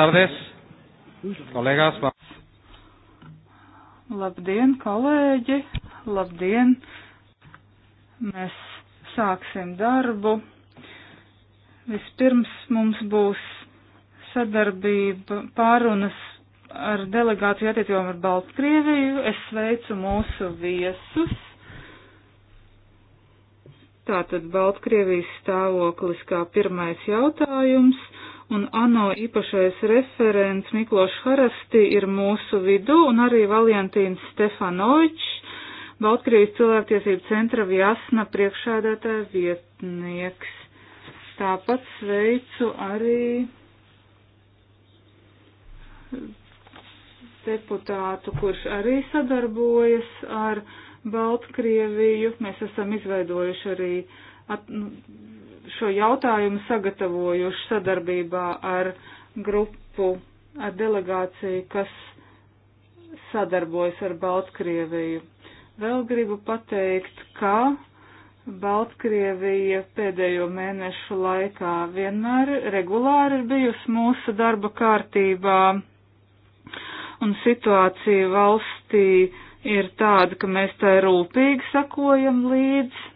tardes, kolēģis. Labdien, kolēģi! Labdien! Mēs sāksim darbu. Vispirms mums būs sadarbība pārunas ar delegāciju attiecībām ar Baltkrieviju. Es sveicu mūsu viesus. Tātad Baltkrievijas stāvoklis kā pirmais jautājums un ANO īpašais referents Mikloš Harasti ir mūsu vidū, un arī Valjantīns Stefanovičs, Baltkrievijas cilvēktiesību centra Vjasna priekšādātāja vietnieks. Tāpat sveicu arī deputātu, kurš arī sadarbojas ar Baltkrieviju. Mēs esam izveidojuši arī at, nu, šo jautājumu sagatavojuši sadarbībā ar grupu, ar delegāciju, kas sadarbojas ar Baltkrieviju. Vēl gribu pateikt, ka Baltkrievija pēdējo mēnešu laikā vienmēr regulāri ir bijusi mūsu darba kārtībā, un situācija valstī ir tāda, ka mēs tai rūpīgi sakojam līdzi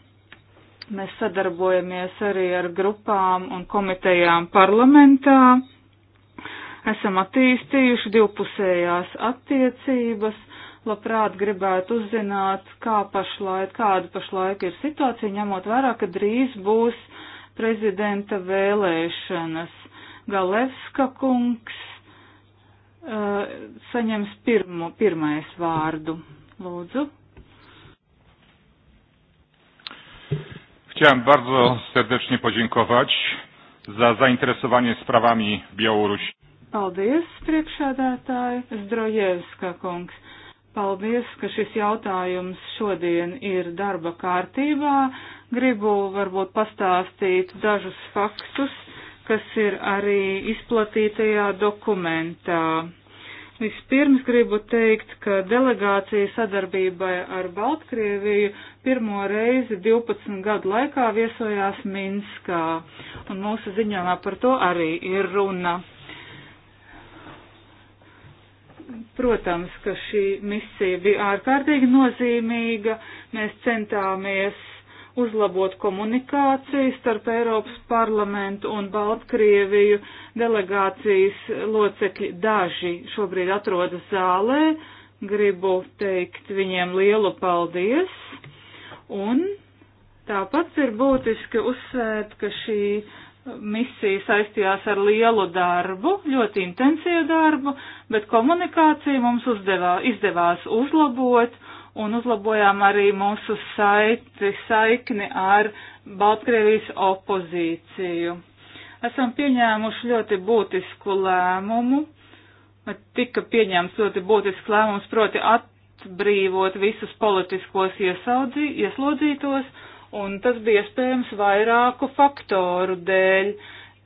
Mēs sadarbojamies arī ar grupām un komitejām parlamentā. Esam attīstījuši divpusējās attiecības. Labprāt gribētu uzzināt, kā pašlaik, kāda pašlaik ir situācija, ņemot vērā, ka drīz būs prezidenta vēlēšanas. Galevska kungs uh, saņems pirmo, pirmais vārdu. Lūdzu. Chciałem bardzo serdecznie podziękować za zainteresowanie sprawami Białorusi. Paldies, priekšādātāji Zdrojevska kungs. Paldies, ka šis jautājums šodien ir darba kārtībā. Gribu varbūt pastāstīt dažus faktus, kas ir arī izplatītajā dokumentā. Vispirms gribu teikt, ka delegācija sadarbībai ar Baltkrieviju pirmo reizi 12 gadu laikā viesojās Minskā, un mūsu ziņojumā par to arī ir runa. Protams, ka šī misija bija ārkārtīgi nozīmīga. Mēs centāmies uzlabot komunikāciju starp Eiropas parlamentu un Baltkrieviju. Delegācijas locekļi daži šobrīd atrodas zālē. Gribu teikt viņiem lielu paldies. Un tāpat ir būtiski uzsvērt, ka šī misija saistījās ar lielu darbu, ļoti intensīvu darbu, bet komunikāciju mums uzdevā, izdevās uzlabot un uzlabojām arī mūsu saiti, saikni ar Baltkrievijas opozīciju. Esam pieņēmuši ļoti būtisku lēmumu, tika pieņēmts ļoti būtisks lēmums, proti atbrīvot visus politiskos iesaudzī, ieslodzītos, un tas bija iespējams vairāku faktoru dēļ.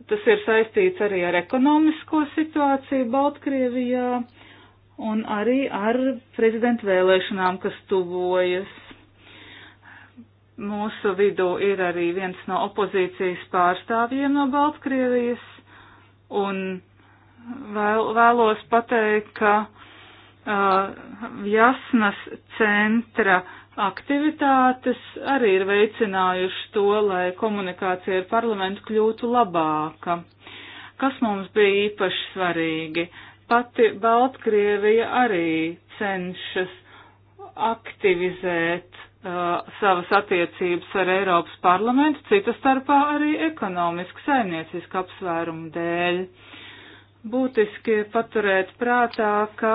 Tas ir saistīts arī ar ekonomisko situāciju Baltkrievijā un arī ar prezidentu vēlēšanām, kas tuvojas. Mūsu vidū ir arī viens no opozīcijas pārstāvjiem no Baltkrievijas, un vēl, vēlos pateikt, ka uh, Jasnas centra aktivitātes arī ir veicinājuši to, lai komunikācija ar parlamentu kļūtu labāka. Kas mums bija īpaši svarīgi? Uh, Pati Baltkrievija arī cenšas aktivizēt uh, savas attiecības ar Eiropas parlamentu, cita starpā arī ekonomiski saimnieciski apsvērumu dēļ. Būtiski paturēt prātā, ka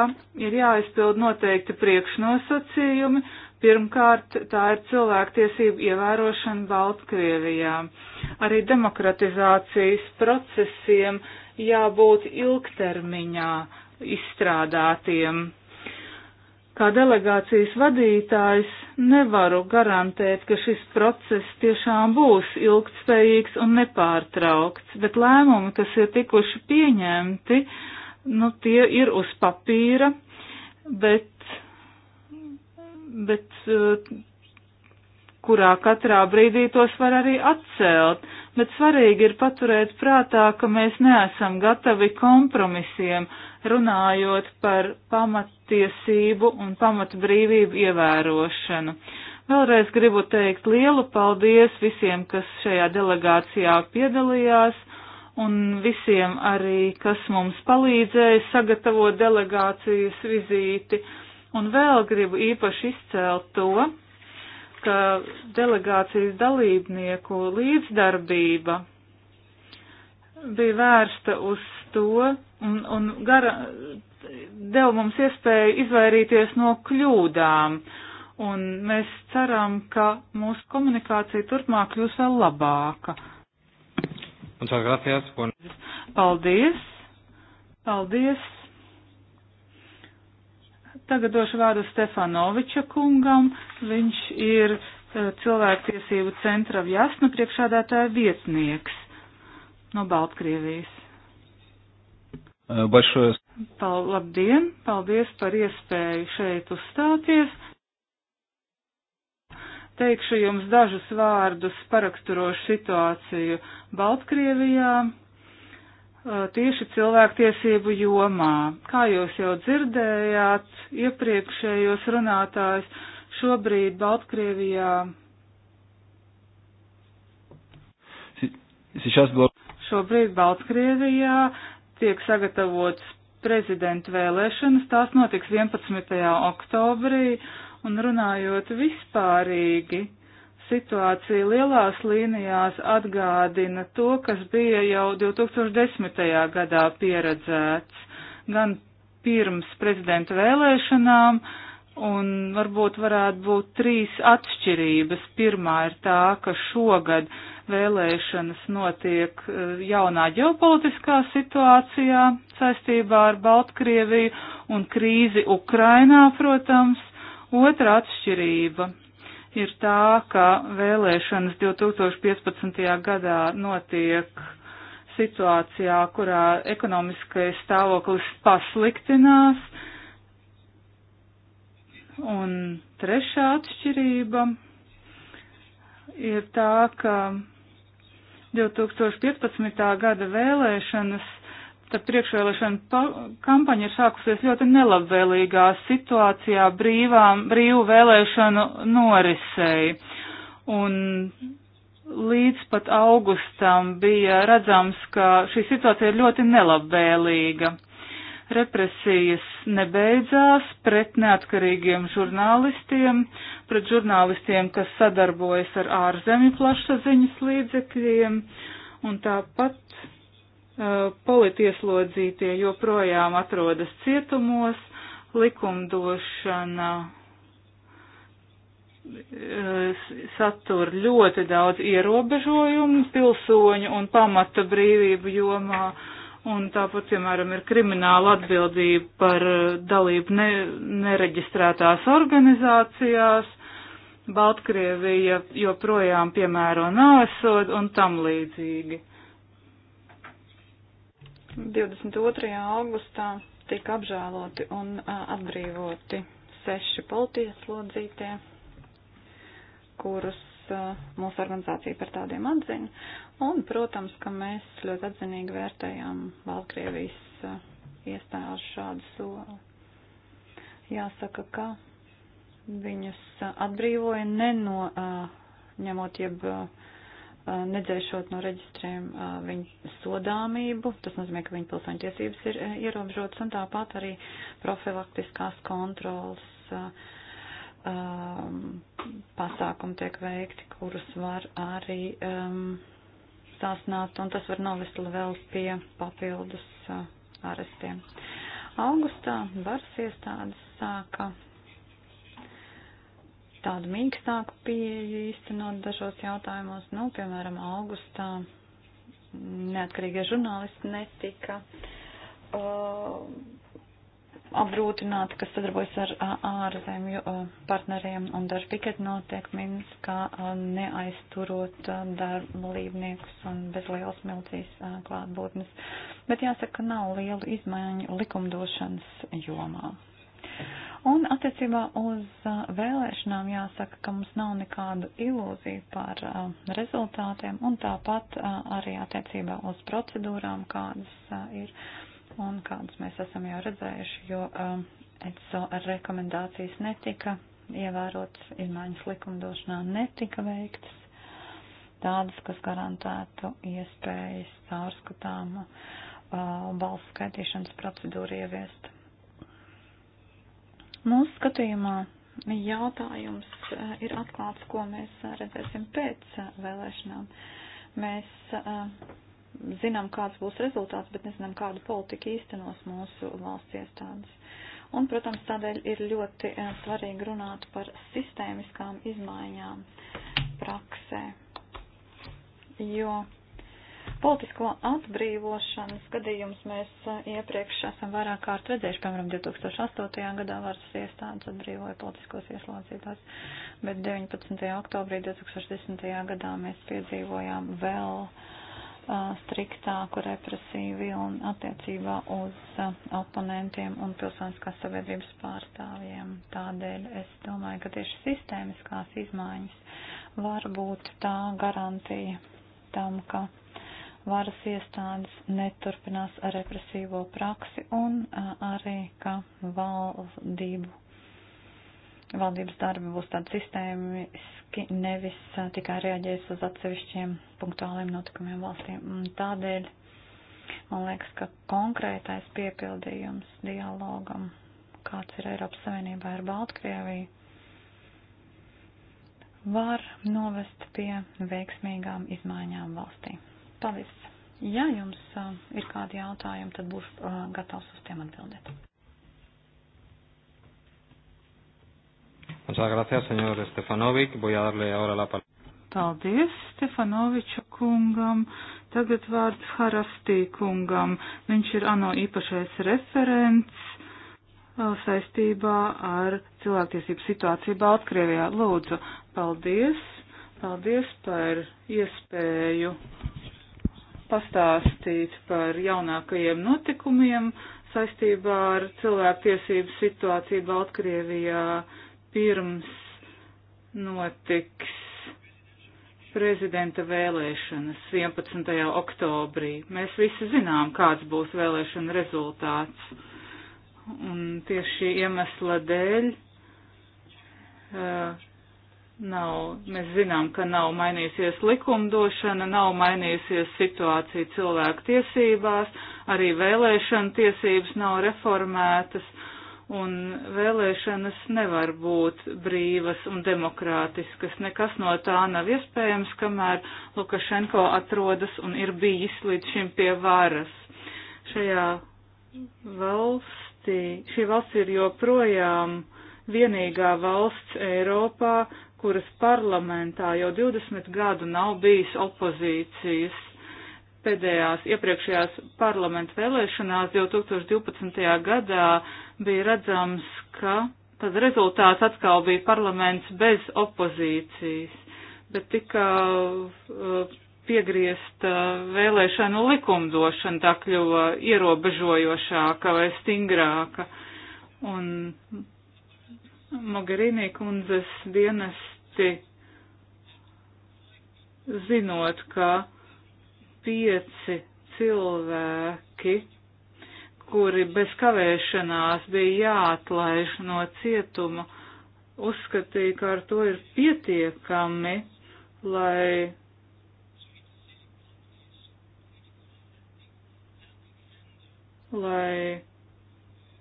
ir jāizpild noteikti priekšnosacījumi, Pirmkārt, tā ir cilvēktiesība ievērošana Baltkrievijā. Arī demokratizācijas procesiem jābūt ilgtermiņā izstrādātiem. Kā delegācijas vadītājs nevaru garantēt, ka šis process tiešām būs ilgtspējīgs un nepārtraukts, bet lēmumi, kas ir tikuši pieņemti, nu tie ir uz papīra, bet, bet eh, kurā katrā brīdī tos var arī atcelt bet svarīgi ir paturēt prātā, ka mēs neesam gatavi kompromisiem, runājot par pamattiesību un pamatbrīvību ievērošanu. Vēlreiz gribu teikt lielu paldies visiem, kas šajā delegācijā piedalījās, un visiem arī, kas mums palīdzēja sagatavot delegācijas vizīti. Un vēl gribu īpaši izcelt to, ka delegācijas dalībnieku līdzdarbība bija vērsta uz to un, un gara, deva mums iespēju izvairīties no kļūdām. Un mēs ceram, ka mūsu komunikācija turpmāk kļūs vēl labāka. Paldies! Paldies! Tagad došu vārdu Stefanoviča kungam. Viņš ir e, cilvēktiesību centra Vjasnu priekšādātāja vietnieks no Baltkrievijas. Bašos. Pal labdien, paldies par iespēju šeit uzstāties. Teikšu jums dažus vārdus paraksturošu situāciju Baltkrievijā. Uh, tieši cilvēktiesību jomā. Kā jūs jau dzirdējāt iepriekšējos runātājs, šobrīd Baltkrievijā. Šobrīd Baltkrievijā tiek sagatavots prezidenta vēlēšanas, tās notiks 11. oktobrī, un runājot vispārīgi, situācija lielās līnijās atgādina to, kas bija jau 2010. gadā pieredzēts, gan pirms prezidenta vēlēšanām, un varbūt varētu būt trīs atšķirības. Pirmā ir tā, ka šogad vēlēšanas notiek eh, jaunā ģeopolitiskā situācijā saistībā ar Baltkrieviju un krīzi Ukrainā, protams. Otra atšķirība ir tā, ka vēlēšanas 2015. gadā notiek situācijā, kurā ekonomiskais stāvoklis pasliktinās. Un trešā atšķirība ir tā, ka 2015. gada vēlēšanas tad priekšvēlēšana kampaņa ir sākusies ļoti nelabvēlīgā situācijā brīvām, brīvu vēlēšanu norisei. Un līdz pat augustam bija redzams, ka šī situācija ir ļoti nelabvēlīga. Represijas nebeidzās pret neatkarīgiem žurnālistiem, pret žurnālistiem, kas sadarbojas ar ārzemju plašsaziņas līdzekļiem, un tāpat Uh, politieslodzītie joprojām atrodas cietumos, likumdošana uh, satur ļoti daudz ierobežojumu pilsoņu un pamata brīvību jomā, un tāpat, piemēram, ir krimināla atbildība par uh, dalību ne, nereģistrētās organizācijās, Baltkrievija joprojām piemēro nāsod un tam līdzīgi. 22. augustā tika apžēloti un atbrīvoti seši politieslodzītie, kurus mūsu organizācija par tādiem atzina. Un, protams, ka mēs ļoti atzinīgi vērtējām Baltkrievijas iestāžu šādu soli. Jāsaka, ka viņus atbrīvoja nenoņemot jeb uh, nedzēšot no reģistriem viņu sodāmību. Tas nozīmē, ka viņu pilsoņu tiesības ir ierobežotas un tāpat arī profilaktiskās kontrolas pasākumi tiek veikti, kurus var arī um, sāsnāt, un tas var novest vēl pie papildus uh, arestiem. Augustā varas iestādes sāka tādu mīkstāku pieeju īstenot dažos jautājumos, nu, piemēram, augustā neatkarīgie žurnālisti netika uh, apgrūtināti, kas sadarbojas ar uh, ārzemju uh, partneriem, un daži piketi notiek minus, kā uh, neaizturot uh, darba līvniekus un bez lielas milcīs uh, klātbūtnes. Bet jāsaka, nav lielu izmaiņu likumdošanas jomā. Un attiecībā uz uh, vēlēšanām jāsaka, ka mums nav nekādu ilūziju par uh, rezultātiem un tāpat uh, arī attiecībā uz procedūrām, kādas ir un kādas mēs esam jau redzējuši, jo um, ECO rekomendācijas netika ievērotas, izmaiņas likumdošanā netika veiktas tādas, kas garantētu iespējas caurskatāmu balsu skaitīšanas procedūru ieviest Mūsu skatījumā jautājums eh, ir atklāts, ko mēs eh, redzēsim pēc eh, vēlēšanām. Mēs zinām, kāds būs rezultāts, bet nezinām, kādu politiku īstenos mūsu valsts iestādes. Un, protams, tādēļ ir ļoti svarīgi runāt par sistēmiskām izmaiņām praksē, jo Politisko atbrīvošanas gadījums mēs uh, iepriekš esam vairāk kārt redzējuši, piemēram, 2008. gadā varas iestādes atbrīvoja politiskos ieslodzītās, bet 19. oktobrī 2010. gadā mēs piedzīvojām vēl uh, striktāku represiju vilni attiecībā uz uh, oponentiem un pilsoniskās sabiedrības pārstāvjiem. Tādēļ es domāju, ka tieši sistēmiskās izmaiņas var būt tā garantija tam, ka varas iestādes neturpinās ar represīvo praksi un arī, ka valdību, valdības darbi būs tādi sistēmiski, nevis tikai reaģēs uz atsevišķiem punktuāliem notikumiem valstīm. Tādēļ man liekas, ka konkrētais piepildījums dialogam, kāds ir Eiropas Savienībā ar Baltkrieviju, var novest pie veiksmīgām izmaiņām valstī. Paldies! Ja jums uh, ir kādi jautājumi, tad būšu uh, gatavs uz tiem atbildēt. Muchas gracias, señor Stefanovic. Voy a darle ahora la palabra. Paldies Stefanoviča kungam. Tagad vārds Harastī kungam. Viņš ir ANO īpašais referents saistībā ar cilvēktiesību situāciju Baltkrievijā. Lūdzu, paldies! Paldies par iespēju pastāstīt par jaunākajiem notikumiem saistībā ar cilvēktiesību situāciju Baltkrievijā pirms notiks prezidenta vēlēšanas 11. oktobrī. Mēs visi zinām, kāds būs vēlēšana rezultāts. Un tieši šī iemesla dēļ uh, Nav, mēs zinām, ka nav mainīsies likumdošana, nav mainīsies situācija cilvēku tiesībās, arī vēlēšana tiesības nav reformētas, un vēlēšanas nevar būt brīvas un demokrātiskas. Nekas no tā nav iespējams, kamēr Lukašenko atrodas un ir bijis līdz šim pie varas. Šajā valstī, šī valsts ir joprojām vienīgā valsts Eiropā, kuras parlamentā jau 20 gadu nav bijis opozīcijas. Pēdējās iepriekšējās parlamentu vēlēšanās 2012. gadā bija redzams, ka tad rezultāts atkal bija parlaments bez opozīcijas, bet tika uh, piegriezt uh, vēlēšanu likumdošana, tā kļuva ierobežojošāka vai stingrāka. Un Mogherini kundzes dienas slikti, zinot, ka pieci cilvēki, kuri bez kavēšanās bija jāatlaiž no cietuma, uzskatīja, ka ar to ir pietiekami, lai lai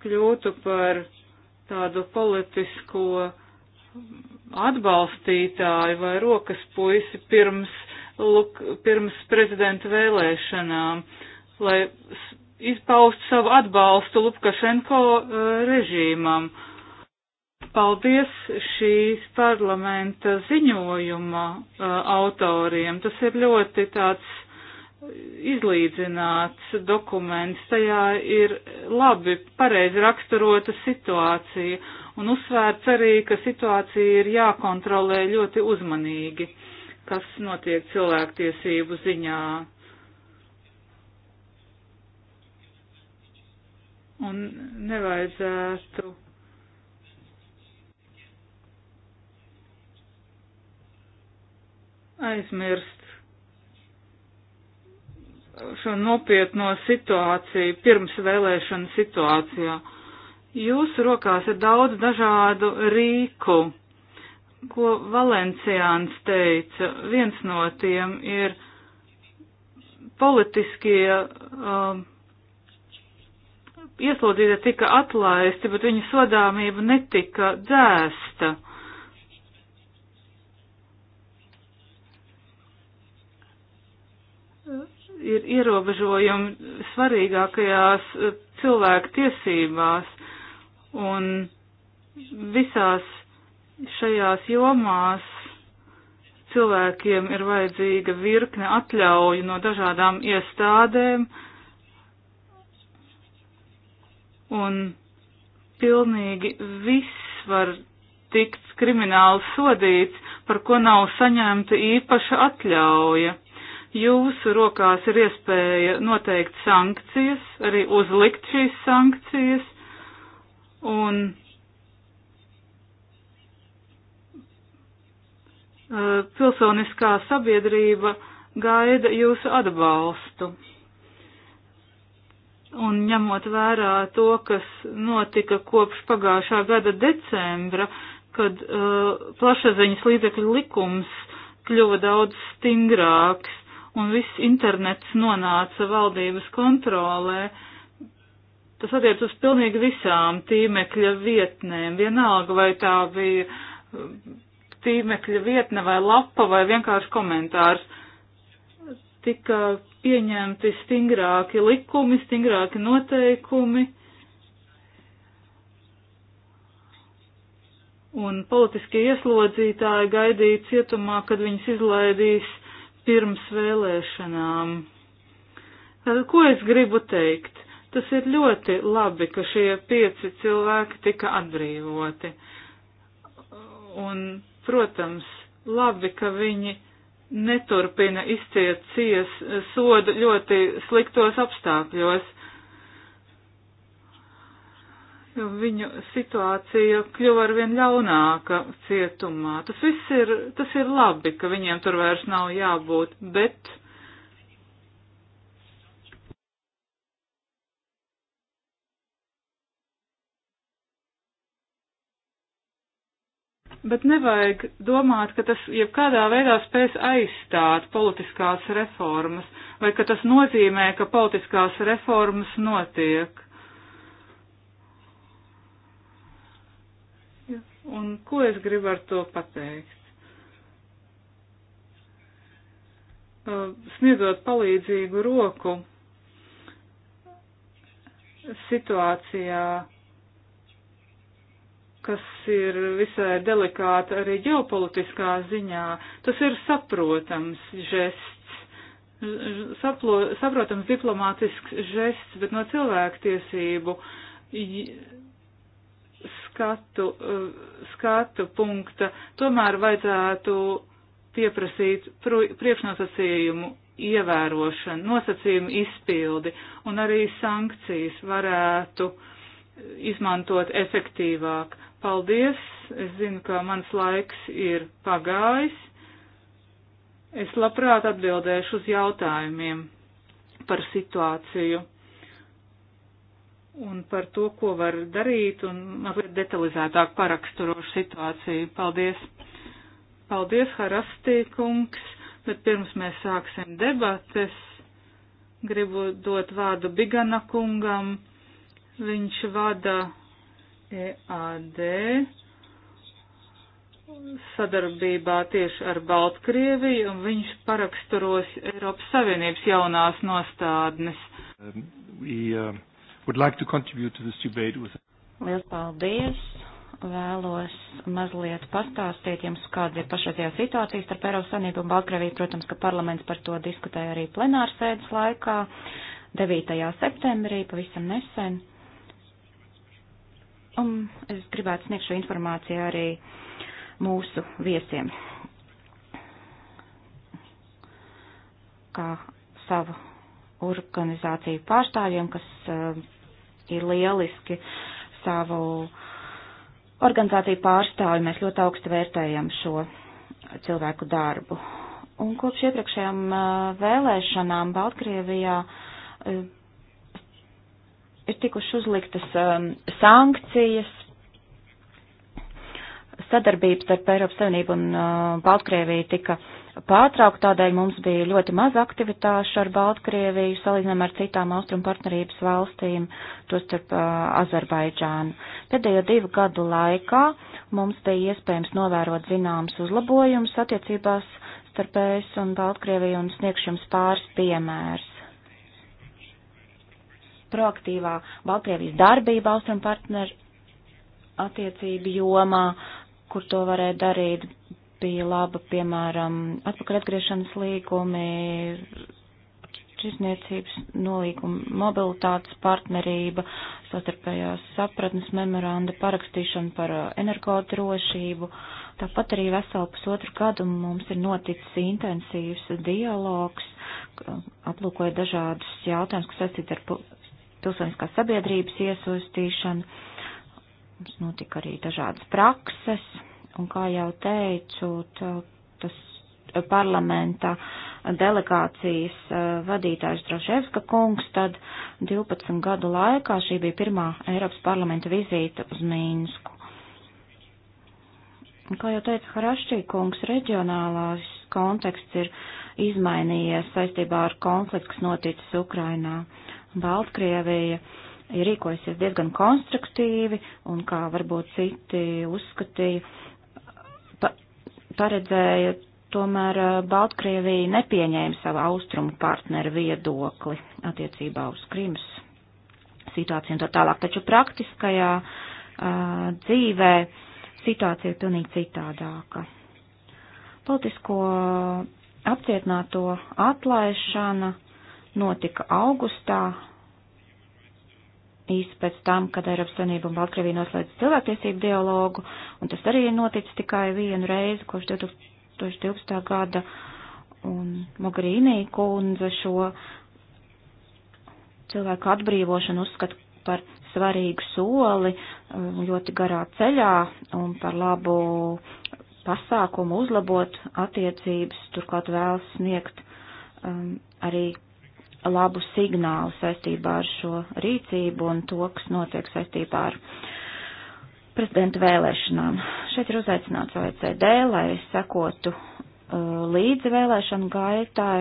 kļūtu par tādu politisko atbalstītāji vai rokas puisi pirms, luk, pirms prezidenta vēlēšanām, lai izpaust savu atbalstu Lukašenko uh, e, režīmam. Paldies šīs parlamenta ziņojuma uh, autoriem. Tas ir ļoti tāds izlīdzināts dokuments. Tajā ir labi pareizi raksturota situācija Un uzsvērts arī, ka situācija ir jākontrolē ļoti uzmanīgi, kas notiek cilvēktiesību ziņā. Un nevajadzētu. aizmirst šo nopietno situāciju pirms vēlēšana situācijā. Jūsu rokās ir daudz dažādu rīku, ko Valenciāns teica. Viens no tiem ir politiskie um, ieslodzītie tika atlaisti, bet viņu sodāmība netika dzēsta. Ir ierobežojumi svarīgākajās cilvēku tiesībās Un visās šajās jomās cilvēkiem ir vajadzīga virkne atļauju no dažādām iestādēm un pilnīgi viss var tikt krimināli sodīts, par ko nav saņemta īpaša atļauja. Jūsu rokās ir iespēja noteikt sankcijas, arī uzlikt šīs sankcijas, Un pilsoniskā sabiedrība gaida jūsu atbalstu. Un ņemot vērā to, kas notika kopš pagājušā gada decembra, kad uh, plašsaziņas līdzekļu likums kļuva daudz stingrāks un viss internets nonāca valdības kontrolē, uh, Tas attiec uz pilnīgi visām tīmekļa vietnēm. Vienalga, vai tā bija um, tīmekļa vietne vai lapa vai vienkārši komentārs. Tika pieņemti stingrāki likumi, stingrāki noteikumi. Un politiskie ieslodzītāji gaidīja cietumā, kad viņus izlaidīs pirms vēlēšanām. Tad, ko es gribu teikt? Tas ir ļoti labi, ka šie pieci cilvēki tika atbrīvoti. Un, protams, labi, ka viņi neturpina izciet cies eh, sodu ļoti sliktos apstākļos, jo viņu situācija kļuva arvien ļaunāka cietumā. Tas viss ir, tas ir labi, ka viņiem tur vairs nav jābūt, bet Bet nevajag domāt, ka tas jebkādā veidā spēs aizstāt politiskās reformas, vai ka tas nozīmē, ka politiskās reformas notiek. Un ko es gribu ar to pateikt? Uh, sniedzot palīdzīgu roku situācijā, kas ir visai delikāta arī ģeopolitiskā ziņā. Tas ir saprotams žests, saplo, saprotams diplomātisks žests, bet no cilvēktiesību skatu, eh, skatu punkta tomēr vajadzētu pieprasīt priekšnosacījumu ievērošanu, nosacījumu izpildi un arī sankcijas varētu izmantot efektīvāk. Paldies! Es zinu, ka mans laiks ir pagājis. Es labprāt atbildēšu uz jautājumiem par situāciju un par to, ko var darīt un mazliet detalizētāk paraksturošu situāciju. Paldies! Paldies, Harastī kungs! Bet pirms mēs sāksim debates, gribu dot vārdu Bigana kungam. Viņš vada EAD sadarbībā tieši ar Baltkrieviju, un viņš paraksturos Eiropas Savienības jaunās nostādnes. Um, we, uh, like to to with... Liels paldies! Vēlos mazliet pastāstīt jums, kāda ir pašreizējā situācija starp Eiropas Savienību un Baltkrieviju. Protams, ka parlaments par to diskutēja arī plenārsēdes laikā 9. septembrī, pavisam nesen. Un es gribētu sniegt šo informāciju arī mūsu viesiem, kā savu organizāciju pārstāvjiem, kas uh, ir lieliski savu organizāciju pārstāvju. Mēs ļoti augstu vērtējam šo cilvēku darbu. Un kopš iepriekšējām uh, vēlēšanām Baltkrievijā uh, ir tikuši uzliktas um, sankcijas sadarbības starp Eiropas Savienību un uh, Baltkrieviju tika pārtraukta, tādēļ mums bija ļoti maz aktivitāšu ar Baltkrieviju, salīdzinām ar citām austrumu partnerības valstīm, tostarp uh, Azerbaidžānu. Pēdējo divu gadu laikā mums bija iespējams novērot zināms uzlabojums attiecībās starp ES un Baltkrieviju un sniegšu jums pāris piemērus proaktīvā Baltkrievijas darbība austrum partneru attiecību jomā, kur to varēja darīt, bija laba, piemēram, atpakaļ atgriešanas līgumi, izniecības nolīguma, mobilitātes partnerība, sastarpējās sapratnes memoranda, parakstīšana par uh, energodrošību. Tāpat arī veselu pusotru gadu mums ir noticis intensīvs dialogs, aplūkoja dažādus jautājumus, kas saistīti ar pilsoniskās sabiedrības iesaistīšanu. Mums notika arī dažādas prakses, un kā jau teicu, tā, tas parlamenta delegācijas e, vadītājs Droševska kungs, tad 12 gadu laikā šī bija pirmā Eiropas parlamenta vizīte uz Mīnsku. Kā jau teica Harašķī kungs, reģionālās konteksts ir izmainījies saistībā ar konflikts, kas noticis Ukrainā. Uh, Baltkrievija ir rīkojusies diezgan konstruktīvi un kā varbūt citi uzskatīja, pa, paredzēja, tomēr eh, Baltkrievija nepieņēma savu austrumu partneru viedokli attiecībā uz Krimas situāciju un tā tālāk. Taču praktiskajā uh, dzīvē situācija ir pilnīgi citādāka. Politisko apcietināto atlaišana notika augustā, īsi pēc tam, kad Eiropas Savienība un Baltkrievija noslēdz cilvēktiesību dialogu, un tas arī ir noticis tikai vienu reizi kopš 2012. gada, un Mogherīnī kundze šo cilvēku atbrīvošanu uzskata par svarīgu soli um, ļoti garā ceļā un par labu pasākumu uzlabot attiecības, turklāt vēlas sniegt um, arī labu signālu saistībā ar šo rīcību un to, kas notiek saistībā ar prezidenta vēlēšanām. Šeit ir uzaicināts OECD, lai sekotu uh, līdzi vēlēšanu gaitai.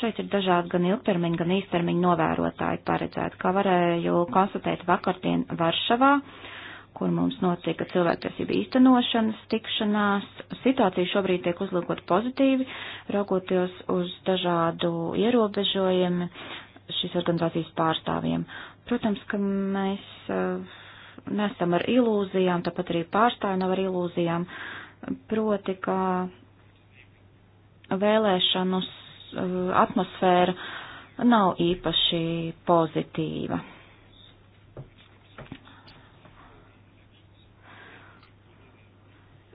Šeit ir dažādi gan ilgtermiņa, gan īstermiņa novērotāji paredzēti, kā varēju konstatēt vakardien Varšavā. Uh, kur mums notika cilvēktiesība īstenošanas tikšanās. Situācija šobrīd tiek uzlūkot pozitīvi, raugoties uz dažādu ierobežojumu šīs organizācijas pārstāvjiem. Protams, ka mēs eh, nesam ar ilūzijām, tāpat arī pārstāvi nav ar ilūzijām, proti, ka vēlēšanas eh, atmosfēra nav īpaši pozitīva.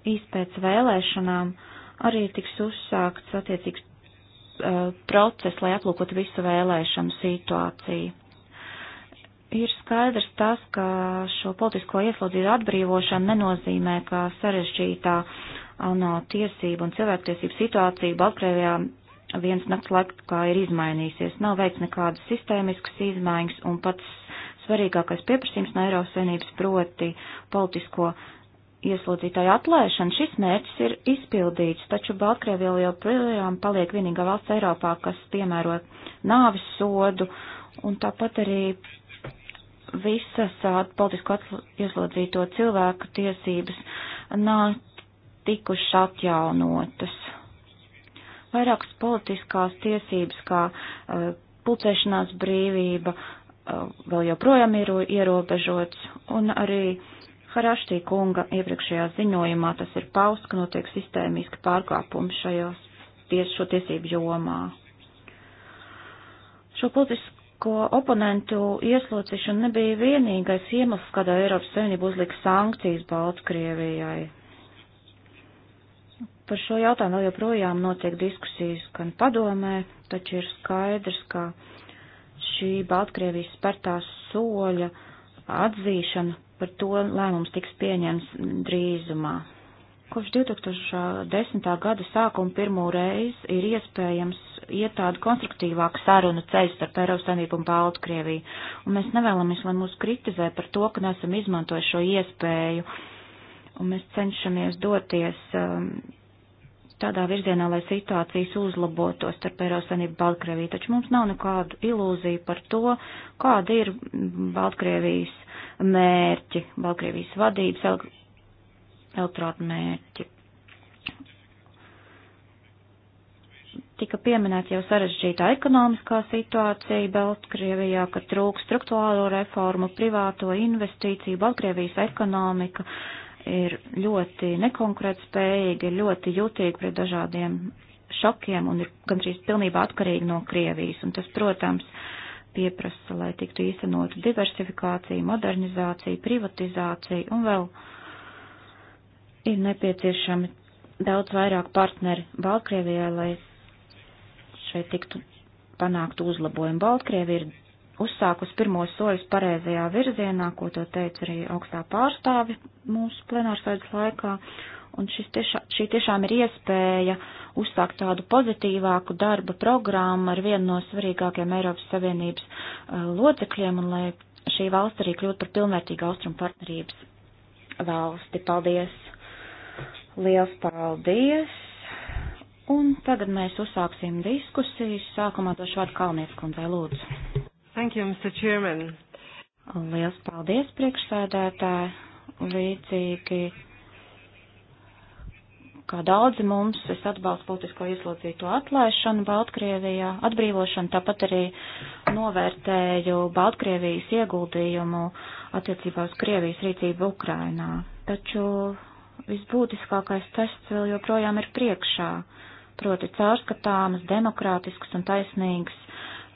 izpēc vēlēšanām arī tiks uzsākts attiecīgs uh, process, lai aplūkotu visu vēlēšanu situāciju. Ir skaidrs tas, ka šo politisko ieslodzītu atbrīvošana nenozīmē, ka sarežģītā ANO uh, tiesība un cilvēktiesība situācija Baltkrievijā viens nakts laikā ir izmainīsies. Nav veikts nekādas sistēmiskas izmaiņas un pats svarīgākais pieprasījums no Eiropas Savienības proti politisko uh, ieslodzītāju atlaišana, šis mērķis ir izpildīts, taču Baltkrievija joprojām paliek vienīgā valsts Eiropā, kas piemēro nāvis sodu, un tāpat arī visas politisko ieslodzīto cilvēku tiesības nav tikušas atjaunotas. Vairākas politiskās tiesības, kā uh, pulcēšanās brīvība, uh, vēl joprojām ir ierobežots, un arī uh, Haraštī kunga iepriekšējā ziņojumā tas ir paust, ka notiek sistēmiski pārkāpumi šajos ties, šo tiesību jomā. Šo politisko oponentu ieslocīšana nebija vienīgais iemesls, kādā Eiropas Savienība uzlika sankcijas Baltkrievijai. Par šo jautājumu vēl joprojām notiek diskusijas gan padomē, taču ir skaidrs, ka šī Baltkrievijas spērtā soļa atzīšana par to lēmums tiks pieņems drīzumā. Kopš 2010. gada sākuma pirmo reizi ir iespējams iet tādu konstruktīvāku sarunu ceļu starp Eiropas Savienību un Baltkrieviju, un mēs nevēlamies, lai mūs kritizē par to, ka nesam izmantojuši šo iespēju, un mēs cenšamies doties um, tādā virzienā, lai situācijas uzlabotos starp Eiropas Savienību un Baltkrieviju, taču mums nav nekādu ilūziju par to, kāda ir Baltkrievijas mērķi, Baltkrievijas vadības elektrāta mērķi. Tika pieminēta jau sarežģītā ekonomiskā situācija Baltkrievijā, ka trūks struktūrālo reformu, privāto investīciju. Baltkrievijas ekonomika ir ļoti nekonkurētspējīga, ļoti jūtīga pret dažādiem šokiem un ir gandrīz pilnībā atkarīga no Krievijas. Un tas, protams, uh, pieprasa, lai tiktu īstenota diversifikācija, modernizācija, privatizācija un vēl ir nepieciešami daudz vairāk partneri Baltkrievijai, lai šeit tiktu panākt uzlabojumu. Baltkrievi ir uzsākus pirmos soļus pareizajā virzienā, ko to teica arī augstā pārstāvi mūsu plenārsaidas laikā, Un tiešā, šī tiešām ir iespēja uzsākt tādu pozitīvāku darba programmu ar vienu no svarīgākiem Eiropas Savienības uh, locekļiem, un lai šī valsts arī kļūtu par pilnvērtīgu austrumu partnerības valsti. Paldies! Liels paldies! Un tagad mēs uzsāksim diskusijas. Sākumā došu vārdu Kalnies kundzei lūdzu. Thank you, Mr. Chairman. Liels paldies, priekšsēdētāji. Līdzīgi kā daudzi mums, es atbalstu politisko ieslodzīto atlaišanu Baltkrievijā, atbrīvošanu, tāpat arī novērtēju Baltkrievijas ieguldījumu attiecībā uz Krievijas rīcību Ukrainā. Taču visbūtiskākais tests vēl joprojām ir priekšā, proti caurskatāmas, demokrātiskas un taisnīgas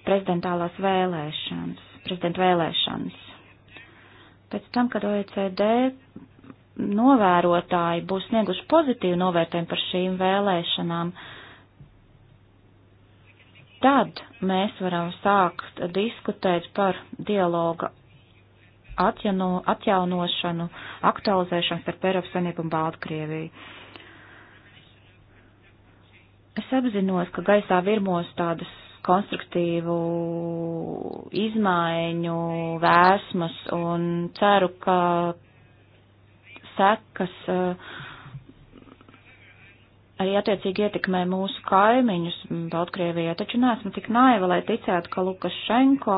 prezidentālās vēlēšanas, prezidenta vēlēšanas. Pēc tam, kad OECD novērotāji būs snieguši pozitīvu novērtējumu par šīm vēlēšanām, tad mēs varam sākt diskutēt par dialoga atjauno, atjaunošanu, aktualizēšanu starp Eiropas Savienību un Baltkrieviju. Es apzinos, ka gaisā virmos tādas konstruktīvu izmaiņu vēsmas un ceru, ka sekas eh, arī attiecīgi ietekmē mūsu kaimiņus Baltkrievijā, taču neesmu tik naiva, lai ticētu, ka Lukašenko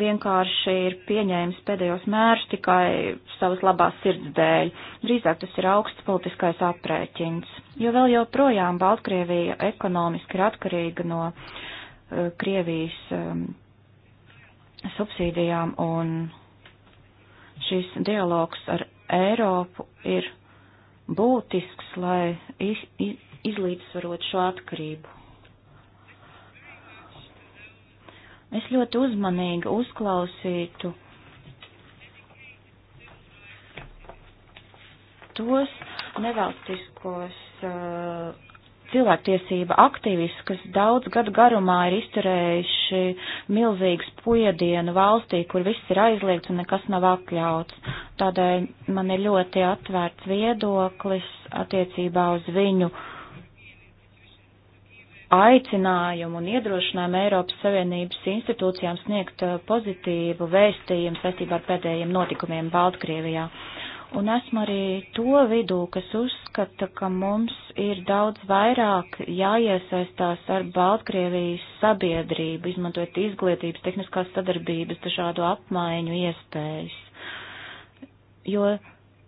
vienkārši ir pieņēmis pēdējos mērus tikai savas labās sirds dēļ. Drīzāk tas ir augsts politiskais aprēķins, jo vēl joprojām Baltkrievija ekonomiski ir atkarīga no uh, Krievijas um, subsīdijām un šis dialogs ar Eiropu ir būtisks, lai iz, iz, izlīdzsvarot šo atkarību. Es ļoti uzmanīgi uzklausītu tos nevalstiskos uh, cilvēktiesība aktīvisti, kas daudz gadu garumā ir izturējuši milzīgas pojedienu valstī, kur viss ir aizliegts un nekas nav atļauts. Tādēļ man ir ļoti atvērts viedoklis attiecībā uz viņu aicinājumu un iedrošinājumu Eiropas Savienības institūcijām sniegt uh, pozitīvu vēstījumu saistībā ar pēdējiem notikumiem Baltkrievijā. Uh, un esmu arī to vidū, kas uzskata, ka mums ir daudz vairāk jāiesaistās ar Baltkrievijas sabiedrību, izmantojot izglītības, tehniskās sadarbības, dažādu apmaiņu iespējas. Jo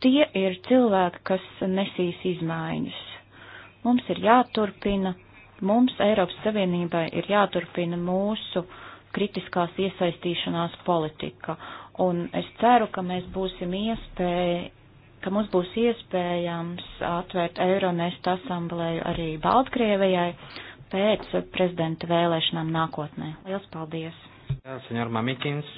tie ir cilvēki, kas nesīs izmaiņas. Mums ir jāturpina, mums Eiropas Savienībai ir jāturpina mūsu kritiskās iesaistīšanās politika, Un es ceru, ka mēs būsim iespēja, ka mums būs iespējams atvērt Eironest asamblēju arī Baltkrievijai pēc prezidenta vēlēšanām nākotnē. Lielas paldies! Jā, senjor Mamikins.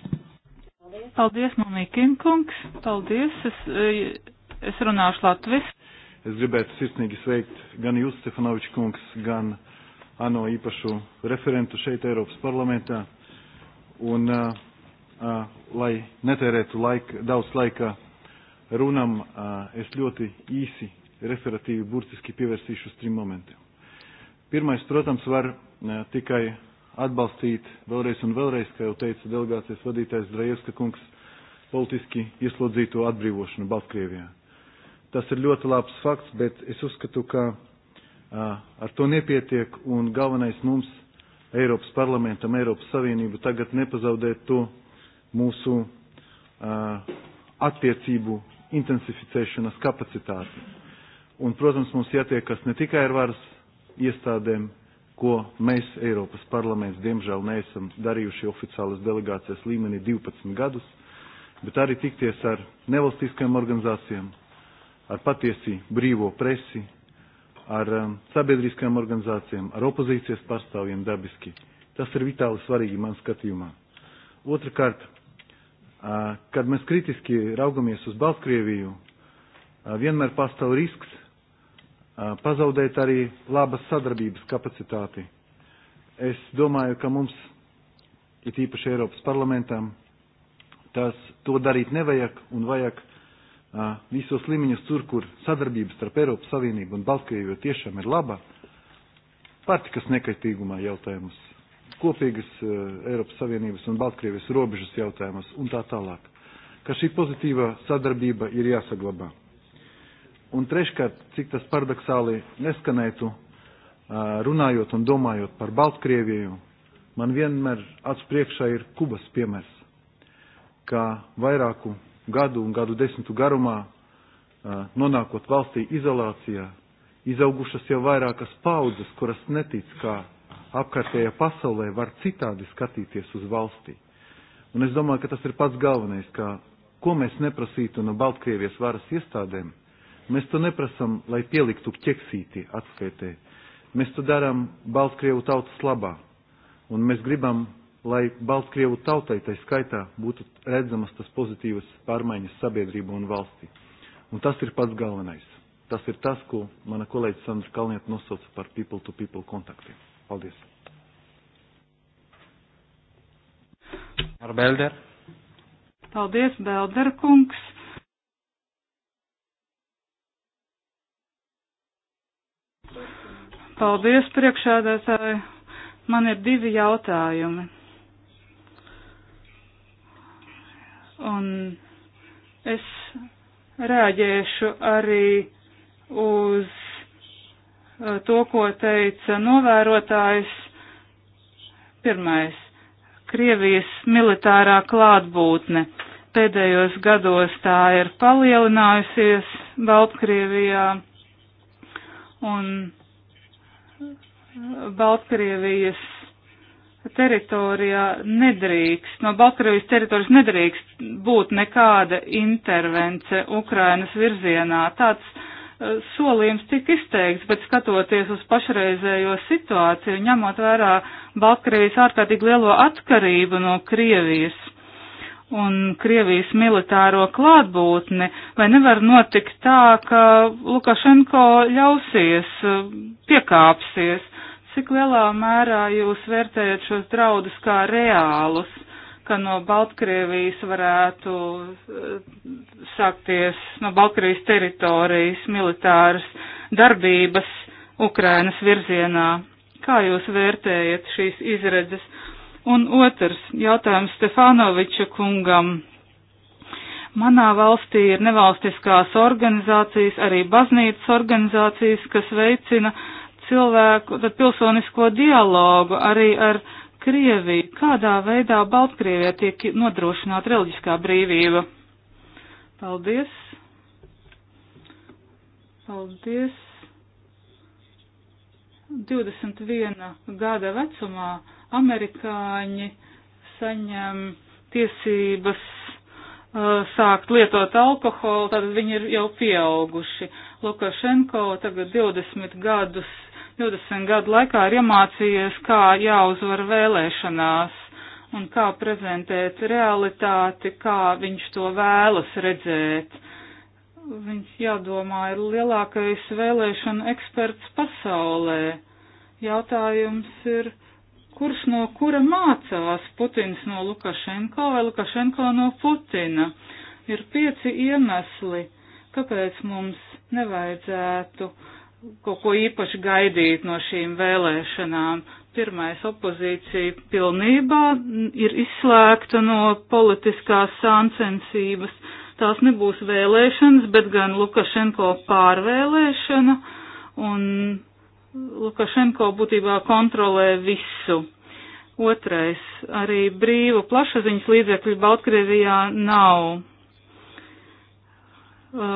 Paldies, paldies Mamikinkungs. Paldies, es, eh, es runāšu Latvijas. Es gribētu sirsnīgi sveikt gan jūs, Stefanovičs kungs, gan ANO īpašu referentu šeit Eiropas parlamentā. Un, uh, uh, lai netērētu laika, daudz laika runam, es ļoti īsi, referatīvi, burtiski pievērsīšos trim momentiem. Pirmais, protams, var tikai atbalstīt vēlreiz un vēlreiz, kā jau teica delegācijas vadītājs Drajevska kungs, politiski ieslodzīto atbrīvošanu Baltkrievijā. Tas ir ļoti labs fakts, bet es uzskatu, ka a, ar to nepietiek un galvenais mums Eiropas parlamentam, Eiropas Savienību tagad nepazaudēt to mūsu uh, attiecību intensificēšanas kapacitāti. Un, protams, mums jātiekas ne tikai ar varas iestādēm, ko mēs, Eiropas parlaments, diemžēl neesam darījuši oficiālas delegācijas līmenī 12 gadus, bet arī tikties ar nevalstiskajām organizācijām, ar patiesi brīvo presi, ar um, sabiedriskajām organizācijām, ar opozīcijas pārstāvjiem dabiski. Tas ir vitāli svarīgi man skatījumā. Otrakārt, kad mēs kritiski raugamies uz Baltkrieviju, vienmēr pastāv risks pazaudēt arī labas sadarbības kapacitāti. Es domāju, ka mums, it īpaši Eiropas parlamentam, tas to darīt nevajag un vajag visos līmeņos tur, kur sadarbības starp Eiropas Savienību un Baltkrieviju tiešām ir laba, pārtikas nekaitīgumā jautājumus kopīgas eh, Eiropas Savienības un Baltkrievijas robežas jautājumus un tā tālāk. Ka šī pozitīvā sadarbība ir jāsaglabā. Un treškārt, cik tas paradoxāli neskanētu, eh, runājot un domājot par Baltkrieviju, man vienmēr acu priekšā ir Kubas piemērs, kā vairāku gadu un gadu desmitu garumā eh, nonākot valstī izolācijā, izaugušas jau vairākas paudzes, kuras netic, kā apkārtējā pasaulē var citādi skatīties uz valstī. Un es domāju, ka tas ir pats galvenais, ka ko mēs neprasītu no Baltkrievijas varas iestādēm, mēs to neprasam, lai pieliktu ķeksīti atskaitē. Mēs to darām Baltkrievu tautas labā. Un mēs gribam, lai Baltkrievu tautai tai skaitā būtu redzamas tas pozitīvas pārmaiņas sabiedrību un valstī. Un tas ir pats galvenais. Tas ir tas, ko mana kolēģis Sandra Kalnieta nosauca par people-to-people -people kontaktiem. Paldies. Ar Belder. Paldies, Belder kungs. Paldies, priekšādātāji. Man ir divi jautājumi. Un es rēģēšu arī uz Eh, to, ko teica novērotājs. Pirmais - Krievijas militārā klātbūtne. Pēdējos gados tā ir palielinājusies Baltkrievijā, un Baltkrievijas teritorijā nedrīkst, no Baltkrievijas teritorijas nedrīkst būt nekāda intervence Ukrainas virzienā. Tāds Eh, solījums tik izteikts, bet skatoties uz pašreizējo situāciju, ņemot vērā Baltkrievijas ārkārtīgi lielo atkarību no Krievijas un Krievijas militāro klātbūtni, vai nevar notikt tā, ka Lukašenko ļausies, eh, piekāpsies? Cik lielā mērā jūs vērtējat šos draudus kā reālus? ka no Baltkrievijas varētu eh, sākties no Baltkrievijas teritorijas militāras darbības Ukrainas virzienā. Kā jūs vērtējat šīs izredzes? Un otrs jautājums Stefanoviča kungam. Manā valstī ir nevalstiskās organizācijas, arī baznīcas organizācijas, kas veicina cilvēku, tad pilsonisko dialogu arī ar Krievija, kādā veidā Baltkrievijā tiek nodrošināta reliģiskā brīvība? Paldies! Paldies! 21 gada vecumā amerikāņi saņem tiesības uh, sākt lietot alkoholu, tad viņi ir jau pieauguši. Lukašenko tagad 20 gadus 20 gadu laikā ir iemācījies, kā jāuzvar vēlēšanās un kā prezentēt realitāti, kā viņš to vēlas redzēt. Viņš jādomā ir lielākais vēlēšana eksperts pasaulē. Jautājums ir kurš no kura mācās Putins no Lukašenko vai Lukašenko no Putina. Ir pieci iemesli, kāpēc mums nevajadzētu kaut ko īpaši gaidīt no šīm vēlēšanām. Pirmais opozīcija pilnībā ir izslēgta no politiskās sāncensības. Tās nebūs vēlēšanas, bet gan Lukašenko pārvēlēšana, un Lukašenko būtībā kontrolē visu. Otrais, arī brīvu plašaziņas līdzekļu Baltkrievijā nav. Uh,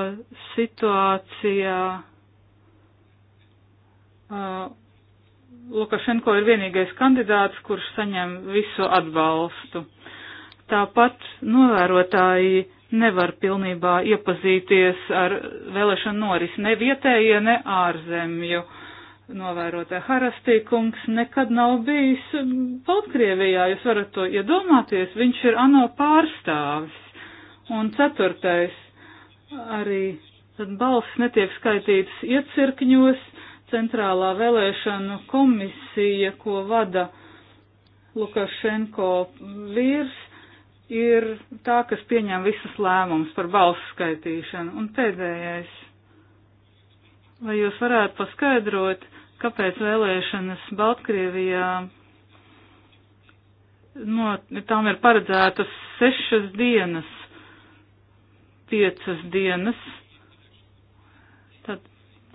situācijā Uh, Lukašenko ir vienīgais kandidāts, kurš saņem visu atbalstu. Tāpat novērotāji nevar pilnībā iepazīties ar vēlēšanu norisi ne vietējie, ne ārzemju. Novērotāja Harastīkungs nekad nav bijis Baltkrievijā, jūs varat to iedomāties, viņš ir ANO pārstāvis. Un ceturtais, arī tad balss netiek skaitīts iecirkņos centrālā vēlēšanu komisija, ko vada Lukašenko vīrs, ir tā, kas pieņem visus lēmumus par balsu skaitīšanu. Un pēdējais, vai jūs varētu paskaidrot, kāpēc vēlēšanas Baltkrievijā no, tām ir paredzētas sešas dienas, piecas dienas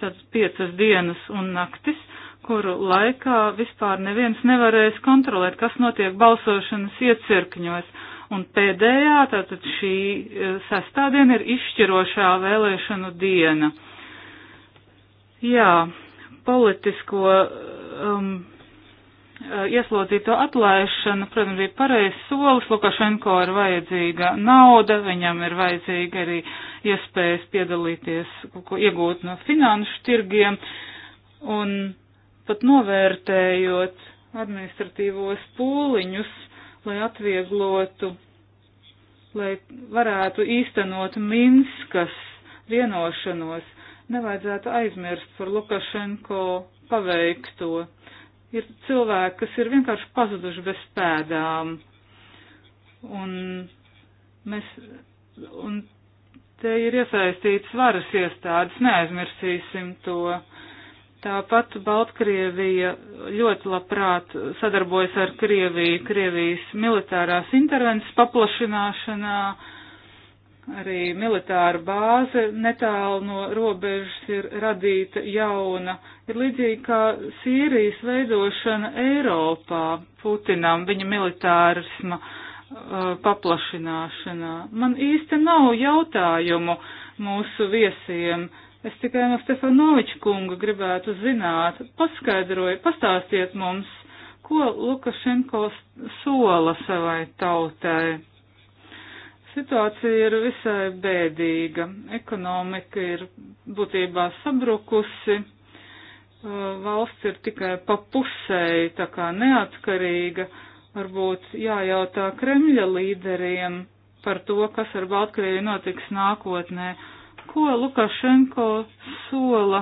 tāds piecas dienas un naktis, kuru laikā vispār neviens nevarēs kontrolēt, kas notiek balsošanas iecirkņos. Un pēdējā, tātad šī eh, sastādiena ir izšķirošā vēlēšanu diena. Jā, politisko eh, um, Eh, ieslodzīto atlaišanu, protams, bija pareizs solis. Lukašenko ir vajadzīga nauda, viņam ir vajadzīga arī iespējas piedalīties, kaut ko iegūt no finanšu tirgiem. Un pat novērtējot administratīvos pūliņus, lai atvieglotu, lai varētu īstenot Minskas vienošanos, nevajadzētu aizmirst par Lukašenko paveikto ir cilvēki, kas ir vienkārši pazuduši bez pēdām. Un mēs, un te ir iesaistīts varas iestādes, neaizmirsīsim to. Tāpat Baltkrievija ļoti labprāt sadarbojas ar Krieviju, Krievijas militārās intervences paplašināšanā, uh, Arī militāra bāze netālu no robežas ir radīta jauna. Ir līdzīgi kā Sīrijas veidošana Eiropā Putinam, viņa militārisma uh, paplašināšanā. Man īsti nav jautājumu mūsu viesiem. Es tikai no Stefanoviča kunga gribētu zināt, paskaidrojiet, pastāstiet mums, ko Lukašenko sola savai tautai Situācija ir visai bēdīga. Ekonomika ir būtībā sabrukusi. Uh, valsts ir tikai pa pusēji tā kā neatkarīga. Varbūt jājautā Kremļa līderiem par to, kas ar Baltkrieviju notiks nākotnē. Ko Lukašenko sola?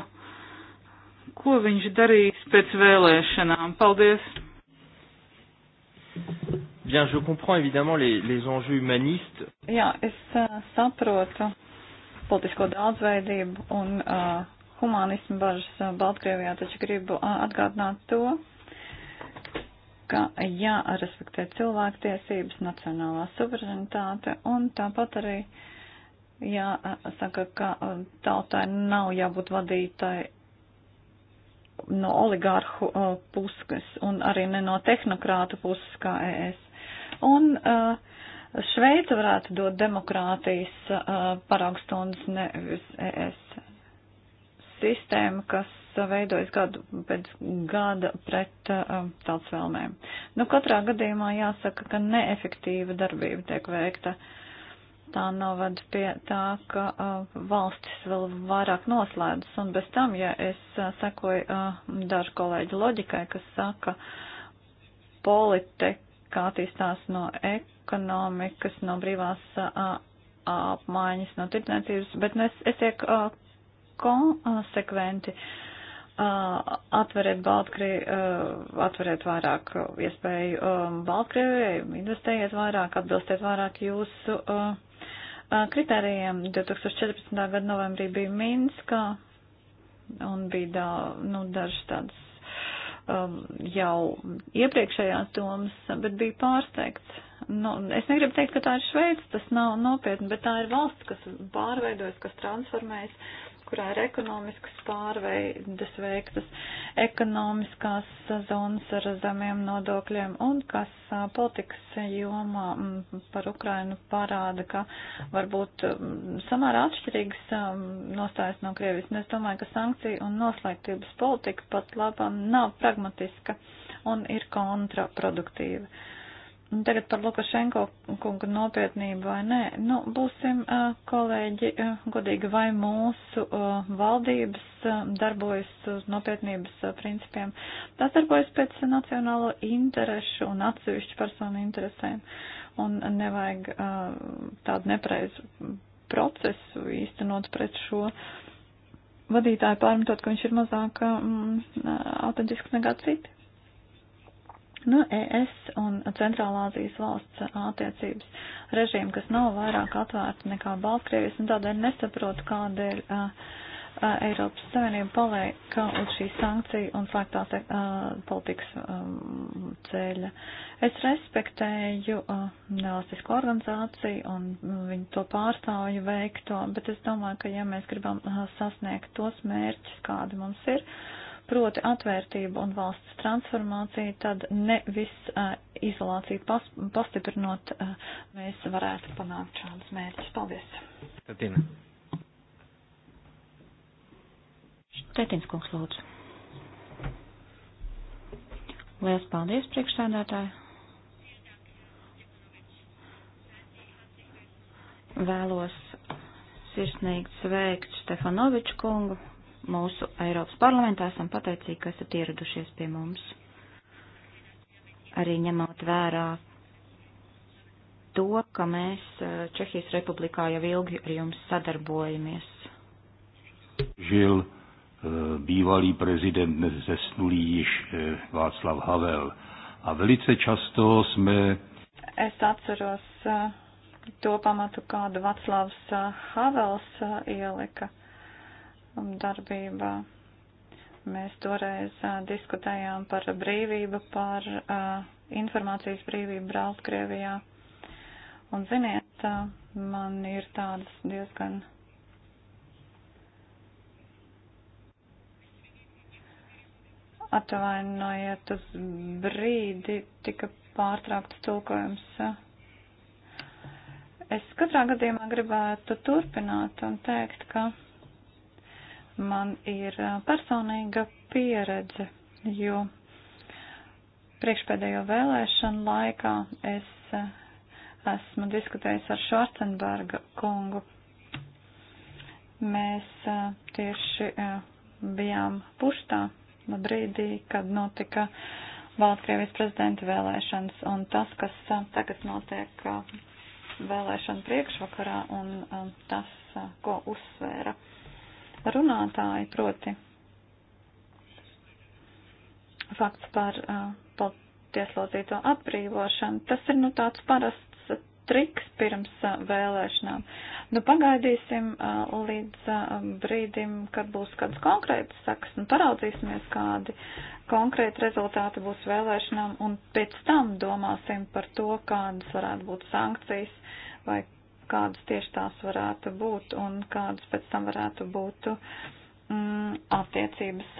Ko viņš darīs pēc vēlēšanām? Paldies! Bien, je comprends évidemment les, les enjeux humanistes. Jā, es uh, saprotu politisko daudzveidību un uh, humanismu bažas uh, Baltkrievijā, taču gribu uh, atgādināt to, ka jārespektē cilvēktiesības, nacionālā suverenitāte un tāpat arī jāsaka, uh, ka uh, tautai nav jābūt vadītai no oligārhu uh, puses un arī ne no tehnokrātu puses kā ES un uh, Šveica varētu dot demokrātijas uh, paragstundas nevis ES sistēma, kas veidojas gadu pēc gada pret uh, tāds vēlmēm. Nu, katrā gadījumā jāsaka, ka neefektīva darbība tiek veikta. Tā novad pie tā, ka uh, valstis vēl vairāk noslēdzas, un bez tam, ja es uh, sekoju uh, dažu kolēģu loģikai, kas saka, politika kā attīstās no ekonomikas, no brīvās apmaiņas, no tirdzniecības, bet es, es tiek konsekventi atveriet Baltkrievi, atveriet vairāk iespēju Baltkrievijai, investējiet vairāk, atbilstiet vairāk jūsu kritērijiem. 2014. gada novembrī bija Minska un bija da, nu, dažas tādas Um, jau iepriekšējās domas, bet bija pārsteigts. Nu, es negribu teikt, ka tā ir Šveica, tas nav nopietni, bet tā ir valsts, kas pārveidojas, kas transformējas kurā ir ekonomiskas pārveidas veiktas, ekonomiskās zonas ar zemiem nodokļiem un kas politikas jomā mm, par Ukrainu parāda, ka varbūt mm, samērā atšķirīgas nostājas no Krievijas. Un es domāju, ka sankcija un noslēgtības politika pat labam nav pragmatiska un ir kontraproduktīva. Tagad par Lukašenko kunga nopietnību vai nē. Nu, būsim, kolēģi, godīgi, vai mūsu valdības darbojas uz nopietnības principiem. Tās darbojas pēc nacionālo interešu un atsevišķu personu interesēm. Un nevajag tādu nepreizu procesu īstenot pret šo vadītāju pārmetot, ka viņš ir mazāk autentisks nekā citi no nu, ES un Centrālāzijas valsts attiecības režīmu, kas nav vairāk atvērti nekā Baltkrievis, un tādēļ nesaprotu, kādēļ uh, Eiropas Savienība paliek uz šī sankcija un slēgtās uh, politikas um, ceļa. Es respektēju uh, nevalstisko organizāciju un viņu to pārstāvju veikto, bet es domāju, ka ja mēs gribam uh, sasniegt tos mērķus, kādi mums ir, uh, proti atvērtību un valsts transformāciju, tad nevis izolāciju pas, pastiprinot mēs varētu panākt šādus mērķus. Paldies! Tatina. Štetins kungs lūdzu. Lielas paldies, priekšsēdētāji! Vēlos sirsnīgi sveikt Stefanoviču kungu mūsu Eiropas parlamentā. Esam pateicīgi, ka esat ieradušies pie mums. Arī ņemot vērā to, ka mēs eh, Čehijas republikā jau ilgi ar jums sadarbojamies. Žil eh, bývalý prezident dnes zesnulý již eh, Václav Havel. A velice často jsme... Es atceros to pamatu, kādu Vaclavs Havels ielika darbībā. Mēs toreiz uh, diskutējām par brīvību, par uh, informācijas brīvību braukt Krievijā. Un ziniet, uh, man ir tādas diezgan. Atvainojiet, uz brīdi tika pārtraukts tulkojums. Es katrā gadījumā gribētu turpināt un teikt, ka Man ir personīga pieredze, jo priekšpēdējo vēlēšanu laikā es esmu diskutējis ar Švarcenberga kungu. Mēs tieši bijām puštā brīdī, kad notika Baltkrievijas prezidenta vēlēšanas un tas, kas tagad notiek vēlēšanu priekšvakarā un tas, ko uzsvēra runātāji, proti fakts par uh, tieslodzīto atbrīvošanu. Tas ir nu tāds parasts triks pirms uh, vēlēšanām. Nu pagaidīsim uh, līdz uh, brīdim, kad būs kāds konkrēts saks un paraudzīsimies, kādi konkrēti rezultāti būs vēlēšanām un pēc tam domāsim par to, kādas varētu būt sankcijas vai kādas tieši tās varētu būt un kādas pēc tam varētu būt mm, attiecības.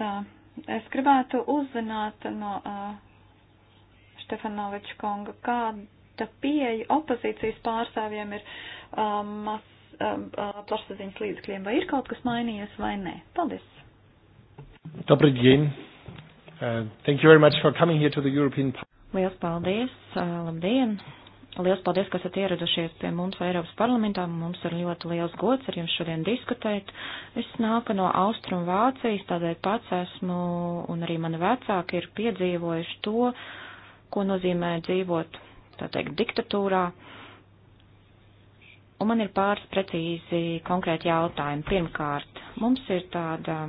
Es gribētu uzzināt no uh, Štefanoviča Konga, kāda pieeja opozīcijas pārstāvjiem ir uh, mas, uh, plašsaziņas līdzekļiem, vai ir kaut kas mainījies vai nē. Paldies! Dobrīt, Jēn! Uh, thank you very much for coming here to the European Parliament. Liels paldies! Uh, labdien! Liels paldies, ka esat ieradušies pie mums Eiropas parlamentā. Mums ir ļoti liels gods ar jums šodien diskutēt. Es nāku no Austrum Vācijas, tādēļ pats esmu un arī mani vecāki ir piedzīvojuši to, ko nozīmē dzīvot, tā teikt, diktatūrā. Un man ir pāris precīzi konkrēti jautājumi. Pirmkārt, mums ir tāda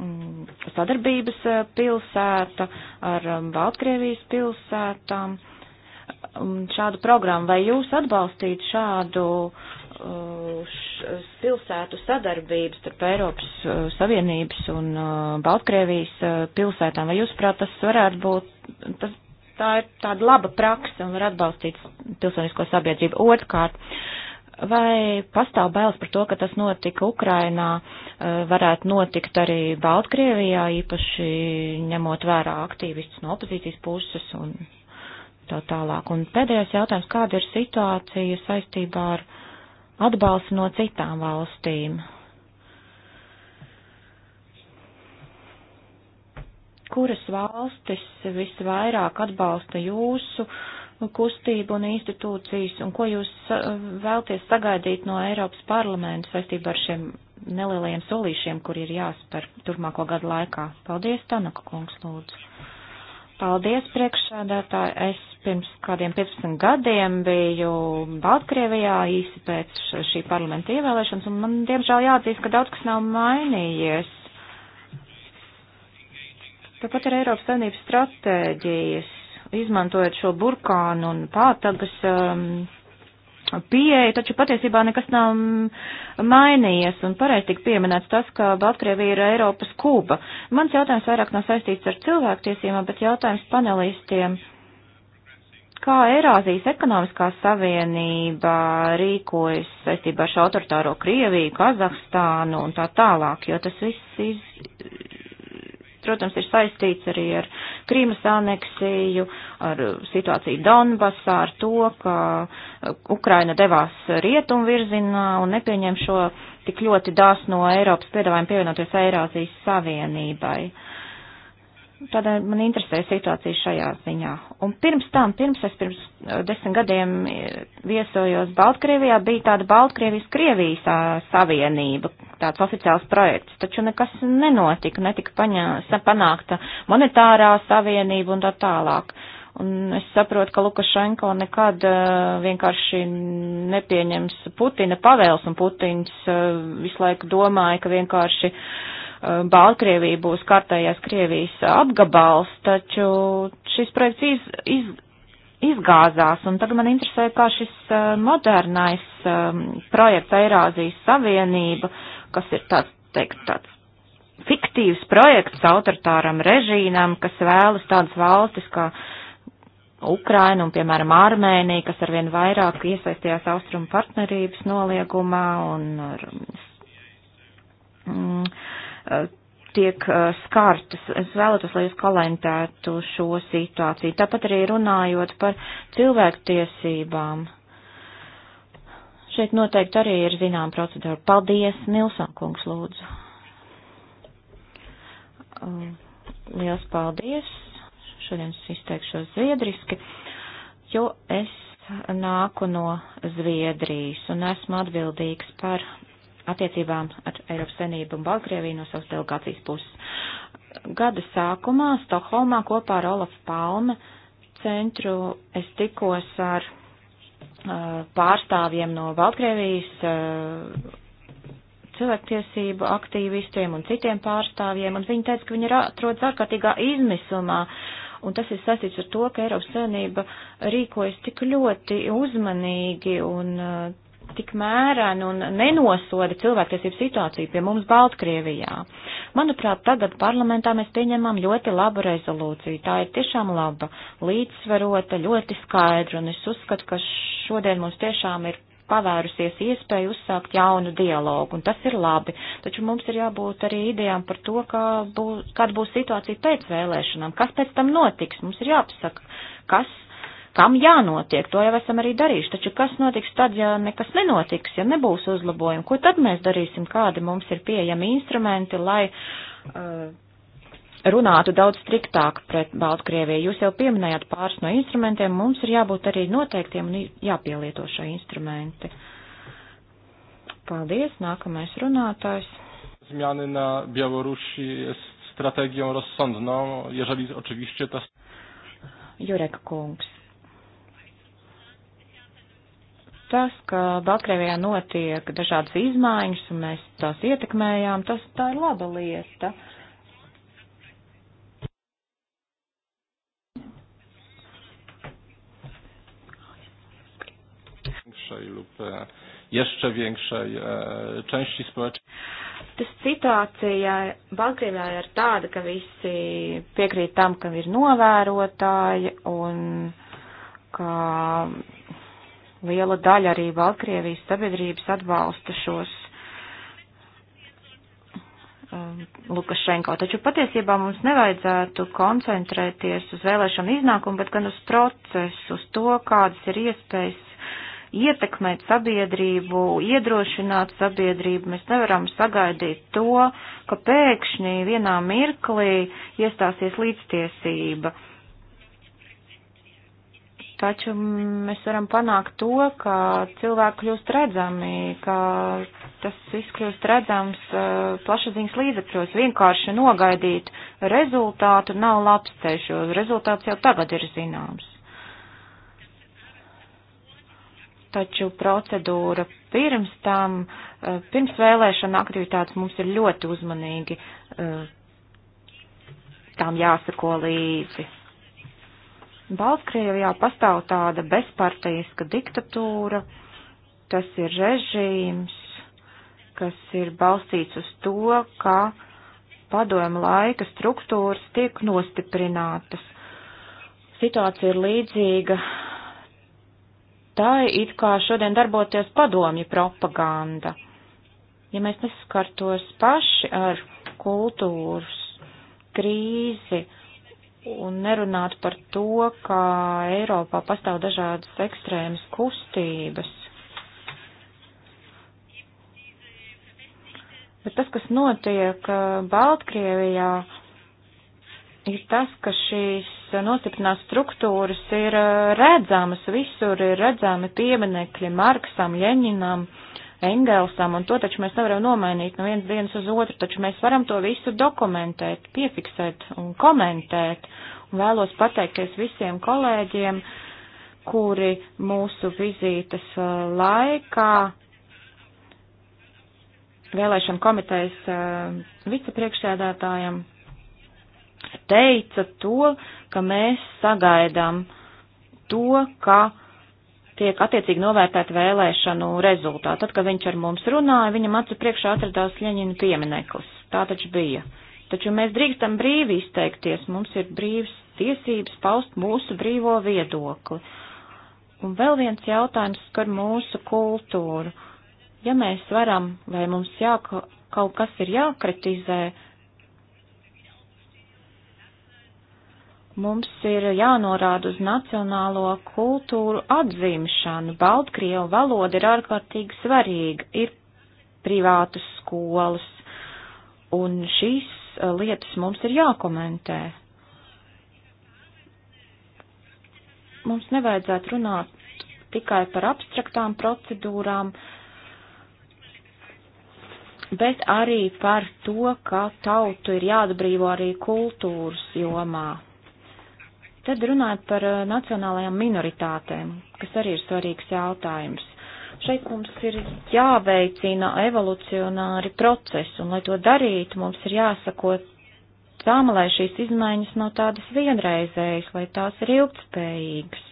Mm, sadarbības eh, pilsēta ar mm, Baltkrievijas pilsētām. Mm, šādu programmu vai jūs atbalstītu šādu eh, pilsētu sadarbību starp Eiropas eh, Savienības un Baltkrievijas pilsētām? Vai jūs prāt, tas varētu būt, tas, tā ir tāda laba praksa un var atbalstīt pilsonisko sabiedrību? Otrkārt, uh, Vai pastāv bailes par to, ka tas notika Ukrainā, eh, varētu notikt arī Baltkrievijā, īpaši ņemot vērā aktīvistus no opozīcijas puses un tā tālāk? Un pēdējais jautājums, kāda ir situācija saistībā ar atbalstu no citām valstīm? Kuras valstis visvairāk atbalsta jūsu uh, kustību un institūcijas, un ko jūs eh, vēlties sagaidīt no Eiropas parlamenta saistībā ar šiem nelielajiem solīšiem, kur ir jāspēr turpmāko gadu laikā. Paldies, Tanaka kungs, lūdzu. Paldies, priekšsēdētāji. Es pirms kādiem 15 gadiem biju Baltkrievijā īsi pēc šī parlamenta ievēlēšanas, un man diemžēl jāatzīst, ka daudz kas nav mainījies. Tāpat ir Eiropas Savienības stratēģijas izmantojot šo burkānu un pātagas um, pieeja, taču patiesībā nekas nav mm, mainījies, un pareizi tika pieminēts tas, ka Baltkrievija ir Eiropas kuba. Mans jautājums vairāk nav saistīts ar cilvēktiesībām, bet jautājums panelistiem. Kā Eirāzijas ekonomiskā savienība rīkojas saistībā ar šo autoritāro Krieviju, Kazahstānu un tā tālāk, jo tas viss iz, protams, ir saistīts arī ar Krīmas aneksiju, ar situāciju Donbasā, ar to, ka uh, Ukraina devās rietumu virzienā un nepieņem šo tik ļoti dāsno Eiropas piedāvājumu pievienoties Eirāzijas Savienībai. Uh, Tādēļ man interesē situācija šajā ziņā. Un pirms tam, pirms es pirms eh, desmit gadiem eh, viesojos Baltkrievijā, bija tāda Baltkrievijas-Krievijas savienība, tāds oficiāls projekts, taču nekas nenotika, netika paņā, panākta monetārā savienība un tā tālāk. Un es saprotu, ka Lukašenko nekad uh, vienkārši nepieņems Putina pavēls, un Putins uh, visu laiku domāja, ka vienkārši uh, Um, Baltkrievija būs kārtējais Krievijas apgabals, taču šis projekts iz, iz, izgāzās, un tagad man interesē, kā šis uh, modernais um, projekts Eirāzijas Savienība, kas ir tāds, teikt, tāds fiktīvs projekts autoritāram režīmam, kas vēlas tādas valstis kā Ukraina un, piemēram, Armēnija, kas arvien vairāk iesaistījās austrumu partnerības noliegumā un mm, Uh, tiek uh, skartas. Es vēlētos, lai jūs komentētu šo situāciju. Tāpat arī runājot par cilvēktiesībām. Šeit noteikti arī ir zinām procedūra. Paldies, Nilsam kungs, lūdzu. Uh, liels paldies. Šodien es izteikšos zviedriski, jo es nāku no Zviedrijas un esmu atbildīgs par attiecībām ar Eiropas Savienību un Baltkrieviju no savas delegācijas puses. Gada sākumā Stokholmā kopā ar Olafu Palme centru es tikos ar uh, pārstāvjiem no Baltkrievijas, uh, cilvēktiesību aktīvistiem un citiem pārstāvjiem, un viņi teica, ka viņi atrodas ārkārtīgā izmisumā. Un tas ir saistīts ar to, ka Eiropas Savienība rīkojas tik ļoti uzmanīgi un uh, tik mērēni un nenosoda cilvēktiesību situāciju pie mums Baltkrievijā. Manuprāt, tagad parlamentā mēs pieņemam ļoti labu rezolūciju. Tā ir tiešām laba, līdzsvarota, ļoti skaidra, un es uzskatu, ka šodien mums tiešām ir pavērusies iespēju uzsākt jaunu dialogu, un tas ir labi. Taču mums ir jābūt arī idejām par to, kā būs, kāda būs situācija pēc vēlēšanām, kas pēc tam notiks. Mums ir jāpasaka, kas kam jānotiek, to jau esam arī darījuši, taču kas notiks tad, ja nekas nenotiks, ja nebūs uzlabojumi, ko tad mēs darīsim, kādi mums ir pieejami instrumenti, lai uh, runātu daudz striktāk pret Baltkrieviju. Jūs jau pieminējāt pāris no instrumentiem, mums ir jābūt arī noteiktiem un jāpielieto šo instrumenti. Paldies, nākamais runātājs. Zmiany na Białorusi jest strategią rozsądną, jeżeli oczywiście ta... Jurek Kungs. tas, ka Baltkrievijā notiek dažādas izmaiņas un mēs tās ietekmējām, tas tā ir laba lieta. lub e, jeszcze większej e, części społeczeństwa. Tas situācija Baltkrievijā ir tāda, ka visi piekrīt tam, ka ir novērotāji un ka liela daļa arī Baltkrievijas sabiedrības atbalsta šos um, Lukašenko. Taču patiesībā mums nevajadzētu koncentrēties uz vēlēšanu iznākumu, bet gan uz procesu, uz to, kādas ir iespējas ietekmēt sabiedrību, iedrošināt sabiedrību. Mēs nevaram sagaidīt to, ka pēkšņi vienā mirklī iestāsies līdztiesība. Uh, taču mēs varam panākt to, ka cilvēki kļūst redzami, ka tas viss kļūst redzams eh, plašsaziņas līdzekļos. Vienkārši nogaidīt rezultātu nav labs ceļš, jo rezultāts jau tagad ir zināms. Taču procedūra pirms tam, eh, pirms vēlēšana aktivitātes mums ir ļoti uzmanīgi eh, tām jāsako līdzi. Baltkrievijā pastāv tāda bezparteiska diktatūra, tas ir režīms, kas ir balstīts uz to, ka padomu laika struktūras tiek nostiprinātas. Situācija ir līdzīga tai, it kā šodien darboties padomju propaganda. Ja mēs neskartos paši ar kultūras krīzi, un nerunāt par to, ka Eiropā pastāv dažādas ekstrēmas kustības. Bet tas, kas notiek uh, Baltkrievijā, ir tas, ka šīs nostiprinās struktūras ir uh, redzamas, visur ir redzami pieminekļi Marksam, Ļeņinam, uh, Engelsam, un to taču mēs nevaram nomainīt no vienas dienas uz otru, taču mēs varam to visu dokumentēt, piefiksēt un komentēt. Un vēlos pateikties visiem kolēģiem, kuri mūsu vizītes uh, laikā vēlēšana komitejas uh, vicepriekšsēdētājam teica to, ka mēs sagaidām to, ka tiek attiecīgi novērtēti vēlēšanu rezultāti. Tad, kad viņš ar mums runāja, viņam acu priekšā atradās Ļeņina piemineklis. Tā taču bija. Taču mēs drīkstam brīvi izteikties, mums ir brīvs tiesības paust mūsu brīvo viedokli. Un vēl viens jautājums skar mūsu kultūru. Ja mēs varam, vai mums jā, kaut kas ir jākritizē, Mums ir jānorāda uz nacionālo kultūru atzimšanu. Baltkrievu valoda ir ārkārtīgi svarīga. Ir privātas skolas, un šīs uh, lietas mums ir jākomentē. Mums nevajadzētu runāt tikai par abstraktām procedūrām, bet arī par to, ka tautu ir jāatbrīvo arī kultūras jomā. Tad runājot par uh, nacionālajām minoritātēm, kas arī ir svarīgs jautājums. Šeit mums ir jāveicina evolucionāri procesi, un lai to darītu, mums ir jāsako tām, lai šīs izmaiņas nav tādas vienreizējas, lai tās ir ilgtspējīgas.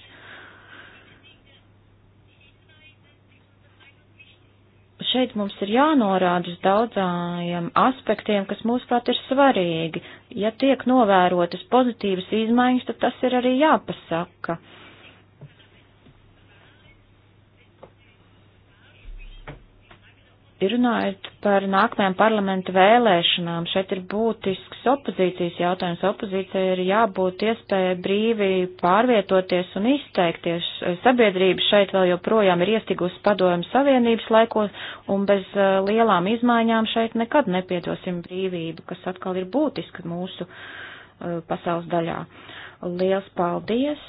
šeit mums ir jānorāda uz daudzām aspektiem, kas mūsuprāt ir svarīgi. Ja tiek novērotas pozitīvas izmaiņas, tad tas ir arī jāpasaka. Uh, runājot par nākamajām parlamenta vēlēšanām, šeit ir būtisks opozīcijas jautājums. Opozīcija ir jābūt iespēja brīvi pārvietoties un izteikties. Sabiedrība šeit vēl joprojām ir iestigusi padomu savienības laikos, un bez uh, lielām izmaiņām šeit nekad nepiedosim brīvību, kas atkal ir būtiska mūsu uh, pasaules daļā. Liels paldies!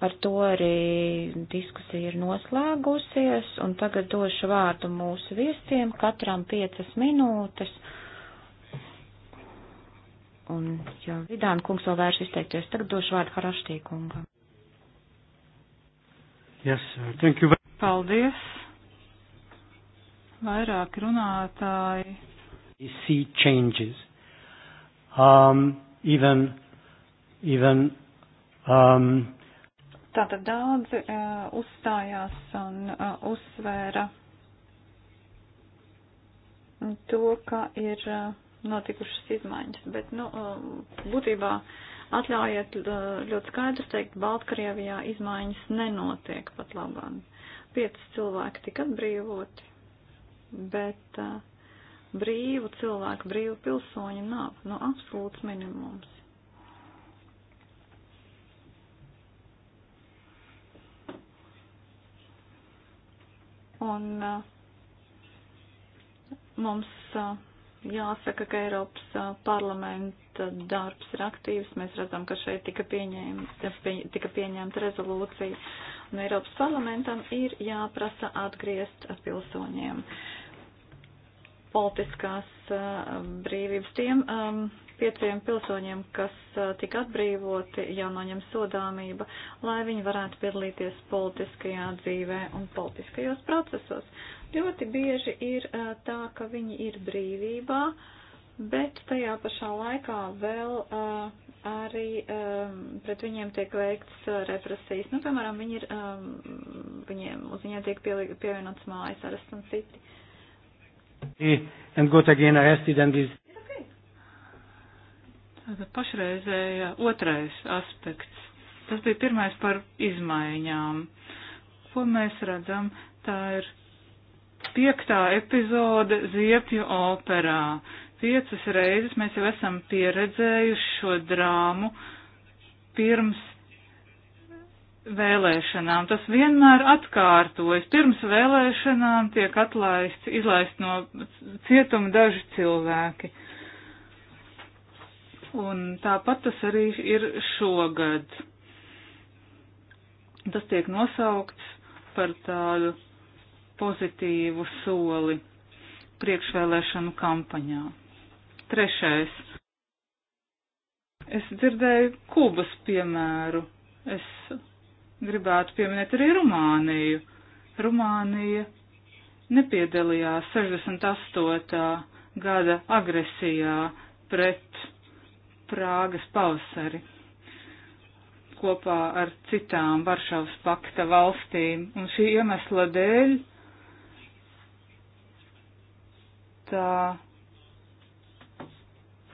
Ar to arī diskusija ir noslēgusies, un tagad došu vārdu mūsu viesiem, katram piecas minūtes. Un, ja Vidāna kungs vēl vairs izteikties, tagad došu vārdu Haraštī kungam. Yes, thank you. Paldies. Vairāk runātāji. We see changes. Um, even, even, um, Tātad daudzi uh, uzstājās un uh, uzsvēra to, ka ir uh, notikušas izmaiņas, bet, nu, uh, būtībā atļaujiet uh, ļoti skaidri teikt, Baltkrievijā izmaiņas nenotiek pat labāk. Pieci cilvēki tika atbrīvoti, bet uh, brīvu cilvēku, brīvu pilsoņu nav, nu, absolūts minimums. Un uh, mums uh, jāsaka, ka Eiropas uh, parlamenta darbs ir aktīvs. Mēs redzam, ka šeit tika, pieņēmta, pie, tika pieņemta rezolūcija. Un Eiropas parlamentam ir jāprasa atgriezt pilsoņiem politiskās brīvības tiem. Um, pieciem pilsoņiem, kas tika atbrīvoti, jānoņem sodāmība, lai viņi varētu piedalīties politiskajā dzīvē un politiskajos procesos. Ļoti bieži ir tā, ka viņi ir brīvībā, bet tajā pašā laikā vēl arī pret viņiem tiek veikts represijas. Nu, piemēram, viņi ir, viņiem, uz viņiem tiek pievienots mājas arests un citi. And got again arrested and is Pašreizējā otrais aspekts. Tas bija pirmais par izmaiņām. Ko mēs redzam? Tā ir piektā epizode Ziepju operā. Piecas reizes mēs jau esam pieredzējuši šo drāmu pirms vēlēšanām. Tas vienmēr atkārtojas. Pirms vēlēšanām tiek atlaists, izlaist no cietuma daži cilvēki. Un tāpat tas arī ir šogad. Tas tiek nosaukts par tādu pozitīvu soli priekšvēlēšanu kampaņā. Trešais. Es dzirdēju Kubas piemēru. Es gribētu pieminēt arī Rumāniju. Rumānija nepiedalījās 68. gada agresijā pret Prāgas pavasari kopā ar citām Varšavas pakta valstīm. Un šī iemesla dēļ tā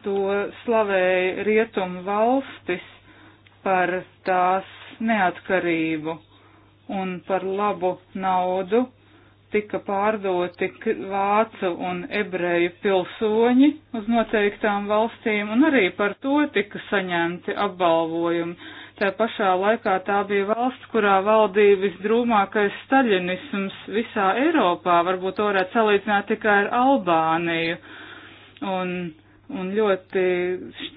to slavēja rietumu valstis par tās neatkarību un par labu naudu tika pārdoti vācu un ebreju pilsoņi uz noteiktām valstīm, un arī par to tika saņemti apbalvojumi. Tā pašā laikā tā bija valsts, kurā valdīja visdrūmākais staļinisms visā Eiropā, varbūt to varētu salīdzināt tikai ar Albāniju. Un, un ļoti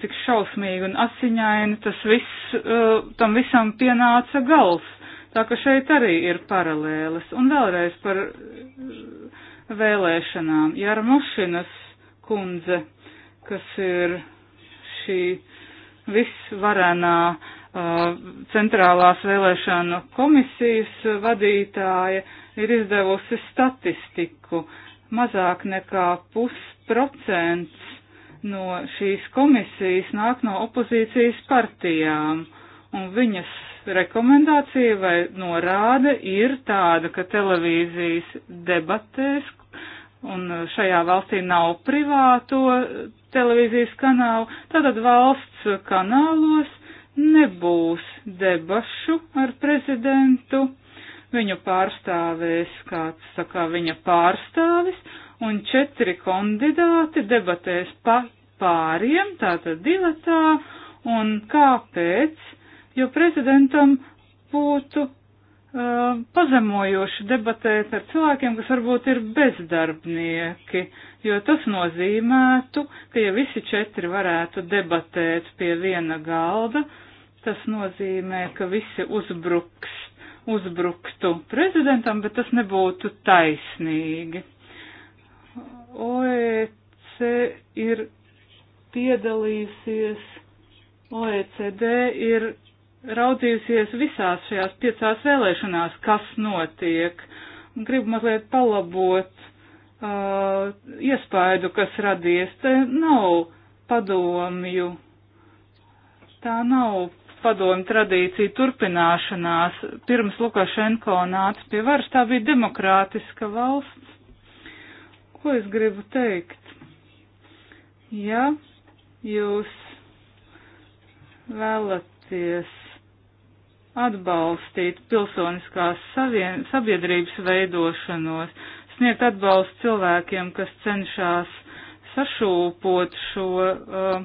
tik šausmīgi un asiņaini tas viss, uh, tam visam pienāca gals Tā ka šeit arī ir paralēles. Un vēlreiz par eh, vēlēšanām. Jarmušinas kundze, kas ir šī visvarenā uh, centrālās vēlēšanu komisijas vadītāja, ir izdevusi statistiku. Mazāk nekā pusprocents no šīs komisijas nāk no opozīcijas partijām, un viņas rekomendācija vai norāde ir tāda, ka televīzijas debatēs un šajā valstī nav privāto televīzijas kanālu, tātad valsts kanālos nebūs debašu ar prezidentu, viņu pārstāvēs kāds, tā kā viņa pārstāvis, un četri kandidāti debatēs pa pāriem, tātad divatā, un kāpēc? jo prezidentam būtu uh, pazemojoši debatēt ar cilvēkiem, kas varbūt ir bezdarbnieki, jo tas nozīmētu, ka ja visi četri varētu debatēt pie viena galda, tas nozīmē, ka visi uzbruks, uzbruktu prezidentam, bet tas nebūtu taisnīgi. OEC ir piedalīsies, OECD ir raudzījusies visās šajās piecās vēlēšanās, kas notiek, un gribu mazliet palabot uh, iespaidu, kas radies. Te nav padomju, tā nav padomju tradīcija turpināšanās. Pirms Lukašenko nāca pie varas, tā bija demokrātiska valsts. Ko es gribu teikt? Ja jūs vēlaties atbalstīt pilsoniskās savien, sabiedrības veidošanos, sniegt atbalstu cilvēkiem, kas cenšas sašūpot šo uh,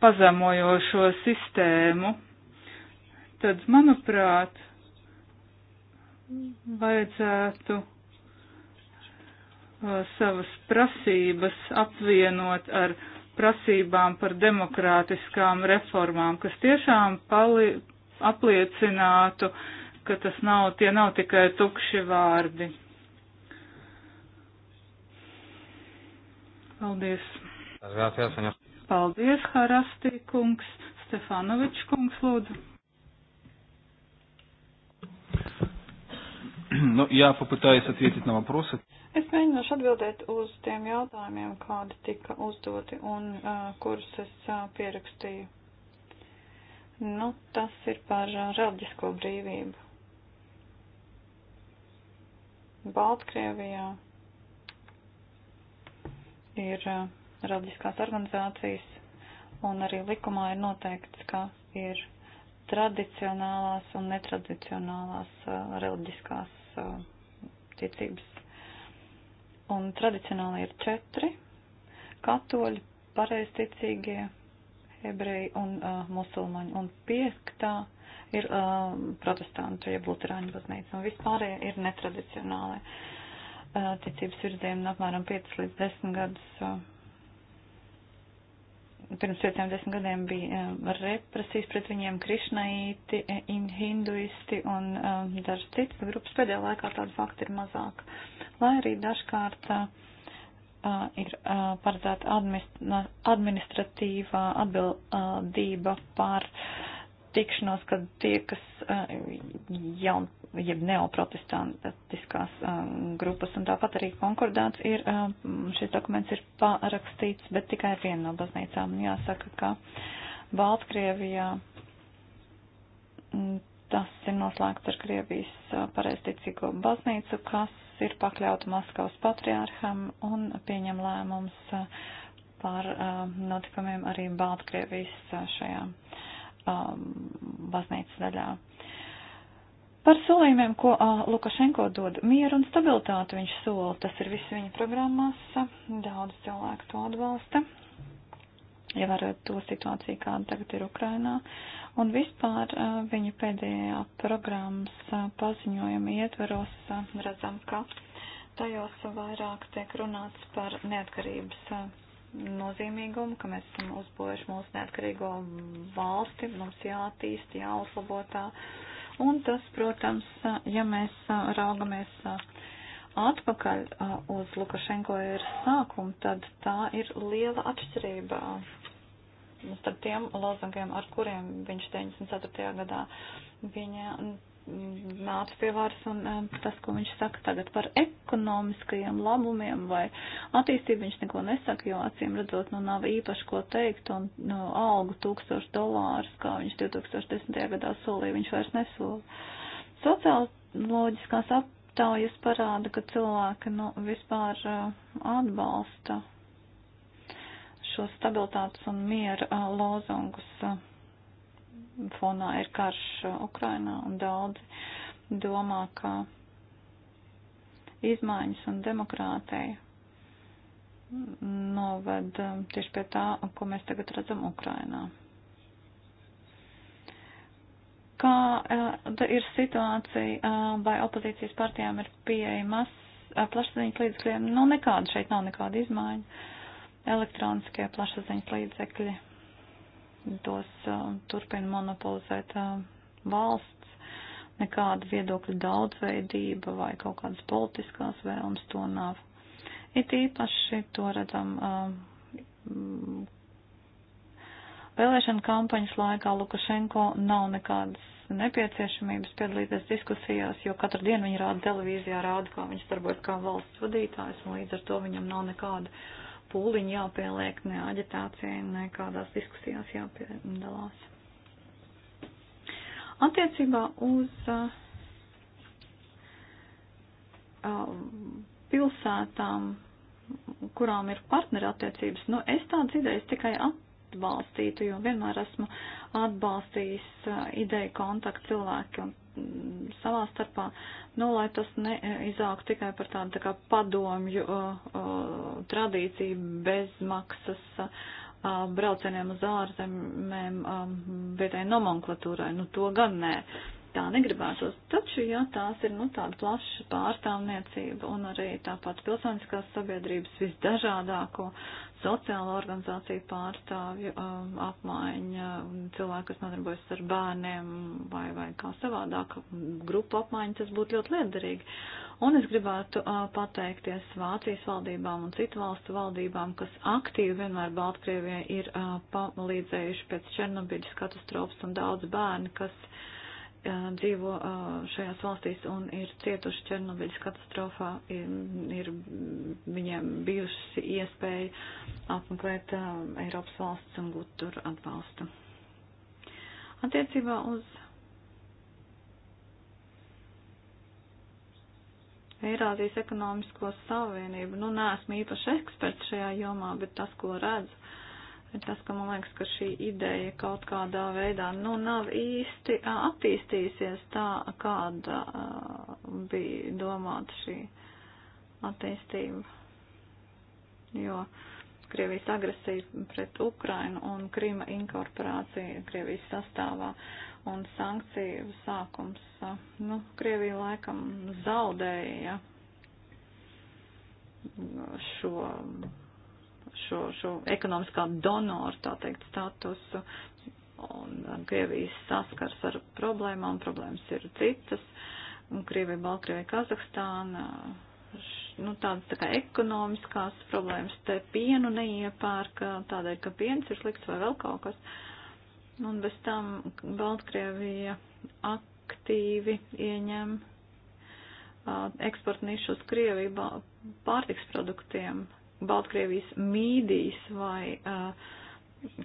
pazemojošo sistēmu, tad, manuprāt, vajadzētu uh, savas prasības apvienot ar prasībām par demokrātiskām reformām, kas tiešām pali, apliecinātu, ka tas nav, tie nav tikai tukši vārdi. Paldies. Paldies, Harastī kungs. Stefanovičs kungs, lūdzu. Nu, jā, попытаюсь ответить на вопросы. Es mēģināšu atbildēt uz tiem jautājumiem, kādi tika uzdoti un uh, kurus es uh, pierakstīju. Nu, tas ir par uh, reliģisko brīvību. Baltkrievijā ir uh, reliģiskās organizācijas, un arī likumā ir noteikts, ka ir tradicionālās un netradicionālās uh, reliģiskās ticības. Un tradicionāli ir četri - katoļi, pareizticīgie, ebreji un uh, musulmaņi, un piektā ir uh, protestantu, jeb luterāņu baznīca, un vispārējie ir netradicionāli uh, ticības virzieni, apmēram 5 līdz 10 gadus. Uh, Pirms 50 gadiem bija uh, represijas pret viņiem krišnaīti, e, hinduisti un uh, dažas citas grupas. Pēdējā laikā tādu faktu ir mazāk. Lai arī dažkārt uh, ir paredzēta administratīvā atbildība par tikšanos, kad tie, kas jaun, jeb neoprotestantiskās grupas un tāpat arī konkordāts ir, šis dokuments ir parakstīts, bet tikai viena no baznīcām. Jāsaka, ka Baltkrievijā tas ir noslēgts ar Krievijas pareizticīgo baznīcu, kas ir pakļauta Maskavas patriārham un pieņem lēmums uh, par uh, notikumiem arī Baltkrievijas uh, šajā um, baznīcas daļā. Par solījumiem, ko Lukašenko dod mieru un stabilitāti viņš sola, tas ir viss viņa programmās, daudz cilvēku to atbalsta ievērot to situāciju, kāda tagad ir Ukrainā. Un vispār viņa pēdējā programmas paziņojuma ietveros redzam, ka tajos vairāk tiek runāts par neatkarības nozīmīgumu, ka mēs esam uzbūvējuši mūsu neatkarīgo valsti, mums jātīst, jāuzlabotā. Un tas, protams, ja mēs raugamies atpakaļ uz Lukašenko ir sākumu, tad tā ir liela atšķirība nu, starp tiem lozangiem, ar kuriem viņš 94. gadā viņa mm, nāca pie varas un tas, ko viņš saka tagad par ekonomiskajiem labumiem vai attīstību, viņš neko nesaka, jo acīm redzot, nu nav īpaši ko teikt un nu, algu tūkstošu dolārus, kā viņš 2010. gadā solīja, viņš vairs nesola. Sociāloloģiskās ap Aptaujas parāda, ka cilvēki nu, vispār uh, atbalsta šo stabilitātes un miera uh, lozungus. Uh, fonā ir karš Ukrainā un daudzi domā, ka izmaiņas un demokrātija noved tieši pie tā, ko mēs tagad redzam Ukrainā. Kāda eh, ir situācija, eh, vai opozīcijas partijām ir pieejamas eh, plašsaziņas līdzekļiem? Nu, nekāda šeit nav nekāda izmaiņa. Elektroniskie plašsaziņas līdzekļi tos turpina monopolizēt valsts, nekāda viedokļa daudzveidība vai kaut kādas politiskās vēlmes to nav. It īpaši to redzam Vēlēšana kampaņas laikā Lukašenko nav nekādas nepieciešamības piedalīties diskusijās, jo katru dienu viņi rāda televīzijā, rāda, kā viņš darbojas kā valsts vadītājs, un līdz ar to viņam nav nekāda pūliņa jāpieliek ne aģitācijai, ne kādās diskusijās jāpiedalās. Attiecībā uz uh, uh pilsētām, kurām ir partnerattiecības, nu, es tādas idejas tikai atceros atbalstītu, jo vienmēr esmu atbalstījis ideju kontaktu cilvēki un mm, savā starpā, nu, lai tas neizāktu tikai par tādu tā kā padomju uh, uh, tradīciju bezmaksas uh, braucieniem uz ārzemēm um, vietai nomenklatūrai, nu, to gan nē. Tā negribētos. Taču, ja tās ir, nu, tāda plaša pārstāvniecība un arī tāpat pilsoniskās sabiedrības visdažādāko sociālo organizāciju pārstāvju um, apmaiņa, cilvēki, kas nodarbojas ar bērniem vai, vai kā savādāk, grupu apmaiņa, tas būtu ļoti liederīgi. Un es gribētu uh, pateikties Vācijas valdībām un citu valstu valdībām, kas aktīvi vienmēr Baltkrievijai ir uh, palīdzējuši pēc Černobiļas katastrofas un daudz bērni, kas dzīvo šajās valstīs un ir cietuši Černobiļas katastrofā, ir, ir viņiem bijusi iespēja apmeklēt Eiropas valsts un gūt tur atbalstu. Attiecībā uz Eirāzijas ekonomisko savienību, nu, neesmu īpaši eksperts šajā jomā, bet tas, ko redzu, ir tas, ka man liekas, ka šī ideja kaut kādā veidā nu, nav īsti attīstījusies tā, kāda bija domāta šī attīstība. Jo Krievijas agresija pret Ukrainu un Krima inkorporācija Krievijas sastāvā un sankciju sākums, nu, Krievija laikam zaudēja šo šo, šo ekonomiskā donoru, tā teikt, statusu, un um, Krievijas saskars ar problēmām, problēmas ir citas, un Krievija, Balkrievija, Kazahstāna, nu tādas tā kā ekonomiskās problēmas, te pienu neiepērka tādēļ, ka piens ir slikts vai vēl kaut kas, un bez tam Baltkrievija aktīvi ieņem uh, eksporta nišu uz Krieviju pārtiks produktiem, Baltkrievijas mīdijas vai uh,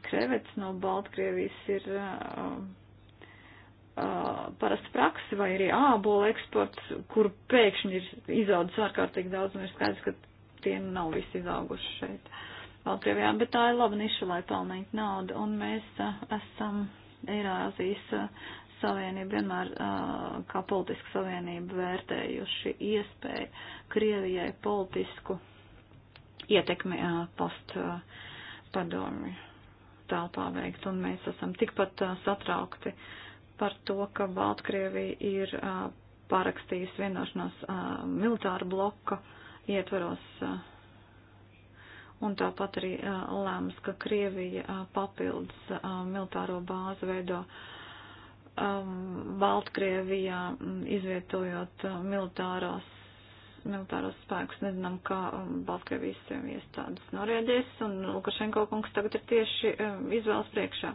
krevets no Baltkrievijas ir uh, uh, parasta praksa vai arī ābola eksports, kur pēkšņi ir izaudzis ārkārtīgi daudz un ir skaidrs, ka tie nav visi izauguši šeit Baltkrievijā, bet tā ir laba niša, lai pelnītu naudu un mēs uh, esam Eirāzijas uh, Savienība vienmēr uh, kā politiska savienība vērtējuši iespēju Krievijai politisku ietekmi post padomi telpā veikt. Un mēs esam tikpat satraukti par to, ka Baltkrievija ir parakstījusi vienošanos militāru bloka ietvaros. Un tāpat arī lēms, ka Krievija papildus militāro bāzi veido Baltkrievijā, izvietojot militāros militāros spēkus. Nezinām, kā um, Baltkrievijas iestādes norēģēs, un Lukašenko kungs tagad ir tieši um, izvēles priekšā.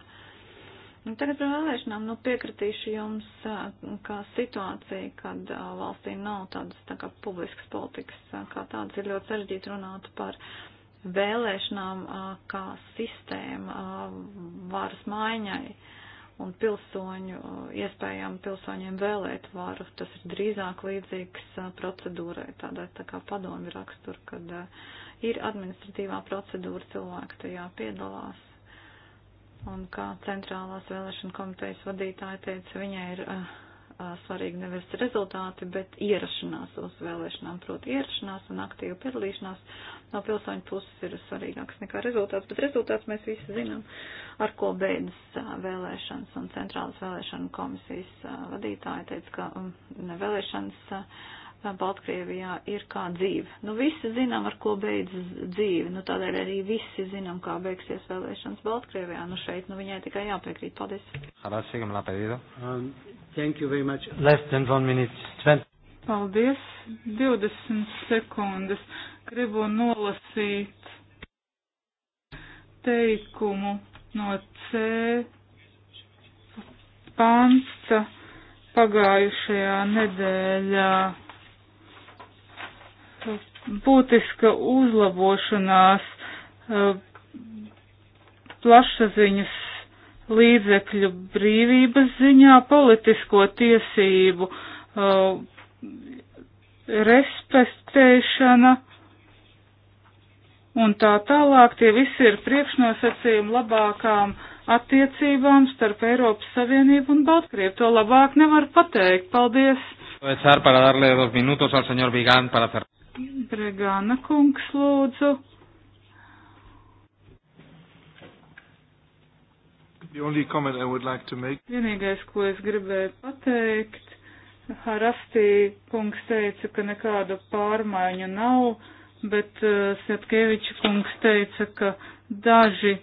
Un tagad par vēlēšanām nu, piekritīšu jums, uh, ka situācija, kad uh, valstī nav tādas tā kā publiskas politikas, uh, kā tādas ir ļoti sarežģīti runāt par vēlēšanām kā sistēma varas maiņai un pilsoņu, iespējām pilsoņiem vēlēt varu. Tas ir drīzāk līdzīgs uh, procedūrai, tādai tā kā padomju rakstur, kad uh, ir administratīvā procedūra, cilvēki tajā piedalās. Un kā centrālās vēlēšana komitejas vadītāja teica, viņai ir uh, svarīgi nevis rezultāti, bet ierašanās uz vēlēšanām. Proti, ierašanās un aktīva piedalīšanās no pilsoņu puses ir svarīgāks nekā rezultāts, bet rezultāts mēs visi zinām, ar ko beidzas vēlēšanas. Un centrālas vēlēšana komisijas vadītāja teica, ka um, vēlēšanas. Baltkrievijā ir kā dzīve. Nu, visi zinām, ar ko beidzas dzīve, nu, tādēļ arī visi zinām, kā beigsies vēlēšanas Baltkrievijā. Nu, šeit, nu, viņai tikai jāpiekrīt. Paldies. Ahora sí que me la ha pedido. Um, Thank you very much. Less than one minute. 20. Paldies. 20 sekundes. Gribu nolasīt teikumu no C panta pagājušajā nedēļā. Būtiska uzlabošanās eh, plašsaziņas līdzekļu brīvības ziņā politisko tiesību uh, respektēšana un tā tālāk tie visi ir priekšnosacījumi labākām attiecībām starp Eiropas Savienību un Baltkrievu. To labāk nevar pateikt. Paldies! Bregāna kungs lūdzu. Like Vienīgais, ko es gribēju pateikt, Harastī kungs teica, ka nekādu pārmaiņu nav, bet uh, Sietkeviča kungs teica, ka daži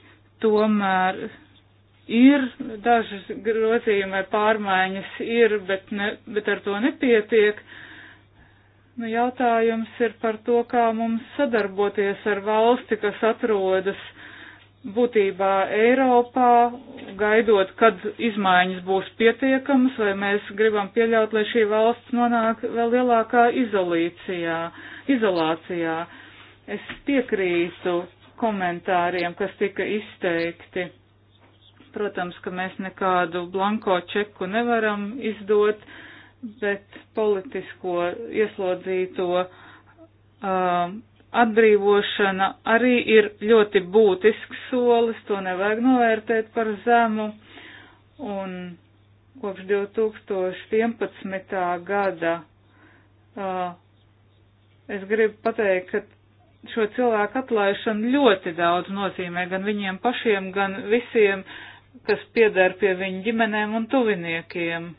tomēr ir, dažas grozījumi vai pārmaiņas ir, bet, ne, bet ar to nepietiek. Nu, jautājums ir par to, kā mums sadarboties ar valsti, kas atrodas būtībā Eiropā, gaidot, kad izmaiņas būs pietiekamas, vai mēs gribam pieļaut, lai šī valsts nonāk vēl lielākā izolīcijā, izolācijā. Es piekrītu komentāriem, kas tika izteikti. Protams, ka mēs nekādu blanko čeku nevaram izdot, bet politisko ieslodzīto uh, atbrīvošana arī ir ļoti būtisks solis, to nevajag novērtēt par zemu. Un kopš 2011. gada uh, es gribu pateikt, ka šo cilvēku atlaišana ļoti daudz nozīmē gan viņiem pašiem, gan visiem, kas piedara pie viņu ģimenēm un tuviniekiem.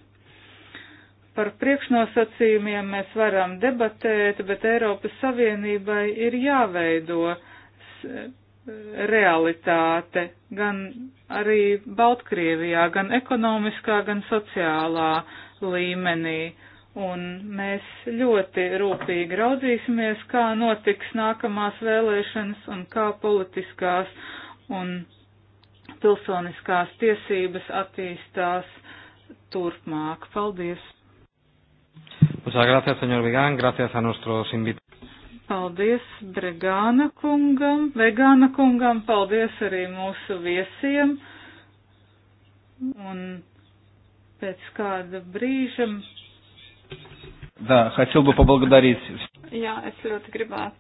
Par priekšnosacījumiem mēs varam debatēt, bet Eiropas Savienībai ir jāveido eh, realitāte gan arī Baltkrievijā, gan ekonomiskā, gan sociālā līmenī. Un mēs ļoti rūpīgi raudzīsimies, kā notiks nākamās vēlēšanas un kā politiskās un pilsoniskās tiesības attīstās turpmāk. Paldies! Muchas gracias, señor Vegan. Gracias a nuestros invitados. Paldies Bregāna kungam, Vegāna kungam, paldies arī mūsu viesiem. Un pēc kāda brīža. Да, хотел бы поблагодарить. Jā, es ļoti gribētu,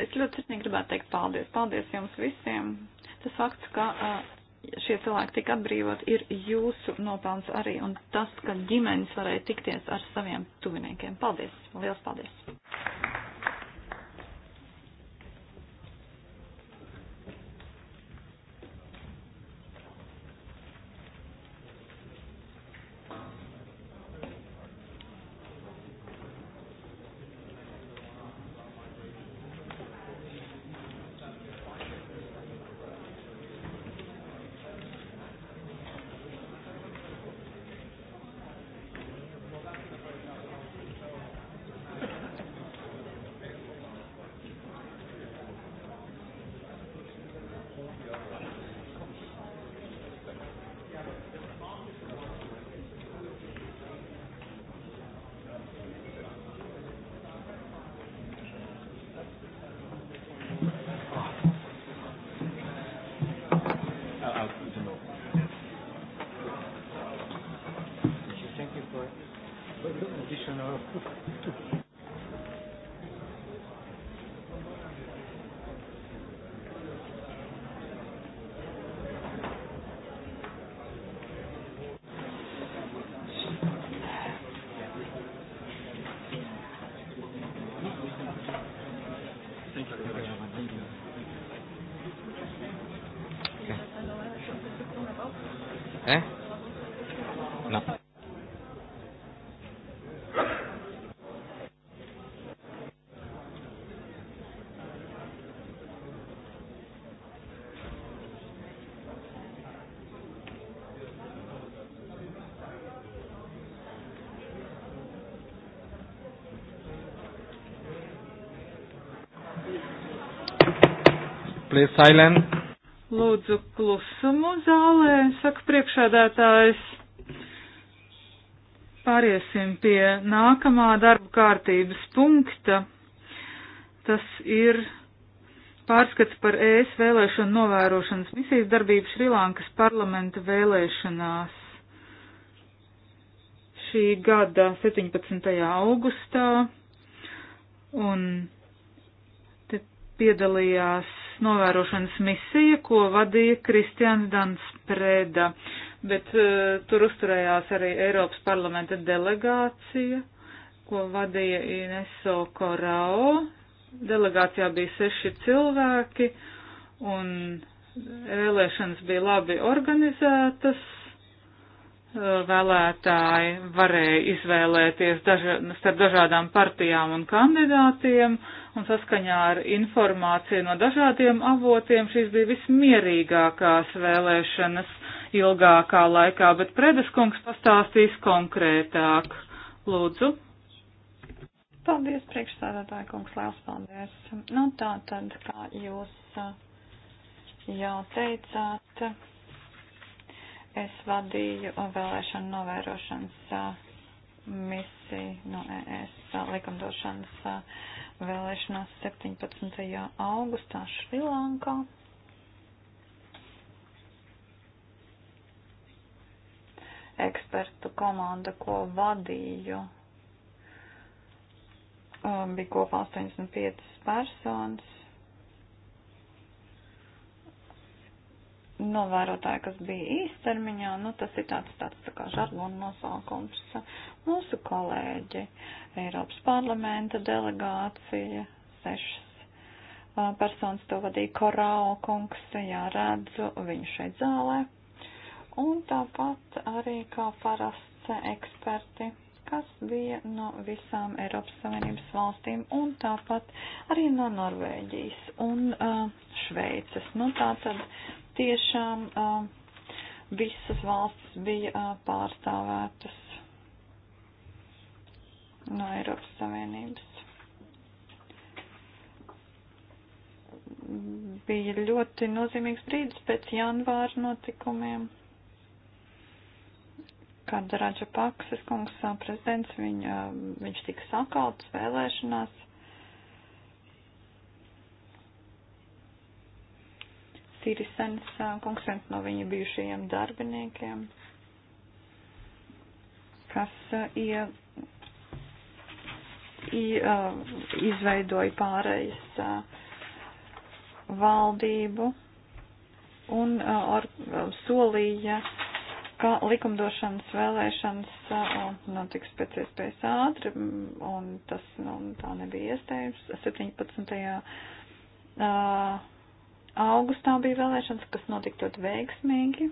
es ļoti sirsnīgi gribētu teikt paldies. Paldies jums visiem. Tas fakts, ka uh, šie cilvēki tika atbrīvot, ir jūsu nopelns arī un tas, ka ģimenes varēja tikties ar saviem tuviniekiem. Paldies! Lielas paldies! please silence. Lūdzu klusumu zālē, saka priekšādātājs. Pāriesim pie nākamā darba kārtības punkta. Tas ir pārskats par ES vēlēšanu novērošanas misijas darbību Šrilankas parlamenta vēlēšanās šī gada 17. augustā. Un te piedalījās novērošanas misija, ko vadīja Kristians Danspreda, bet uh, tur uzturējās arī Eiropas parlamenta delegācija, ko vadīja Ineso Korao. Delegācijā bija seši cilvēki un vēlēšanas bija labi organizētas vēlētāji varēja izvēlēties daža, starp dažādām partijām un kandidātiem, un saskaņā ar informāciju no dažādiem avotiem šīs bija vismierīgākās vēlēšanas ilgākā laikā, bet Predeskungs pastāstīs konkrētāk. Lūdzu. Paldies, priekšsādātāja kungs, liels paldies. Nu tā tad, kā jūs uh, jau teicāt, Es vadīju vēlēšanu novērošanas misiju no ES likumdošanas vēlēšanās 17. augustā Šrilankā. Ekspertu komanda, ko vadīju, bija kopā 85 personas novērotāji, kas bija īstermiņā, nu tas ir tāds, tāds tā kā žargona nosaukums. Mūsu kolēģi, Eiropas parlamenta delegācija, sešas uh, personas to vadīja Korāo kungs, jā, redzu viņu šeit zālē. Un tāpat arī kā parasts eksperti kas bija no visām Eiropas Savienības valstīm un tāpat arī no Norvēģijas un uh, Šveices. Nu, tā tad tiešām visas valstis bija pārstāvētas no Eiropas Savienības. Bija ļoti nozīmīgs brīdis pēc janvāra notikumiem, kad Raģa Paksas kungs prezidents, viņ, viņš tika sakauts vēlēšanās Sirisens kungs, viens no viņa bijušajiem darbiniekiem, kas ie, ie, izveidoja pārējas valdību un or, solīja, ka likumdošanas vēlēšanas notiks pēc iespējas ātri, un tas nu, tā nebija iespējams. 17. Uh, Augustā bija vēlēšanas, kas notika ļoti veiksmīgi.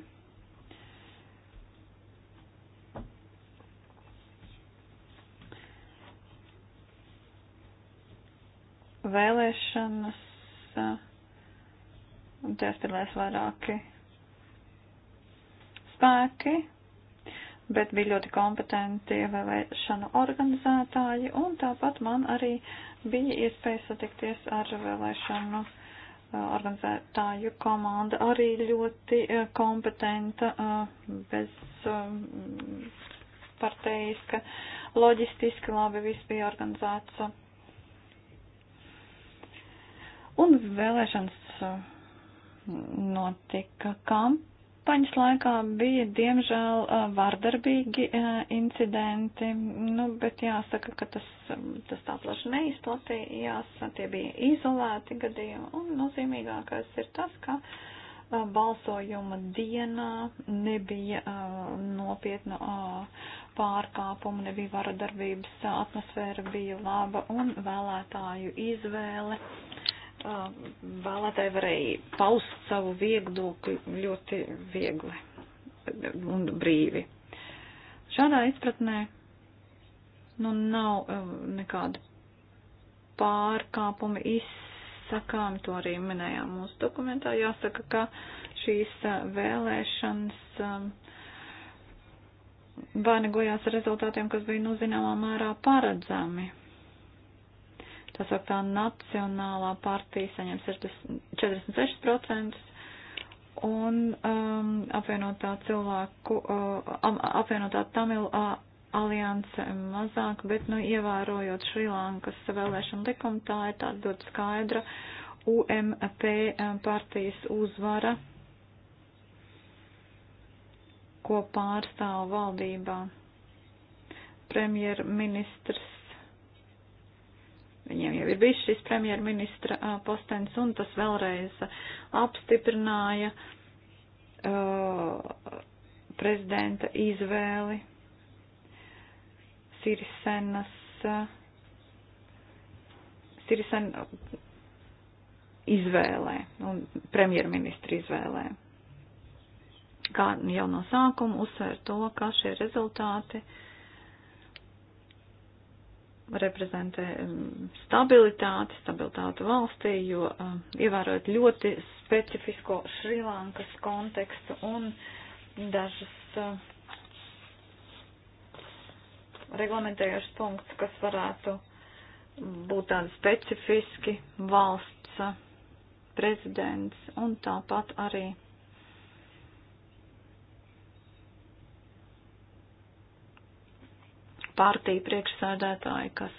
Vēlēšanas, un tajās piedalās vairāki spēki, bet bija ļoti kompetenti vēlēšanu organizētāji, un tāpat man arī bija iespēja satikties ar vēlēšanu organizētāju komanda arī ļoti kompetenta, bez parteiska, loģistiski labi viss bija organizēts. Un vēlēšanas notika kamp kampaņas laikā bija, diemžēl, vardarbīgi incidenti, nu, bet jāsaka, ka tas, tas tā plaši neizplatījās, tie bija izolēti gadījumi, un nozīmīgākais ir tas, ka balsojuma dienā nebija nopietna pārkāpuma, nebija varadarbības atmosfēra, bija laba un vēlētāju izvēle vēlētāji varēja paust savu viedokli ļoti viegli un brīvi. Šādā izpratnē nu, nav nekāda pārkāpuma izsakām, to arī minējām mūsu dokumentā. Jāsaka, ka šīs vēlēšanas vainagojās ar rezultātiem, kas bija, nu, zināmā mērā paredzami tā sauktā Nacionālā partija saņem 46% un um, apvienotā cilvēku, uh, apvienotā Tamilu uh, alianse mazāk, bet, nu, ievērojot Šrilankas vēlēšanu likumu, tā ir tāda ļoti skaidra UMP partijas uzvara, ko pārstāv valdībā. Premjerministrs Viņiem jau ir bijis šis premjerministra postens, un tas vēlreiz apstiprināja uh, prezidenta izvēli Sirisenas. Uh, Sirisen izvēlē un premjerministra izvēlē. Kā jau no sākuma uzsver to, ka šie rezultāti uh, reprezentē stabilitāti, stabilitāti valstī, jo ievērojot ļoti specifisko Šrilankas kontekstu un dažas reglamentējušas punktus, kas varētu būt tādi specifiski valsts prezidents un tāpat arī partiju priekšsēdētāji, kas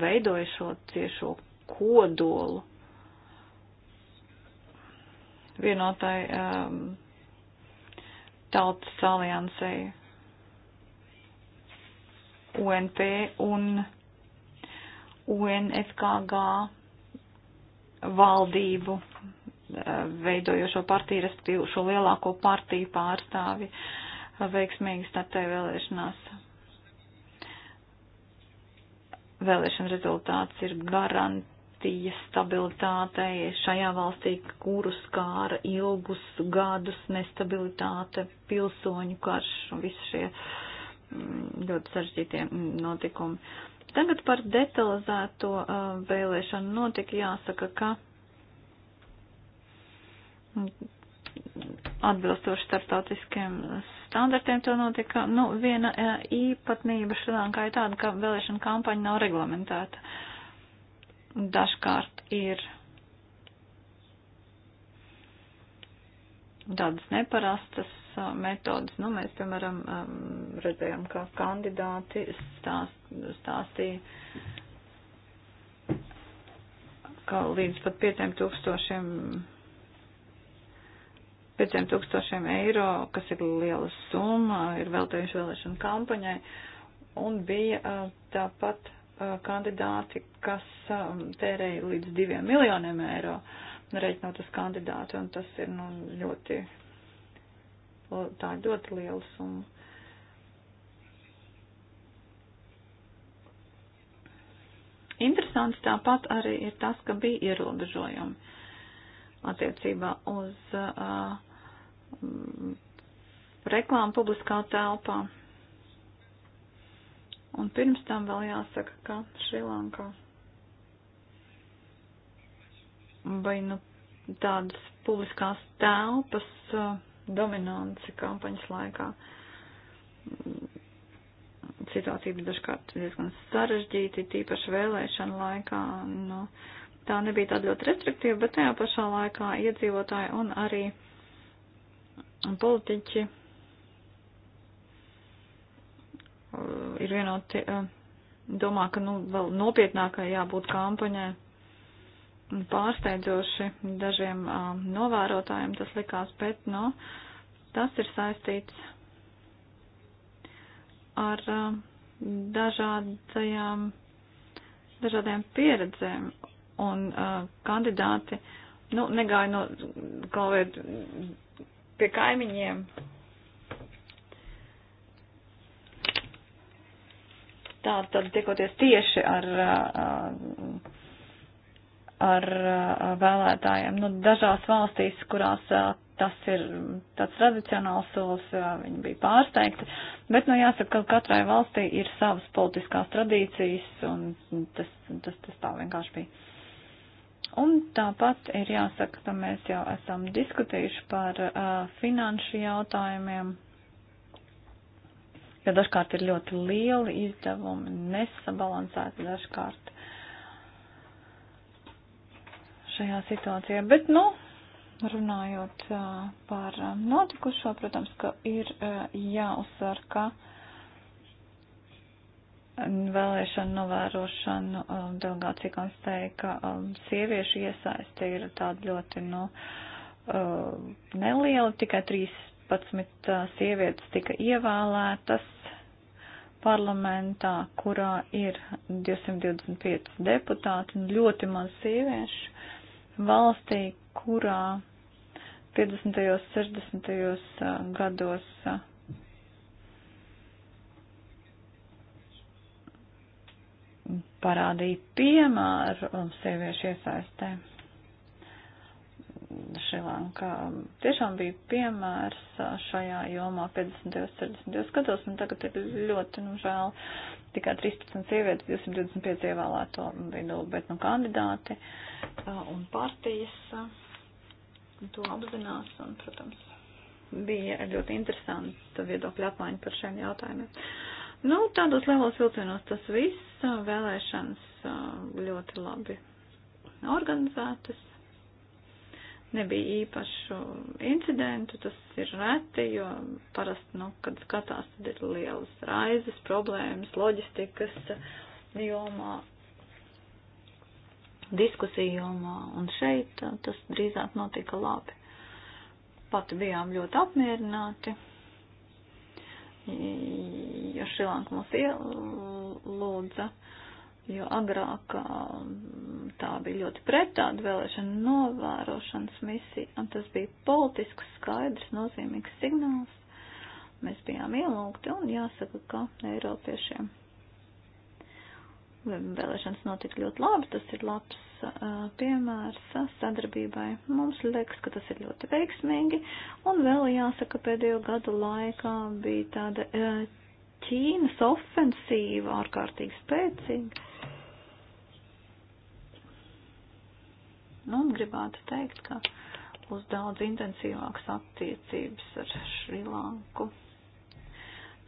veidoja šo ciešo kodolu vienotai um, tautas aliansei UNP un UNFKG valdību uh, veidojošo partiju, respektīvi šo lielāko partiju pārstāvi. Uh, veiksmīgi startēja vēlēšanās. Vēlēšana rezultāts ir garantija stabilitātei šajā valstī, kuru skāra ilgus gadus nestabilitāte, pilsoņu karš un visi šie mm, ļoti sarežģītie notikumi. Tagad par detalizēto vēlēšanu notika jāsaka, ka atbilstoši starptautiskiem standartiem to notika. Nu, viena e, īpatnība Šrilankā ir tāda, ka vēlēšana kampaņa nav reglamentēta. Dažkārt ir tādas neparastas e, metodas. Nu, mēs, piemēram, e, redzējām, ka kandidāti stāst, stāstīja, ka līdz pat 5000 500 tūkstošiem eiro, kas ir liela summa, ir veltījuši vēlēšanu kampaņai, un bija tāpat kandidāti, kas tērēja līdz 2 miljoniem eiro, reiķinot uz kandidātu, un tas ir nu, ļoti, tā ir ļoti liela summa. Interesants tāpat arī ir tas, ka bija ierobežojumi attiecībā uz uh, reklāmu publiskā telpā. Un pirms tam vēl jāsaka, ka Šrilankā vai nu tādas publiskās telpas uh, dominanci kampaņas laikā. Situācija bija dažkārt diezgan sarežģīta, tīpaši vēlēšana laikā. Nu, no, tā nebija tāda ļoti restriktīva, bet tajā pašā laikā iedzīvotāji un arī politiķi uh, ir vienoti uh, domā, ka nu, vēl nopietnākai jābūt kampaņai. Pārsteidzoši dažiem um, novērotājiem tas likās, bet nu, tas ir saistīts ar um, dažādajām, dažādajām pieredzēm un uh, kandidāti nu, negāja no kaut vai pie kaimiņiem. Tā tad tiekoties tieši ar, ar vēlētājiem. Nu, dažās valstīs, kurās tas ir tāds tradicionāls solis, viņi bija pārsteigti, bet, nu, jāsaka, ka katrai valstī ir savas politiskās tradīcijas, un tas, tas, tas tā vienkārši bija. Un tāpat ir jāsaka, ka mēs jau esam diskutējuši par uh, finanšu jautājumiem, jo dažkārt ir ļoti lieli izdevumi, nesabalansēti dažkārt šajā situācijā. Bet, nu, runājot uh, par notikušo, protams, ka ir uh, jāuzsver, ka. Uh, vēlēšanu novērošanu um, delegācija konstatēja, ka um, sieviešu iesaisti ir tāda ļoti nu, um, neliela, tikai 13 uh, sievietes tika ievēlētas parlamentā, kurā ir 225 deputāti un ļoti maz sieviešu valstī, kurā 50. un 60. gados uh, parādīja piemēru um, sieviešu iesaistē. Šrilankā um, tiešām bija piemērs uh, šajā jomā 50. un 40. gados, un tagad ir ļoti, nu, žēl, tikai 13 sievietes 225 ievēlēto vidū, bet, nu, kandidāti uh, un partijas uh, to apzinās, un, protams, bija ļoti interesanta viedokļa apmaiņa par šiem jautājumiem. Nu, tādos lielos vilcienos tas viss, vēlēšanas ļoti labi organizētas. Nebija īpašu incidentu, tas ir reti, jo parasti, nu, kad skatās, tad ir lielas raizes, problēmas, loģistikas jomā, diskusiju jomā, un šeit tas drīzāk notika labi. Pat bijām ļoti apmierināti jo Šrilanka mūs ielūdza, jo agrāk um, tā bija ļoti pretāda vēlēšana novērošanas misija, un tas bija politisks, skaidrs, nozīmīgs signāls. Mēs bijām ielūgti, un jāsaka, ka Eiropiešiem vēlēšanas notika ļoti labi, tas ir labs uh, piemērs uh, sadarbībai. Mums liekas, ka tas ir ļoti veiksmīgi, un vēl jāsaka, pēdējo gadu laikā bija tāda uh, Ķīnas ofensīva ārkārtīgi spēcīga. Nu, un gribētu teikt, ka būs daudz intensīvāks attiecības ar Šrilanku.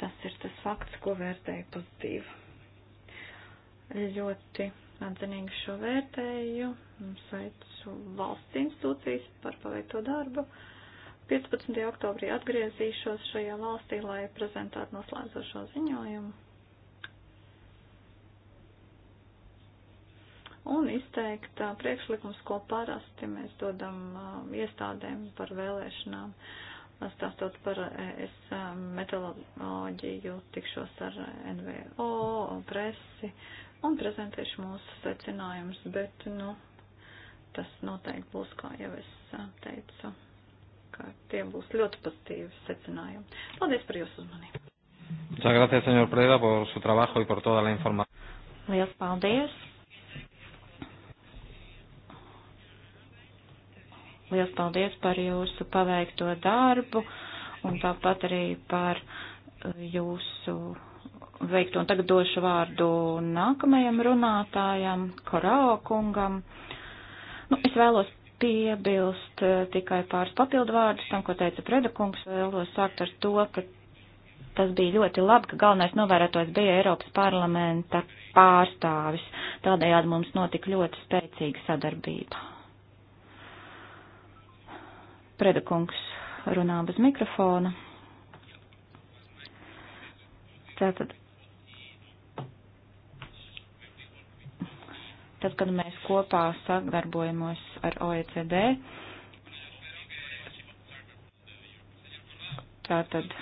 Tas ir tas fakts, ko vērtēju pozitīvi. Ļoti atzinīgi šo vērtēju, sveicu valsts institūcijas par paveikto darbu. Uh, 15. oktobrī atgriezīšos šajā valstī, lai prezentētu noslēdzošo ziņojumu. Un izteikt priekšlikums, ko parasti mēs dodam iestādēm par vēlēšanām. Stāstot par es metodoloģiju, tikšos ar NVO, presi un prezentēšu mūsu secinājumus, bet, nu, tas noteikti būs, kā jau es teicu ka tie būs ļoti pozitīvi secinājumi. Paldies par jūsu uzmanību. Muchas gracias, señor Preda, por su trabajo y por toda la información. Liels paldies. Liels paldies par jūsu paveikto darbu un tāpat arī par jūsu veikto. Un tagad došu vārdu nākamajam runātājam, Korao kungam. Nu, es vēlos piebilst eh, tikai pāris papildu vārdus tam, ko teica Predakungs. Vēlos sākt ar to, ka tas bija ļoti labi, ka galvenais novērotājs bija Eiropas parlamenta pārstāvis. Tādējādi mums notika ļoti spēcīga sadarbība. Predakungs runā bez mikrofona. Tātad tad, kad mēs kopā sadarbojamies ar OECD. Tātad,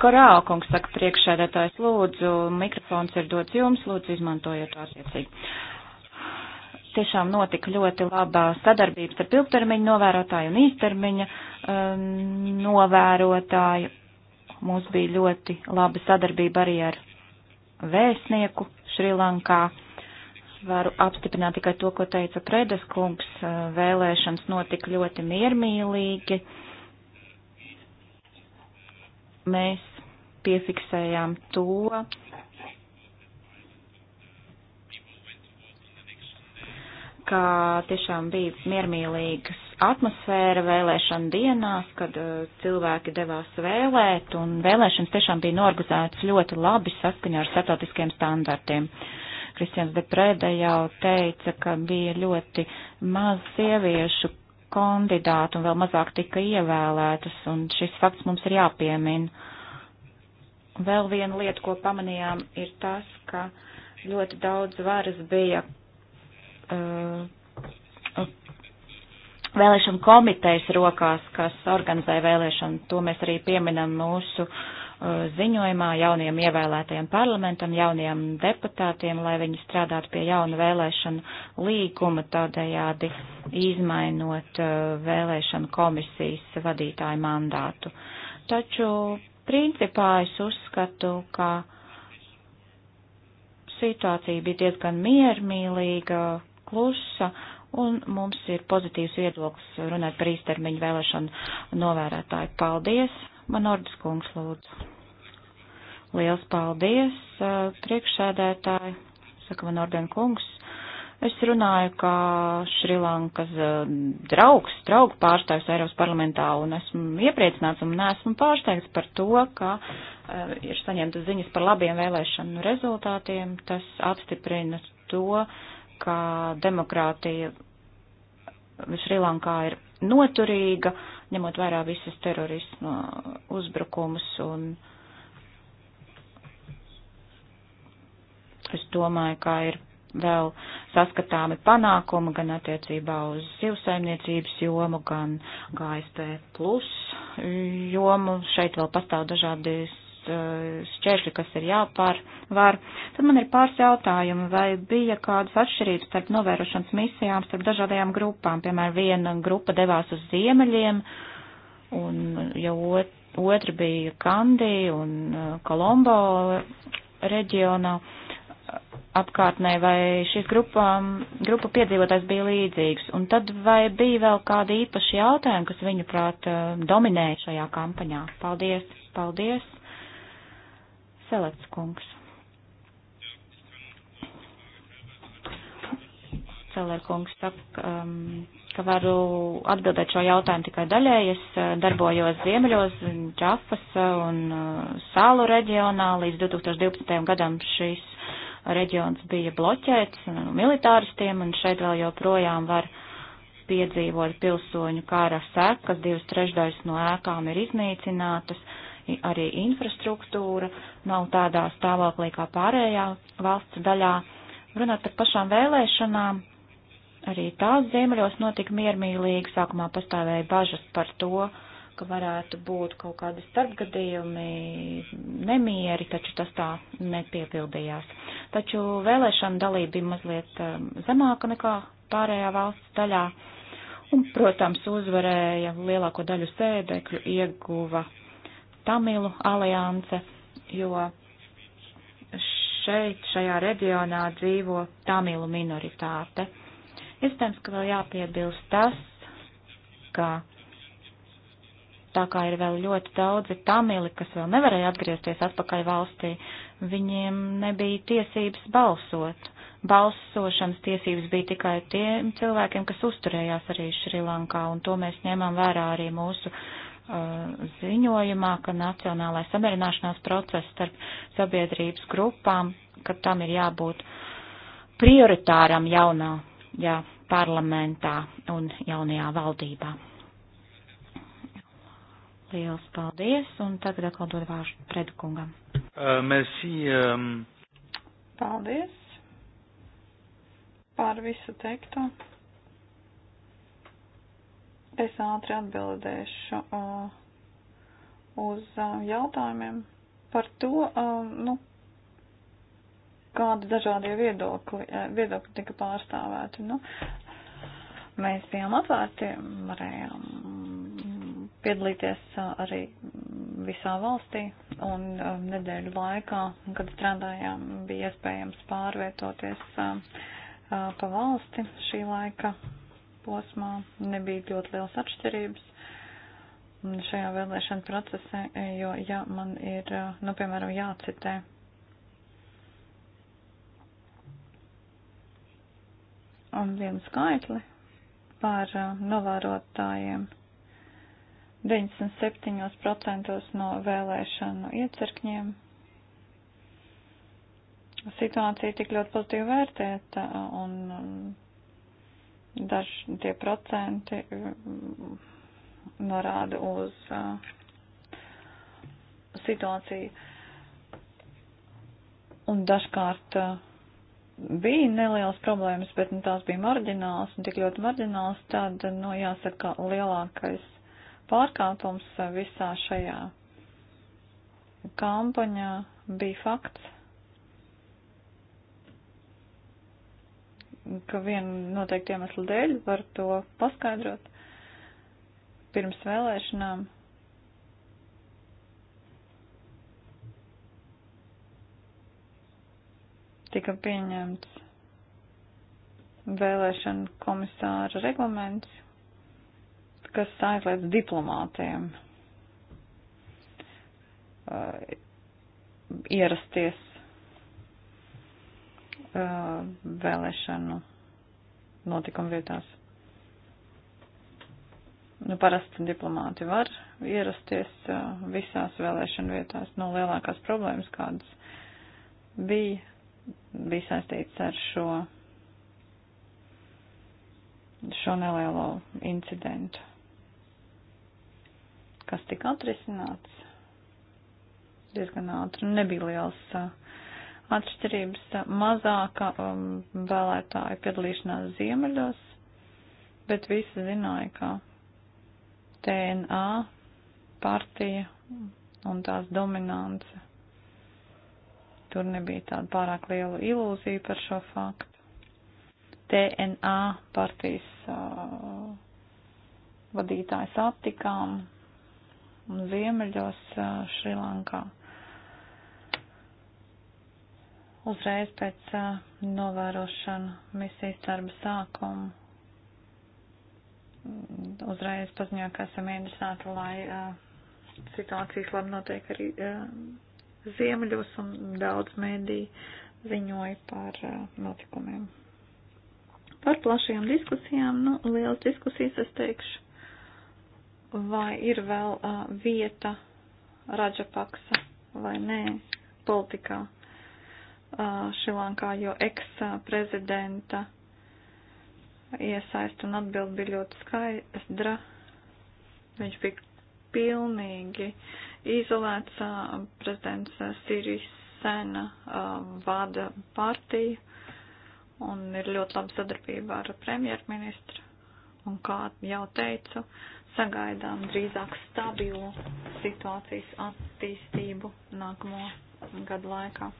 Korāla kungs saka priekšsēdētājs, lūdzu, mikrofons ir dots jums, lūdzu, izmantojiet to attiecīgi. Tiešām notika ļoti labā sadarbības ar ilgtermiņu novērotāju un īstermiņa um, novērotāju. Mums bija ļoti laba sadarbība arī ar vēstnieku Šrilankā. Uh, varu apstiprināt tikai to, ko teica Predes kungs. Vēlēšanas notika ļoti miermīlīgi. Mēs piefiksējām to, ka tiešām bija miermīlīgas atmosfēra vēlēšana dienās, kad cilvēki devās vēlēt, un vēlēšanas tiešām bija norganizētas ļoti labi saskaņā ar starptautiskiem standartiem. Uh, Kristians Deprēda jau teica, ka bija ļoti maz sieviešu kandidātu un vēl mazāk tika ievēlētas, un šis fakts mums ir jāpiemina. Vēl viena lieta, ko pamanījām, ir tas, ka ļoti daudz varas bija uh, vēlēšanu komitejas rokās, kas organizē vēlēšanu. To mēs arī pieminam mūsu uh, ziņojumā jaunajam ievēlētajam parlamentam, jaunajiem deputātiem, lai viņi strādātu pie jauna vēlēšanu līguma, tādējādi izmainot uh, vēlēšanu komisijas vadītāju mandātu. Taču principā es uzskatu, ka situācija bija diezgan miermīlīga, klusa, un mums ir pozitīvs viedoklis runāt par īstermiņu vēlēšanu novērotāju. Paldies! Man ordis kungs lūdzu. Liels paldies, priekšsēdētāji, saka man orden kungs. Es runāju kā Šrilankas draugs, draugu pārstāvis Eiropas parlamentā un esmu iepriecināts un neesmu pārsteigts par to, ka uh, ir saņemtas ziņas par labiem vēlēšanu rezultātiem. Tas apstiprina to, ka demokrātija Šrilankā ir noturīga. Uh, ņemot vērā visas terorisma uzbrukums un es domāju, kā ir vēl saskatāmi panākumi gan attiecībā uz zivsaimniecības jomu, gan GSP plus jomu. Šeit vēl pastāv dažādi Eh, šķēršļi, kas ir jāpārvar. Tad man ir pāris jautājumi, vai bija kādas atšķirības starp novērošanas misijām, starp dažādajām grupām. Piemēram, viena grupa devās uz ziemeļiem, un jau otra bija Kandi un eh, Kolombo reģionā apkārtnē, vai šīs grupām, grupa piedzīvotājs bija līdzīgs, un tad vai bija vēl kādi īpaši jautājumi, kas viņuprāt eh, dominēja šajā kampaņā? Paldies, paldies! Selekts kungs. Celēr kungs saka, um, ka varu atbildēt šo jautājumu tikai daļēji. Es uh, darbojos Ziemeļos, Džafas uh, un uh, Sālu reģionā. Līdz 2012. gadam šis reģions bija bloķēts militāristiem, un šeit vēl joprojām var piedzīvot pilsoņu kara sekas. Divas trešdaļas no ēkām ir iznīcinātas. Uh, arī infrastruktūra nav tādā stāvoklī kā pārējā valsts daļā. Runāt par pašām vēlēšanām, arī tās ziemeļos notika miermīlīgi, sākumā pastāvēja bažas par to, ka varētu būt kaut kādi starpgadījumi, nemieri, taču tas tā nepiepildījās. Taču vēlēšana dalība bija mazliet um, zemāka nekā pārējā valsts daļā. Un, protams, uzvarēja lielāko daļu sēdekļu, ieguva Tamilu alianse, jo šeit, šajā reģionā dzīvo Tamilu minoritāte. Iespējams, ka vēl jāpiebilst tas, ka tā kā ir vēl ļoti daudzi tamili, kas vēl nevarēja atgriezties atpakaļ valstī, viņiem nebija tiesības balsot. Balsošanas tiesības bija tikai tiem cilvēkiem, kas uzturējās arī Šrilankā, un to mēs ņemam vērā arī mūsu Uh, ziņojumā, ka nacionālais samierināšanās process starp sabiedrības grupām, ka tam ir jābūt prioritāram jaunā jā, parlamentā un jaunajā valdībā. Liels paldies, un tagad atkal dod vārdu predikungam. Uh, merci, um... Paldies par visu teikto. Es ātri atbildēšu uh, uz uh, jautājumiem par to, uh, nu, kādi dažādie viedokļi, uh, viedokļi tika pārstāvēti. Nu, mēs bijām atvērti, varējām piedalīties uh, arī visā valstī, un uh, nedēļu laikā, kad strādājām, bija iespējams pārvietoties pa valsti šī laika posmā nebija ļoti liels atšķirības šajā vēlēšana procesē, jo, ja man ir, nu, piemēram, jācitē un vienu skaitli par uh, novērotājiem, 97% no vēlēšanu iecirkņiem situācija tik ļoti pozitīvi vērtēta uh, un um, Daži tie procenti mm, norāda uz uh, situāciju. Un dažkārt uh, bija nelielas problēmas, bet nu, tās bija marģinālas un tik ļoti marģinālas, tad, nu, jāsaka, lielākais pārkāpums uh, visā šajā kampaņā bija fakts, ka vienu noteiktu iemeslu dēļ var to paskaidrot pirms vēlēšanām. Tika pieņemts vēlēšana komisāra reglaments, kas aizliedz diplomātiem uh, ierasties Uh, vēlēšanu notikumu vietās. Nu, parasti diplomāti var ierasties uh, visās vēlēšanu vietās. No nu, lielākās problēmas, kādas bija, bija saistīts ar šo, šo nelielo incidentu, kas tika atrisināts diezgan ātri. Nebija liels uh, atšķirības, mazāka um, vēlētāju piedalīšanās ziemeļos, bet visi zināja, ka TNA partija un tās dominance. Tur nebija tāda pārāk liela ilūzija par šo faktu. TNA partijas uh, vadītājs attikām un ziemeļos uh, Šrilankā uzreiz pēc novērošanu misijas darba sākumu. Uzreiz paziņā, ka esam interesēti, lai situācijas labi notiek arī ziemeļos un daudz mēdī ziņoja par notikumiem. Par plašajām diskusijām, nu, liels diskusijas es teikšu, vai ir vēl vieta Raģa Paksa vai nē politikā. Šrilankā, jo eksprezidenta iesaist un atbild bija ļoti skaidra. Viņš bija pilnīgi izolēts. Prezidents Sīrijas sena vada partiju un ir ļoti laba sadarbība ar premjerministru. Un kā jau teicu, sagaidām drīzāk stabilu situācijas attīstību nākamo gadu laikā.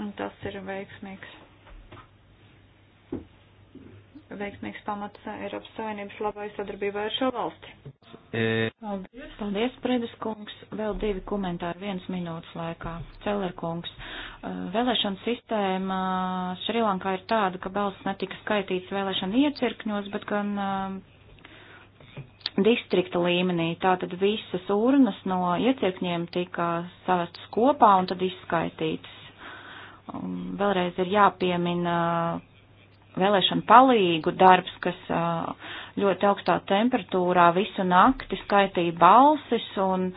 Un tas ir veiksmīgs. Veiksmīgs pamats Eiropas Savienības labai sadarbībai ar šo valsti. E. Paldies, paldies, Predes kungs. Vēl divi komentāri vienas minūtes laikā. Celer kungs. E, vēlēšana sistēma Šrilankā ir tāda, ka balsts netika skaitīts vēlēšana iecirkņos, bet gan e, distrikta līmenī. Tātad visas urnas no iecirkņiem tika savestas kopā un tad izskaitītas. Vēlreiz ir jāpiemina vēlēšana palīgu darbs, kas ļoti augstā temperatūrā visu nakti skaitīja balsis, un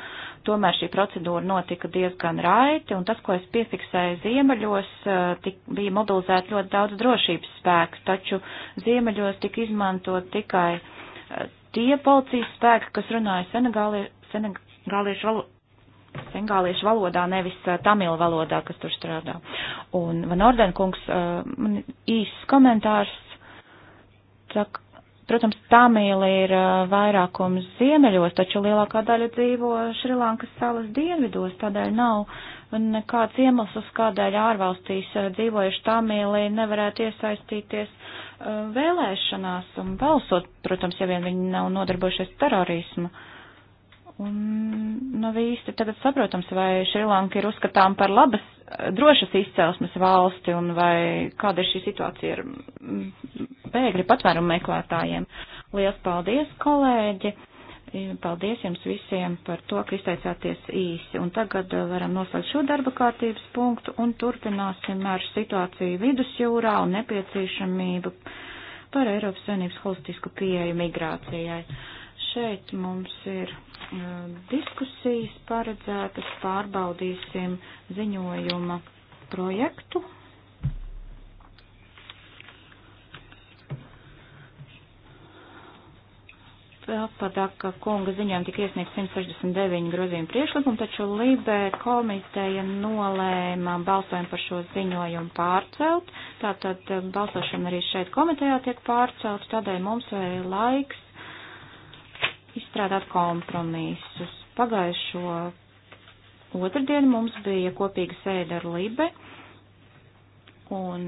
tomēr šī procedūra notika diezgan raiti, un tas, ko es piefiksēju ziemeļos, tik, bija mobilizēta ļoti daudz drošības spēku, taču ziemeļos tika izmantot tikai tie policijas spēki, kas runāja senegāliešu senegālie bengāliešu valodā, nevis tamilu valodā, kas tur strādā. Un Van Orden kungs, man īsts komentārs, saka, protams, tamīli ir vairākums ziemeļos, taču lielākā daļa dzīvo Šrilankas salas dienvidos, tādēļ nav nekāds iemesls, kādēļ ārvalstīs dzīvojuši tamīli nevarētu iesaistīties vēlēšanās un balsot, protams, ja vien viņi nav nodarbojušies terorismu. Uh, Un nav nu, īsti tagad saprotams, vai Šrilanka ir uzskatām par labas, drošas izcelsmes valsti un vai kāda ir šī situācija ar mm, bēgļu patvērumu meklētājiem. Lielas paldies, kolēģi! Paldies jums visiem par to, ka izteicāties īsi. Un tagad uh, varam noslēgt šo darba kārtības punktu un turpināsim ar situāciju vidusjūrā un nepieciešamību par Eiropas Savienības holistisku pieeju migrācijai. Šeit mums ir e, diskusijas paredzētas, pārbaudīsim ziņojuma projektu. Pelpadaka kunga ziņām tika iesniegt 169 grozījumu priekšlikumu, taču Libē komiteja nolēma balsojumu par šo ziņojumu pārcelt. Tātad e, balsošana arī šeit komitejā tiek pārcelt, tādēļ mums vēl ir laiks izstrādāt kompromisus. Pagājušo otrdienu mums bija kopīga sēde ar Libe un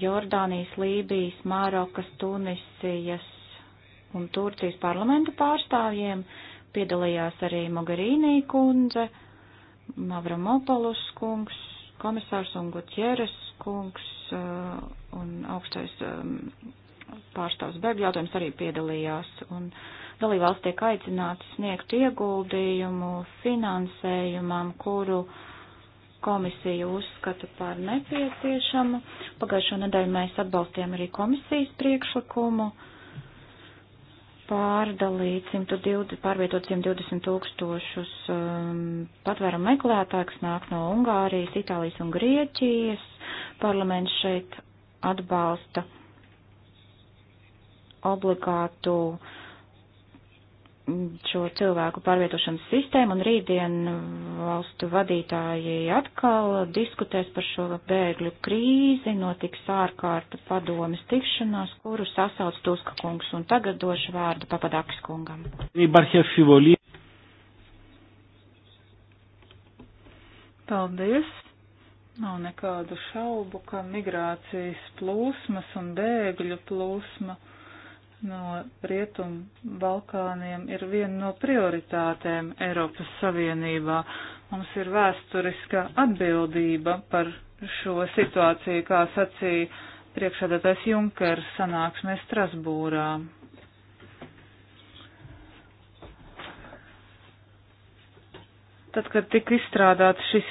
Jordānijas, Lībijas, Mārokas, Tunisijas un Turcijas parlamenta pārstāvjiem. Piedalījās arī Mogherīnī kundze, Mavramopolus kungs, komisārs un Gutjeres kungs uh, un augstais um, pārstāvs bēgļu jautājums arī piedalījās. Un dalībvalsts tiek aicināts sniegt ieguldījumu finansējumam, kuru komisija uzskata par nepieciešamu. Pagājušo nedēļu mēs atbalstījām arī komisijas priekšlikumu pārdalīt 120, pārvietot 120 tūkstošus um, patvērumu meklētāju, kas nāk no Ungārijas, Itālijas un Grieķijas. Parlaments šeit atbalsta obligātu šo cilvēku pārvietošanas sistēmu, un rītdien valstu vadītāji atkal diskutēs par šo bēgļu krīzi, notiks ārkārta padomas tikšanās, kuru sasauc Tuska kungs, un tagad došu vārdu papadakis kungam. Paldies! Nav nekādu šaubu, ka migrācijas plūsmas un bēgļu plūsma no Rietumu Balkāniem ir viena no prioritātēm Eiropas Savienībā. Mums ir vēsturiska atbildība par šo situāciju, kā sacīja priekšādātais Junkers sanāksmē Strasbūrā. Tad, kad tika izstrādāts šis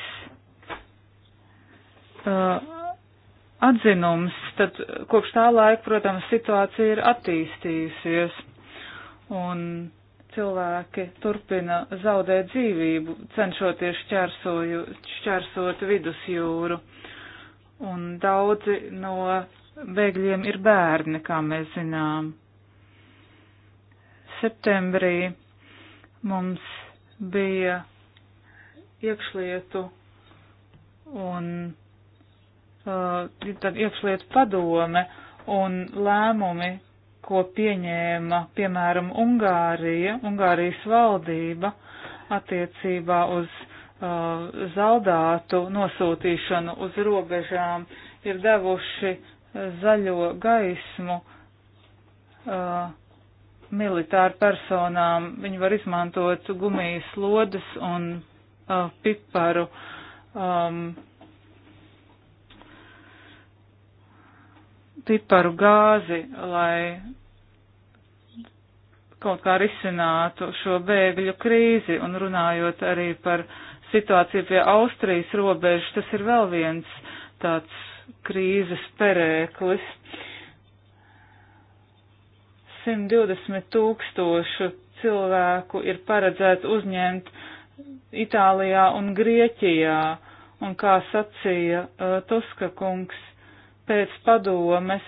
uh, atzinums, tad kopš tā laika, protams, situācija ir attīstījusies un cilvēki turpina zaudēt dzīvību, cenšoties šķērsoju, šķērsot vidusjūru. Un daudzi no bēgļiem ir bērni, kā mēs zinām. Septembrī mums bija iekšlietu un Uh, tad iekšlietu padome un lēmumi, ko pieņēma, piemēram, Ungārija, Ungārijas valdība attiecībā uz uh, zaldātu nosūtīšanu uz robežām, ir devuši zaļo gaismu uh, militāru personām. Viņi var izmantot gumijas lodes un uh, piparu. Um, piparu gāzi, lai kaut kā risinātu šo bēgļu krīzi un runājot arī par situāciju pie Austrijas robežas, tas ir vēl viens tāds krīzes perēklis. 120 tūkstošu cilvēku ir paredzēts uzņemt Itālijā un Grieķijā, un kā sacīja uh, Tuska kungs, pēc padomes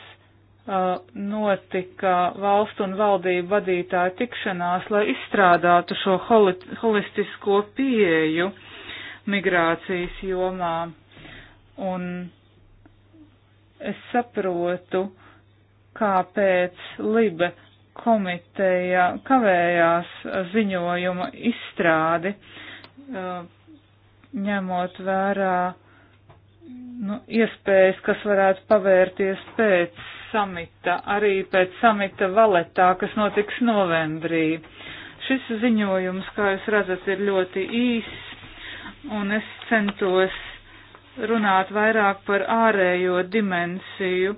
uh, notika valstu un valdību vadītāju tikšanās, lai izstrādātu šo holi holistisko pieeju migrācijas jomā. Un es saprotu, kāpēc Libe komiteja kavējās ziņojuma izstrādi, uh, ņemot vērā uh, nu, iespējas, kas varētu pavērties pēc samita, arī pēc samita valetā, kas notiks novembrī. Šis ziņojums, kā jūs redzat, ir ļoti īs, un es centos runāt vairāk par ārējo dimensiju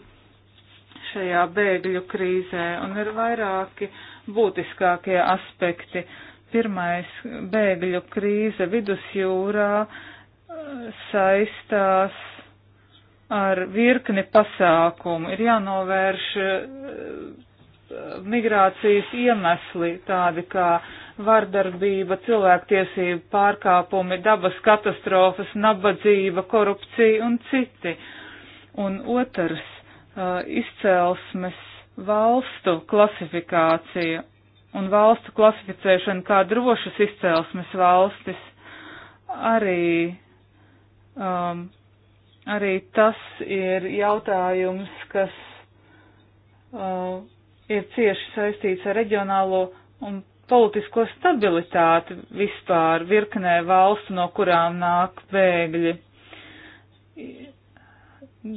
šajā bēgļu krīzē, un ir vairāki būtiskākie aspekti. Pirmais - bēgļu krīze vidusjūrā saistās ar virkni pasākumu. Ir jānovērš eh, eh, migrācijas iemesli, tādi kā vardarbība, cilvēktiesība pārkāpumi, dabas katastrofas, nabadzība, korupcija un citi. Un otrs eh, - izcelsmes valstu klasifikācija un valstu klasificēšana kā drošas izcelsmes valstis arī Um, arī tas ir jautājums, kas uh, ir cieši saistīts ar reģionālo un politisko stabilitāti vispār virknē valstu, no kurām nāk bēgļi.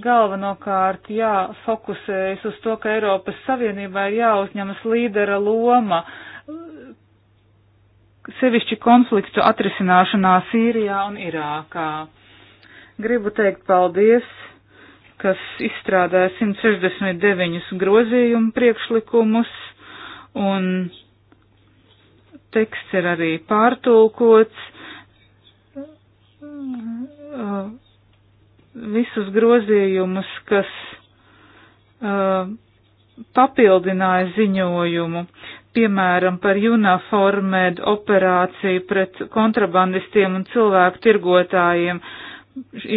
Galvenokārt jāfokusējas uz to, ka Eiropas Savienībā ir jāuzņemas līdera loma, sevišķi konfliktu atrisināšanā Sīrijā un Irākā. Gribu teikt paldies, kas izstrādāja 169 grozījumu priekšlikumus, un teksts ir arī pārtulkots. Uh, visus grozījumus, kas uh, papildināja ziņojumu, piemēram, par UNAFORMED operāciju pret kontrabandistiem un cilvēku tirgotājiem. Uh,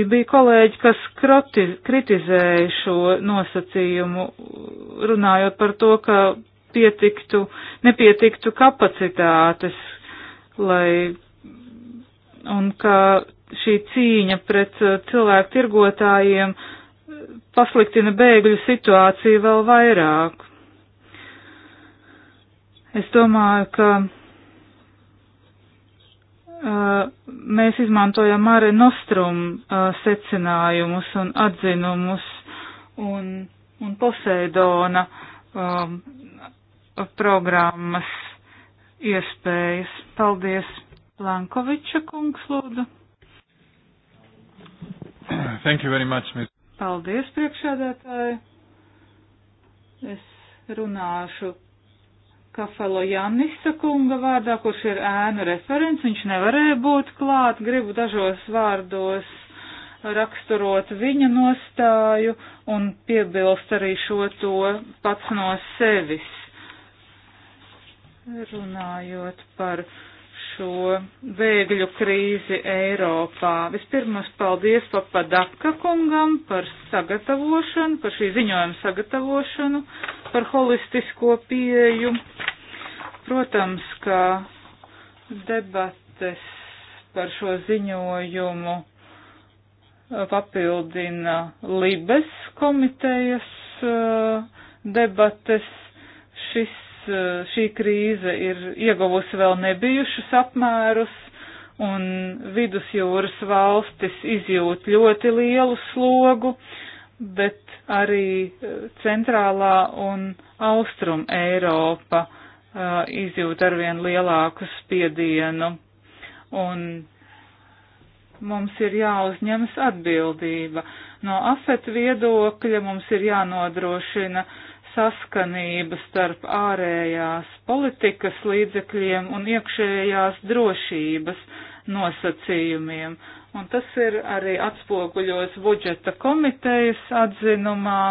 bija kolēģi, kas kroti, kritizēja šo nosacījumu, runājot par to, ka pietiktu, nepietiktu kapacitātes, lai, un ka šī cīņa pret uh, cilvēku tirgotājiem uh, pasliktina bēgļu situāciju vēl vairāk. Es domāju, ka mēs izmantojam arī nostrum secinājumus un atzinumus un, un Poseidona um, programmas iespējas. Paldies, Lankoviča kungs, lūdzu. Thank you very much, Ms. Paldies, priekšādātāji. Es runāšu Kafelo Jannisa kunga vārdā, kurš ir ēnu referents, viņš nevarēja būt klāt, gribu dažos vārdos raksturot viņa nostāju un piebilst arī šo to pats no sevis. Runājot par uh, šo bēgļu krīzi Eiropā. Vispirms paldies Papadaka kungam par sagatavošanu, par šī ziņojuma sagatavošanu, par holistisko pieju. Protams, ka debates par šo ziņojumu papildina Libes komitejas uh, debates. Šis Eh, šī krīze ir ieguvusi vēl nebijušus apmērus, un vidusjūras valstis izjūt ļoti lielu slogu, bet arī eh, centrālā un austrum Eiropa uh, izjūt arvien lielāku spiedienu. Un mums ir jāuzņemas atbildība. No afet viedokļa mums ir jānodrošina uh, saskanība starp ārējās politikas līdzekļiem un iekšējās drošības nosacījumiem. Un tas ir arī atspoguļos budžeta komitejas atzinumā.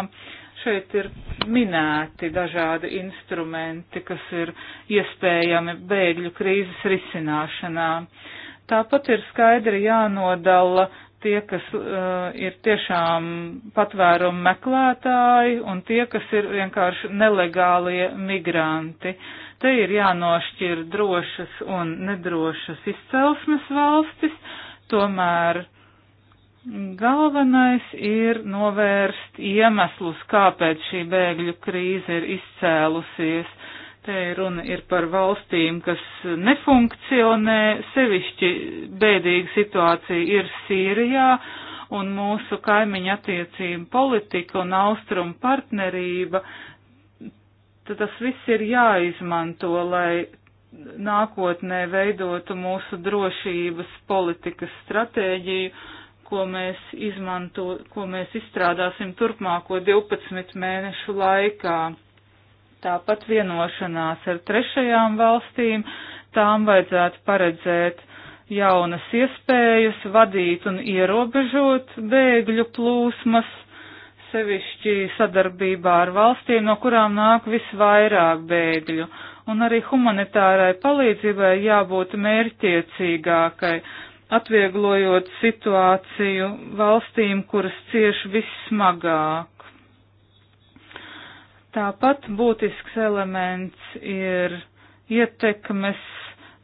Šeit ir minēti dažādi instrumenti, kas ir iespējami bēgļu krīzes risināšanā. Tāpat ir skaidri jānodala tie, kas uh, ir tiešām patvērumu meklētāji un tie, kas ir vienkārši nelegālie migranti. Te ir jānošķir drošas un nedrošas izcelsmes valstis, tomēr galvenais ir novērst iemeslus, kāpēc šī bēgļu krīze ir izcēlusies Te runa ir par valstīm, kas nefunkcionē, sevišķi bēdīga situācija ir Sīrijā, un mūsu kaimiņa attiecība politika un austrumu partnerība, tad tas viss ir jāizmanto, lai nākotnē veidotu mūsu drošības politikas stratēģiju, ko mēs, izmanto, ko mēs izstrādāsim turpmāko 12 mēnešu laikā. Tāpat vienošanās ar trešajām valstīm, tām vajadzētu paredzēt jaunas iespējas vadīt un ierobežot bēgļu plūsmas, sevišķi sadarbībā ar valstīm, no kurām nāk visvairāk bēgļu. Un arī humanitārai palīdzībai jābūt mērķiecīgākai, atvieglojot situāciju valstīm, kuras cieši vissmagāk. Tāpat būtisks elements ir ietekmes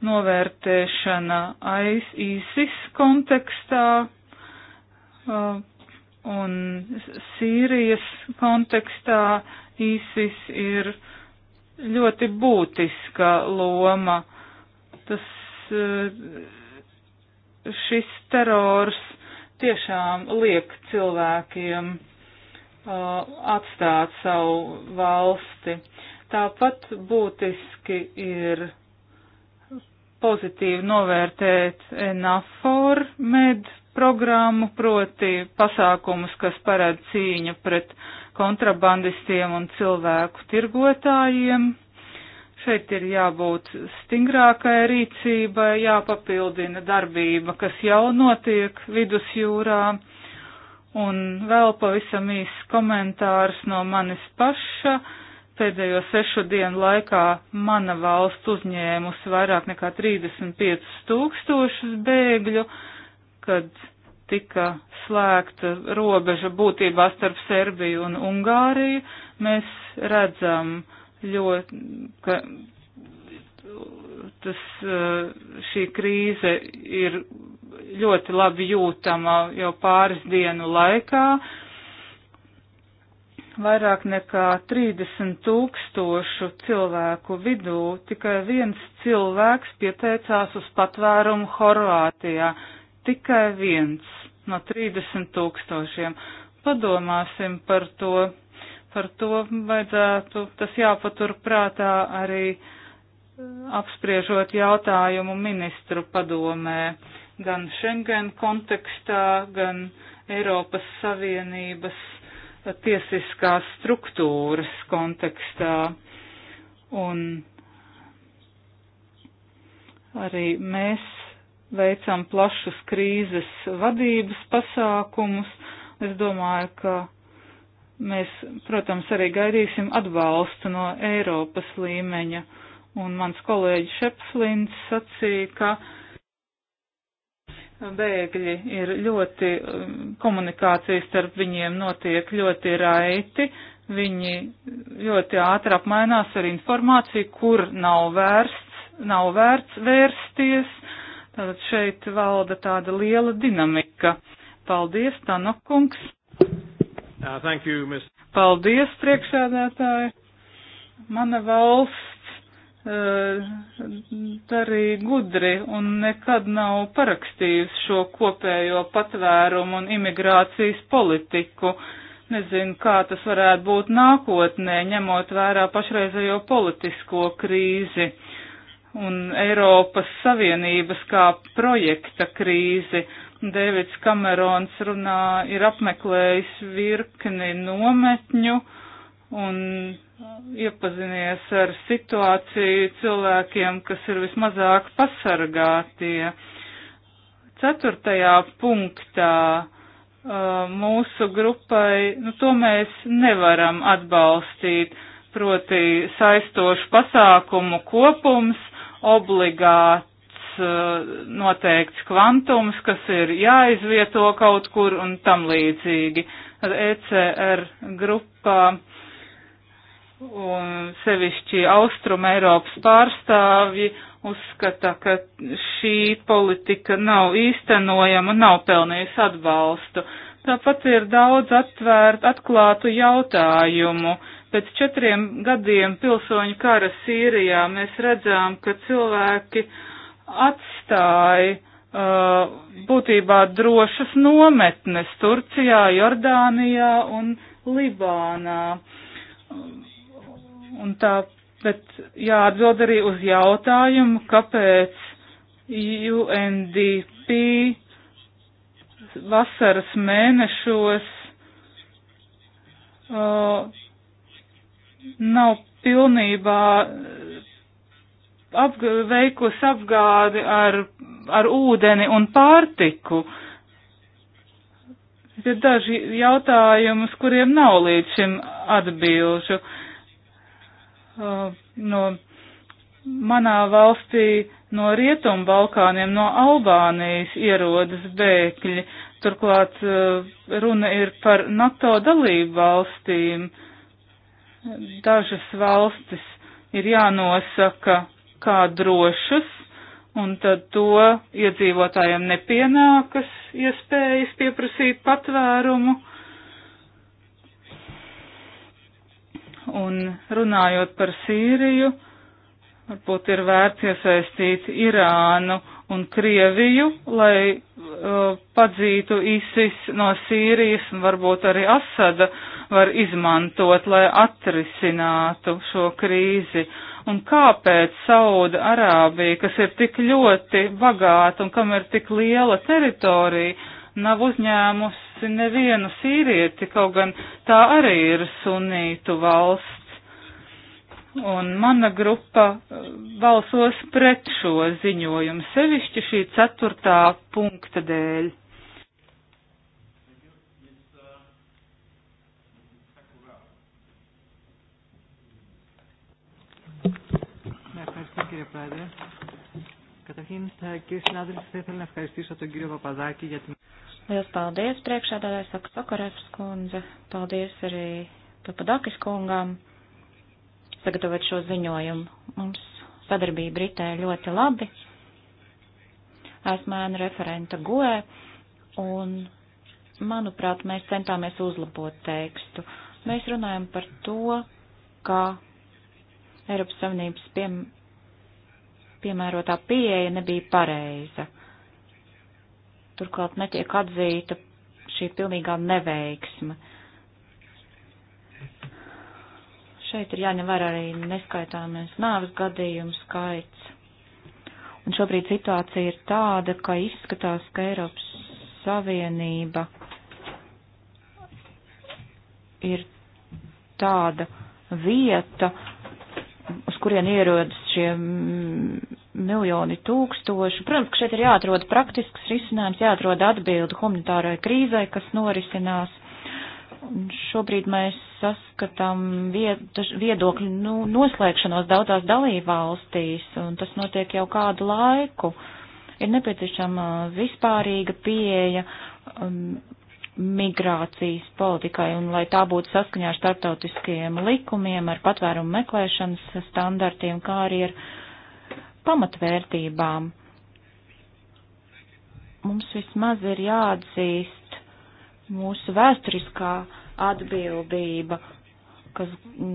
novērtēšana ISIS kontekstā uh, un Sīrijas kontekstā ISIS ir ļoti būtiska loma. Tas, e, šis terors tiešām liek cilvēkiem Uh, atstāt savu valsti. Tāpat būtiski ir pozitīvi novērtēt NAFOR med programmu, proti pasākumus, kas parāda cīņu pret kontrabandistiem un cilvēku tirgotājiem. Šeit ir jābūt stingrākai rīcībai, jāpapildina darbība, kas jau notiek vidusjūrā. Un vēl pavisam īsts komentārs no manis paša. Pēdējo sešu dienu laikā mana valsts uzņēmusi vairāk nekā 35 tūkstošus bēgļu, kad tika slēgta robeža būtībā starp Serbiju un Ungāriju. Mēs redzam, ļoti, ka tas, eh, šī krīze ir ļoti labi jūtama jau pāris dienu laikā. Vairāk nekā 30 tūkstošu cilvēku vidū tikai viens cilvēks pieteicās uz patvērumu Horvātijā. Tikai viens no 30 tūkstošiem. Padomāsim par to. Par to vajadzētu, tas jāpatur prātā arī uh, apspriežot jautājumu ministru padomē gan Schengen kontekstā, gan Eiropas Savienības tiesiskās struktūras kontekstā. Un arī mēs veicam plašus krīzes vadības pasākumus. Es domāju, ka mēs, protams, arī gaidīsim atbalstu no Eiropas līmeņa un mans kolēģis Šepflins sacīja, ka bēgļi ir ļoti, um, komunikācijas starp viņiem notiek ļoti raiti, viņi ļoti ātri apmainās ar informāciju, kur nav vērsts, nav vērts vērsties, tātad šeit valda tāda liela dinamika. Paldies, Tanokungs! Uh, thank you, Mr. Paldies, priekšsēdētāji! Mana valsts darīja eh, gudri un nekad nav parakstījusi šo kopējo patvērumu un imigrācijas politiku. Nezinu, kā tas varētu būt nākotnē, ņemot vērā pašreizējo politisko krīzi un Eiropas Savienības kā projekta krīzi. Dēvids Kamerons runā, ir apmeklējis virkni nometņu un uh, iepazinies ar situāciju cilvēkiem, kas ir vismazāk pasargātie. Ceturtajā punktā uh, mūsu grupai, nu to mēs nevaram atbalstīt, proti saistošu pasākumu kopums, obligāts uh, noteikts kvantums, kas ir jāizvieto kaut kur un tam līdzīgi. Ar ECR grupā un sevišķi Austrum Eiropas pārstāvji uzskata, ka šī politika nav īstenojama, nav pelnījusi atbalstu. Tāpat ir daudz atvērt, atklātu jautājumu. Pēc četriem gadiem pilsoņu kara Sīrijā mēs redzām, ka cilvēki atstāja uh, būtībā drošas nometnes Turcijā, Jordānijā un Libānā. Uh, Un tā, bet jāatbild arī uz jautājumu, kāpēc UNDP vasaras mēnešos uh, nav pilnībā apg veikusi apgādi ar, ar ūdeni un pārtiku. Ir daži jautājumi, uz kuriem nav līdz šim atbilžu. Uh, Uh, no manā valstī, no Rietumu Balkāniem, no Albānijas ierodas bēgļi. Turklāt uh, runa ir par NATO dalību valstīm. Dažas valstis ir jānosaka kā drošas, un tad to iedzīvotājiem nepienākas iespējas pieprasīt patvērumu. Ja Un runājot par Sīriju, varbūt ir vērts iesaistīt Irānu un Krieviju, lai uh, padzītu ISIS no Sīrijas un varbūt arī Asada var izmantot, lai atrisinātu šo krīzi. Un kāpēc Sauda Arābija, kas ir tik ļoti bagāta un kam ir tik liela teritorija, nav uzņēmusi nevienu sīvieti, kaut gan tā arī ir sunītu valsts. Un mana grupa uh, balsos pret šo ziņojumu, sevišķi šī ceturtā punkta dēļ. Ευχαριστώ κύριε Πρόεδρε. Καταρχήν, κύριε συνάδελφοι, θα ήθελα να ευχαριστήσω τον κύριο Παπαδάκη για την. Lielas paldies priekšādādājai saka Sakarevs kundze. Paldies arī Papadakis kungam sagatavot šo ziņojumu. Mums sadarbība Britē ļoti labi. Esmu ēna referenta goē un, manuprāt, mēs centāmies uzlabot tekstu. Mēs runājam par to, ka Eiropas Savienības piem piemērotā pieeja nebija pareiza. Turklāt netiek atzīta šī pilnīgā neveiksme. Šeit ir jāņem vērā arī neskaitāmies nāves gadījumu skaits. Un šobrīd situācija ir tāda, ka izskatās, ka Eiropas Savienība ir tāda vieta, uz kurien ierodas šie miljoni tūkstoši. Protams, ka šeit ir jāatrod praktisks risinājums, jāatrod atbildi humanitārai krīzai, kas norisinās. Un šobrīd mēs saskatām vied, viedokļu nu, noslēgšanos daudzās dalībvalstīs, un tas notiek jau kādu laiku. Ir nepieciešama vispārīga pieeja um, migrācijas politikai, un lai tā būtu saskaņā ar starptautiskiem likumiem, ar patvērumu meklēšanas standartiem, kā arī ar uh, pamatvērtībām. Mums vismaz ir jāatzīst mūsu vēsturiskā atbildība, kas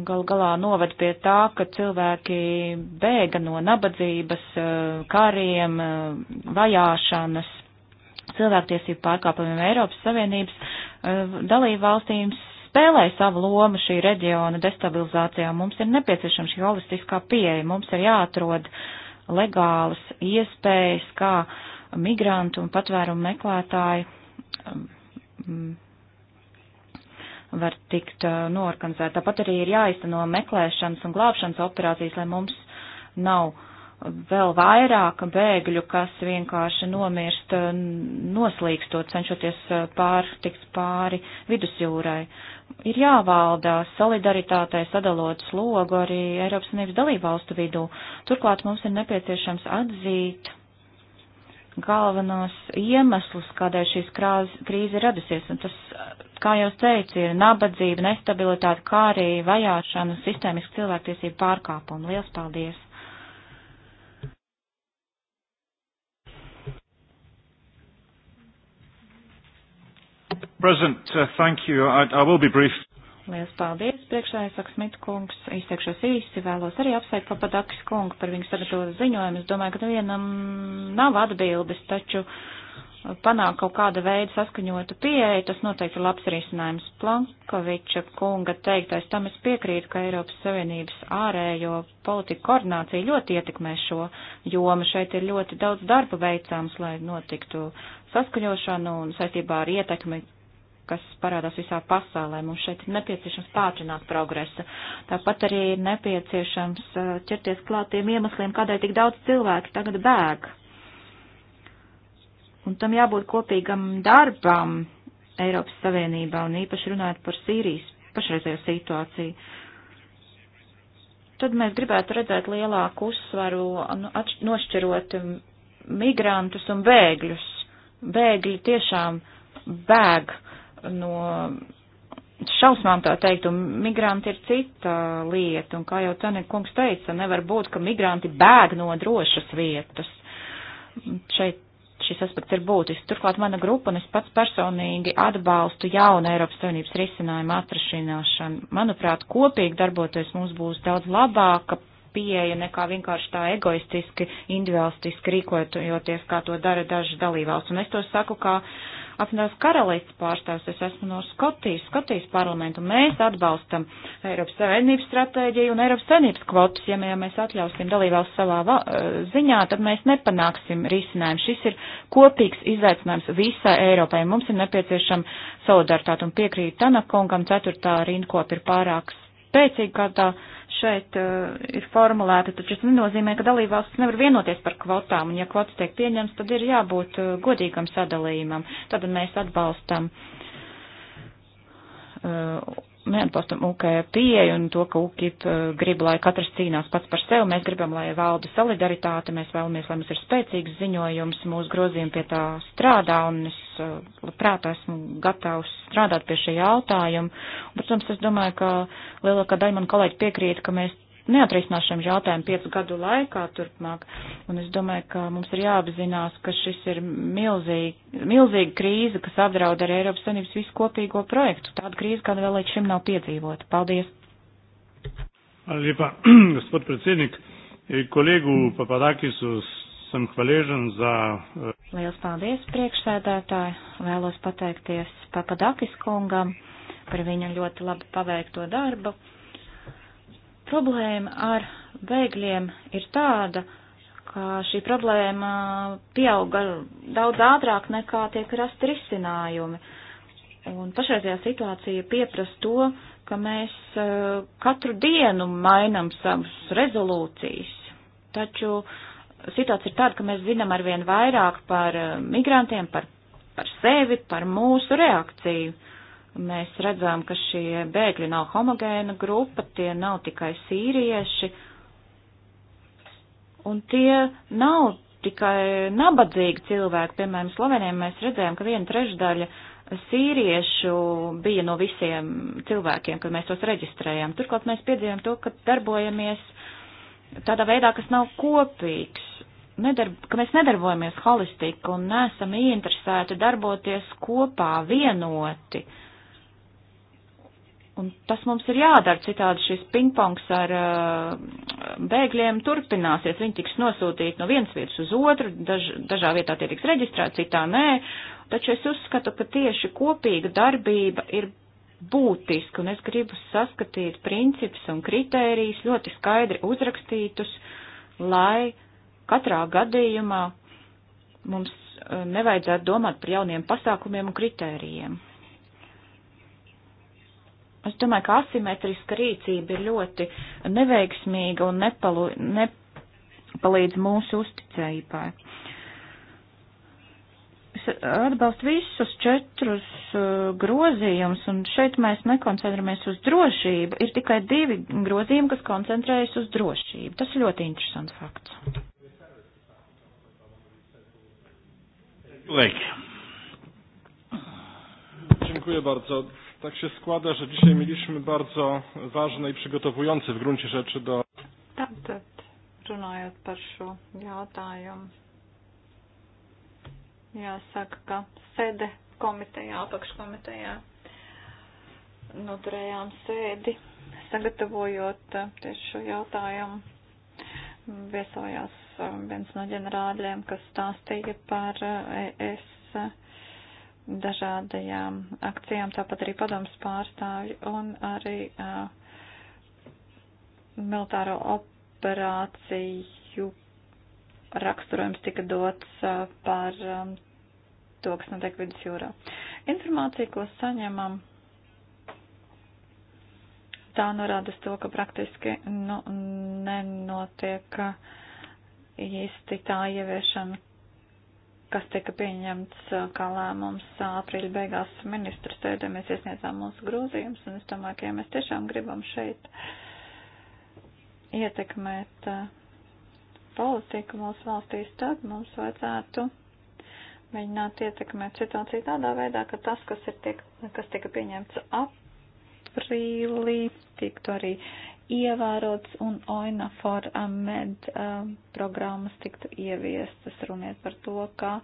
gal galā noved pie tā, ka cilvēki bēga no nabadzības, kariem, vajāšanas, cilvēktiesību pārkāpumiem Eiropas Savienības eh, dalībvalstīm spēlē savu lomu šī reģiona destabilizācijā. Mums ir nepieciešama šī holistiskā pieeja, mums ir jāatrod uh, legālas iespējas, kā migrantu un patvērumu meklētāji um, mm, var tikt uh, norganizēt. Tāpat arī ir jāizteno meklēšanas un glābšanas operācijas, lai mums nav uh, vēl vairāk bēgļu, kas vienkārši nomirst noslīkstot, cenšoties eh, pārtikt pāri vidusjūrai. Ir jāvalda solidaritātei sadalot slogu arī Eiropas Savienības dalībvalstu vidū. Turklāt mums ir nepieciešams atzīt galvenos iemeslus, kādēļ šīs krīze radusies, un tas, kā jau teicu, ir nabadzība, nestabilitāte, kā arī vajāšana, sistēmiski cilvēktiesību pārkāpumi. Liels paldies! President, uh, thank you. I, I will be brief. Lielas paldies, priekšsēdētājs Aksmita kungs. Izteikšos īsi, vēlos arī apsveikt Papadakis kungu par viņu sagatavotu ziņojumu. Es domāju, ka nevienam nav atbildes, taču uh, panākt kaut kāda veida saskaņotu pieeju, tas noteikti ir labs risinājums. Plankoviča kunga teiktais, tam es piekrītu, ka Eiropas Savienības ārējo politiku koordinācija ļoti ietekmē šo jomu. Šeit ir ļoti daudz darba veicams, lai notiktu saskaņošanu un saistībā ar ietekmi kas parādās visā pasaulē. Mums šeit ir nepieciešams pātrināt progresu. Tāpat arī ir nepieciešams uh, ķerties klāt tiem iemesliem, kādēļ tik daudz cilvēki tagad bēg. Un tam jābūt kopīgam darbam Eiropas Savienībā un īpaši runājot par Sīrijas pašreizējo situāciju. Tad mēs gribētu redzēt lielāku uzsvaru, nu, nošķirot migrantus un bēgļus. Bēgļi tiešām bēg no šausmām tā teikt, un migranti ir cita lieta, un kā jau Tanek kungs teica, nevar būt, ka migranti bēg no drošas vietas. Šeit šis aspekts ir būtisks. Turklāt mana grupa un es pats personīgi atbalstu jaunu Eiropas Savienības risinājumu atrašināšanu. Manuprāt, kopīgi darboties mums būs daudz labāka pieeja nekā vienkārši tā egoistiski, individualistiski rīkojoties, kā to dara dažas dalībvalsts. Un es to saku kā uh, apvienotās karalists pārstāvs, es esmu no Skotijas, Skotijas parlamentu, mēs atbalstam Eiropas Savienības stratēģiju un Eiropas Savienības kvotas, ja mēs atļausim dalībvalsts savā ziņā, tad mēs nepanāksim risinājumu. Šis ir kopīgs izaicinājums visai Eiropai. Mums ir nepieciešama solidaritāte un piekrīt Tanakongam, ceturtā rindkopa ir pārāk spēcīga kā tā šeit uh, ir formulēta, taču tas nenozīmē, ka dalībvalstis nevar vienoties par kvotām, un ja kvotas tiek pieņems, tad ir jābūt uh, godīgam sadalījumam. Tad mēs atbalstam uh, neatbalstam UKP pieeju un to, ka UKIP eh, grib, lai katrs cīnās pats par sevi. Mēs gribam, lai valda solidaritāte, mēs vēlamies, lai mums ir spēcīgs ziņojums, mūsu grozījumi pie tā strādā un es eh, labprāt esmu gatavs strādāt pie šī jautājuma. Un, protams, es domāju, ka lielākā daļa man kolēģi piekrīt, ka mēs neatrisinās šiem jautājumiem piecu gadu laikā turpmāk. Un es domāju, ka mums ir jāapzinās, ka šis ir milzīgi, milzīga krīze, kas apdraud ar Eiropas Savienības visu kopīgo projektu. Tāda krīze, kāda vēl līdz šim nav piedzīvota. Paldies! Lepa, gospod predsednik, e, kolegu Papadakisu esam hvaležen za. E, Liels paldies priekšsēdētāji. Vēlos pateikties Papadakis kungam par viņa ļoti labi paveikto darbu. Problēma ar bēgļiem ir tāda, ka šī problēma uh, pieauga daudz ātrāk nekā tiek rasti risinājumi. Un pašreizajā situācija pieprasa to, ka mēs uh, katru dienu mainam savus rezolūcijas. Taču situācija ir tāda, ka mēs zinām arvien vairāk par uh, migrantiem, par, par sevi, par mūsu reakciju. Mēs redzam, ka šie bēgļi nav homogēna grupa, tie nav tikai sīrieši, un tie nav tikai nabadzīgi cilvēki. Piemēram, Slovenijā mēs redzējām, ka viena trešdaļa sīriešu bija no visiem cilvēkiem, kad mēs tos reģistrējām. Turklāt mēs piedzīvojam to, ka darbojamies tādā veidā, kas nav kopīgs, nedarb, ka mēs nedarbojamies holistiski un neesam ieinteresēti darboties kopā vienoti. Uh, Un tas mums ir jādara, citādi šis pingpongs ar uh, bēgļiem turpināsies. Viņi tiks nosūtīti no vienas vietas uz otru, daž, dažā vietā tie tiks reģistrēti, citā nē. Taču es uzskatu, ka tieši kopīga darbība ir būtiska, un es gribu saskatīt principus un kritērijus ļoti skaidri uzrakstītus, lai katrā gadījumā mums uh, nevajadzētu domāt par jauniem pasākumiem un kritērijiem. Es domāju, ka asimetriska rīcība ir ļoti neveiksmīga un nepalu, nepalīdz mūsu uzticējībai. Es atbalstu visus četrus uh, grozījumus, un šeit mēs nekoncentramies uz drošību. Ir tikai divi grozījumi, kas koncentrējas uz drošību. Tas ir ļoti interesants fakts. Lek. Dziękuję bardzo. Tak się składa, że dzisiaj mieliśmy bardzo ważny i przygotowujący w gruncie rzeczy do. Tātad, runājot par šo jautājumu, jāsaka, ka sēde komitejā, apakškomitejā noturējām sēdi, sagatavojot tieši šo jautājumu. Viesojās viens no ģenerāļiem, kas stāstīja par ES. Uh, dažādajām akcijām, tāpat arī padomas pārstāvju un arī uh, militāro operāciju raksturojums tika dots uh, par um, to, kas notiek vidus jūrā. Informācija, ko saņemam, tā norāda to, ka praktiski nu, nenotiek īsti tā ieviešana, kas tika pieņemts uh, kā lēmums uh, aprīļa beigās ministru sēdē, mēs iesniedzām mūsu grozījumus, un es domāju, ka ja mēs tiešām gribam šeit ietekmēt uh, politiku mūsu valstīs, tad mums vajadzētu mēģināt ietekmēt situāciju tādā veidā, ka tas, kas, ir tiek, kas tika pieņemts aprīlī, tiktu arī ievērots un OINA for AMED eh, eh, programmas tiktu ieviestas. Runiet par to, ka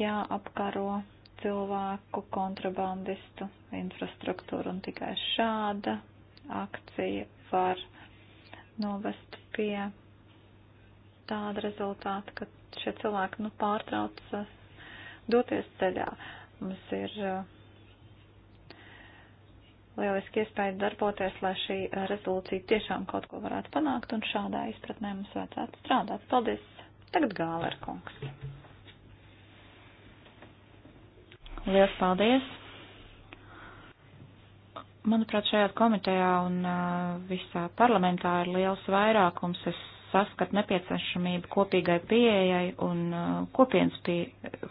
jāapkaro cilvēku kontrabandistu infrastruktūru un tikai šāda akcija var novest pie tāda rezultāta, ka šie cilvēki nu pārtrauc doties ceļā. Mums ir uh, lieliski iespēja darboties, lai šī eh, rezolūcija tiešām kaut ko varētu panākt, un šādā izpratnē mums vajadzētu strādāt. Paldies! Tagad Gāler kungs. Lielas paldies! Manuprāt, šajā komitejā un eh, visā parlamentā ir liels vairākums. Es saskatu nepieciešamību kopīgai pieejai un eh, kopienas pie,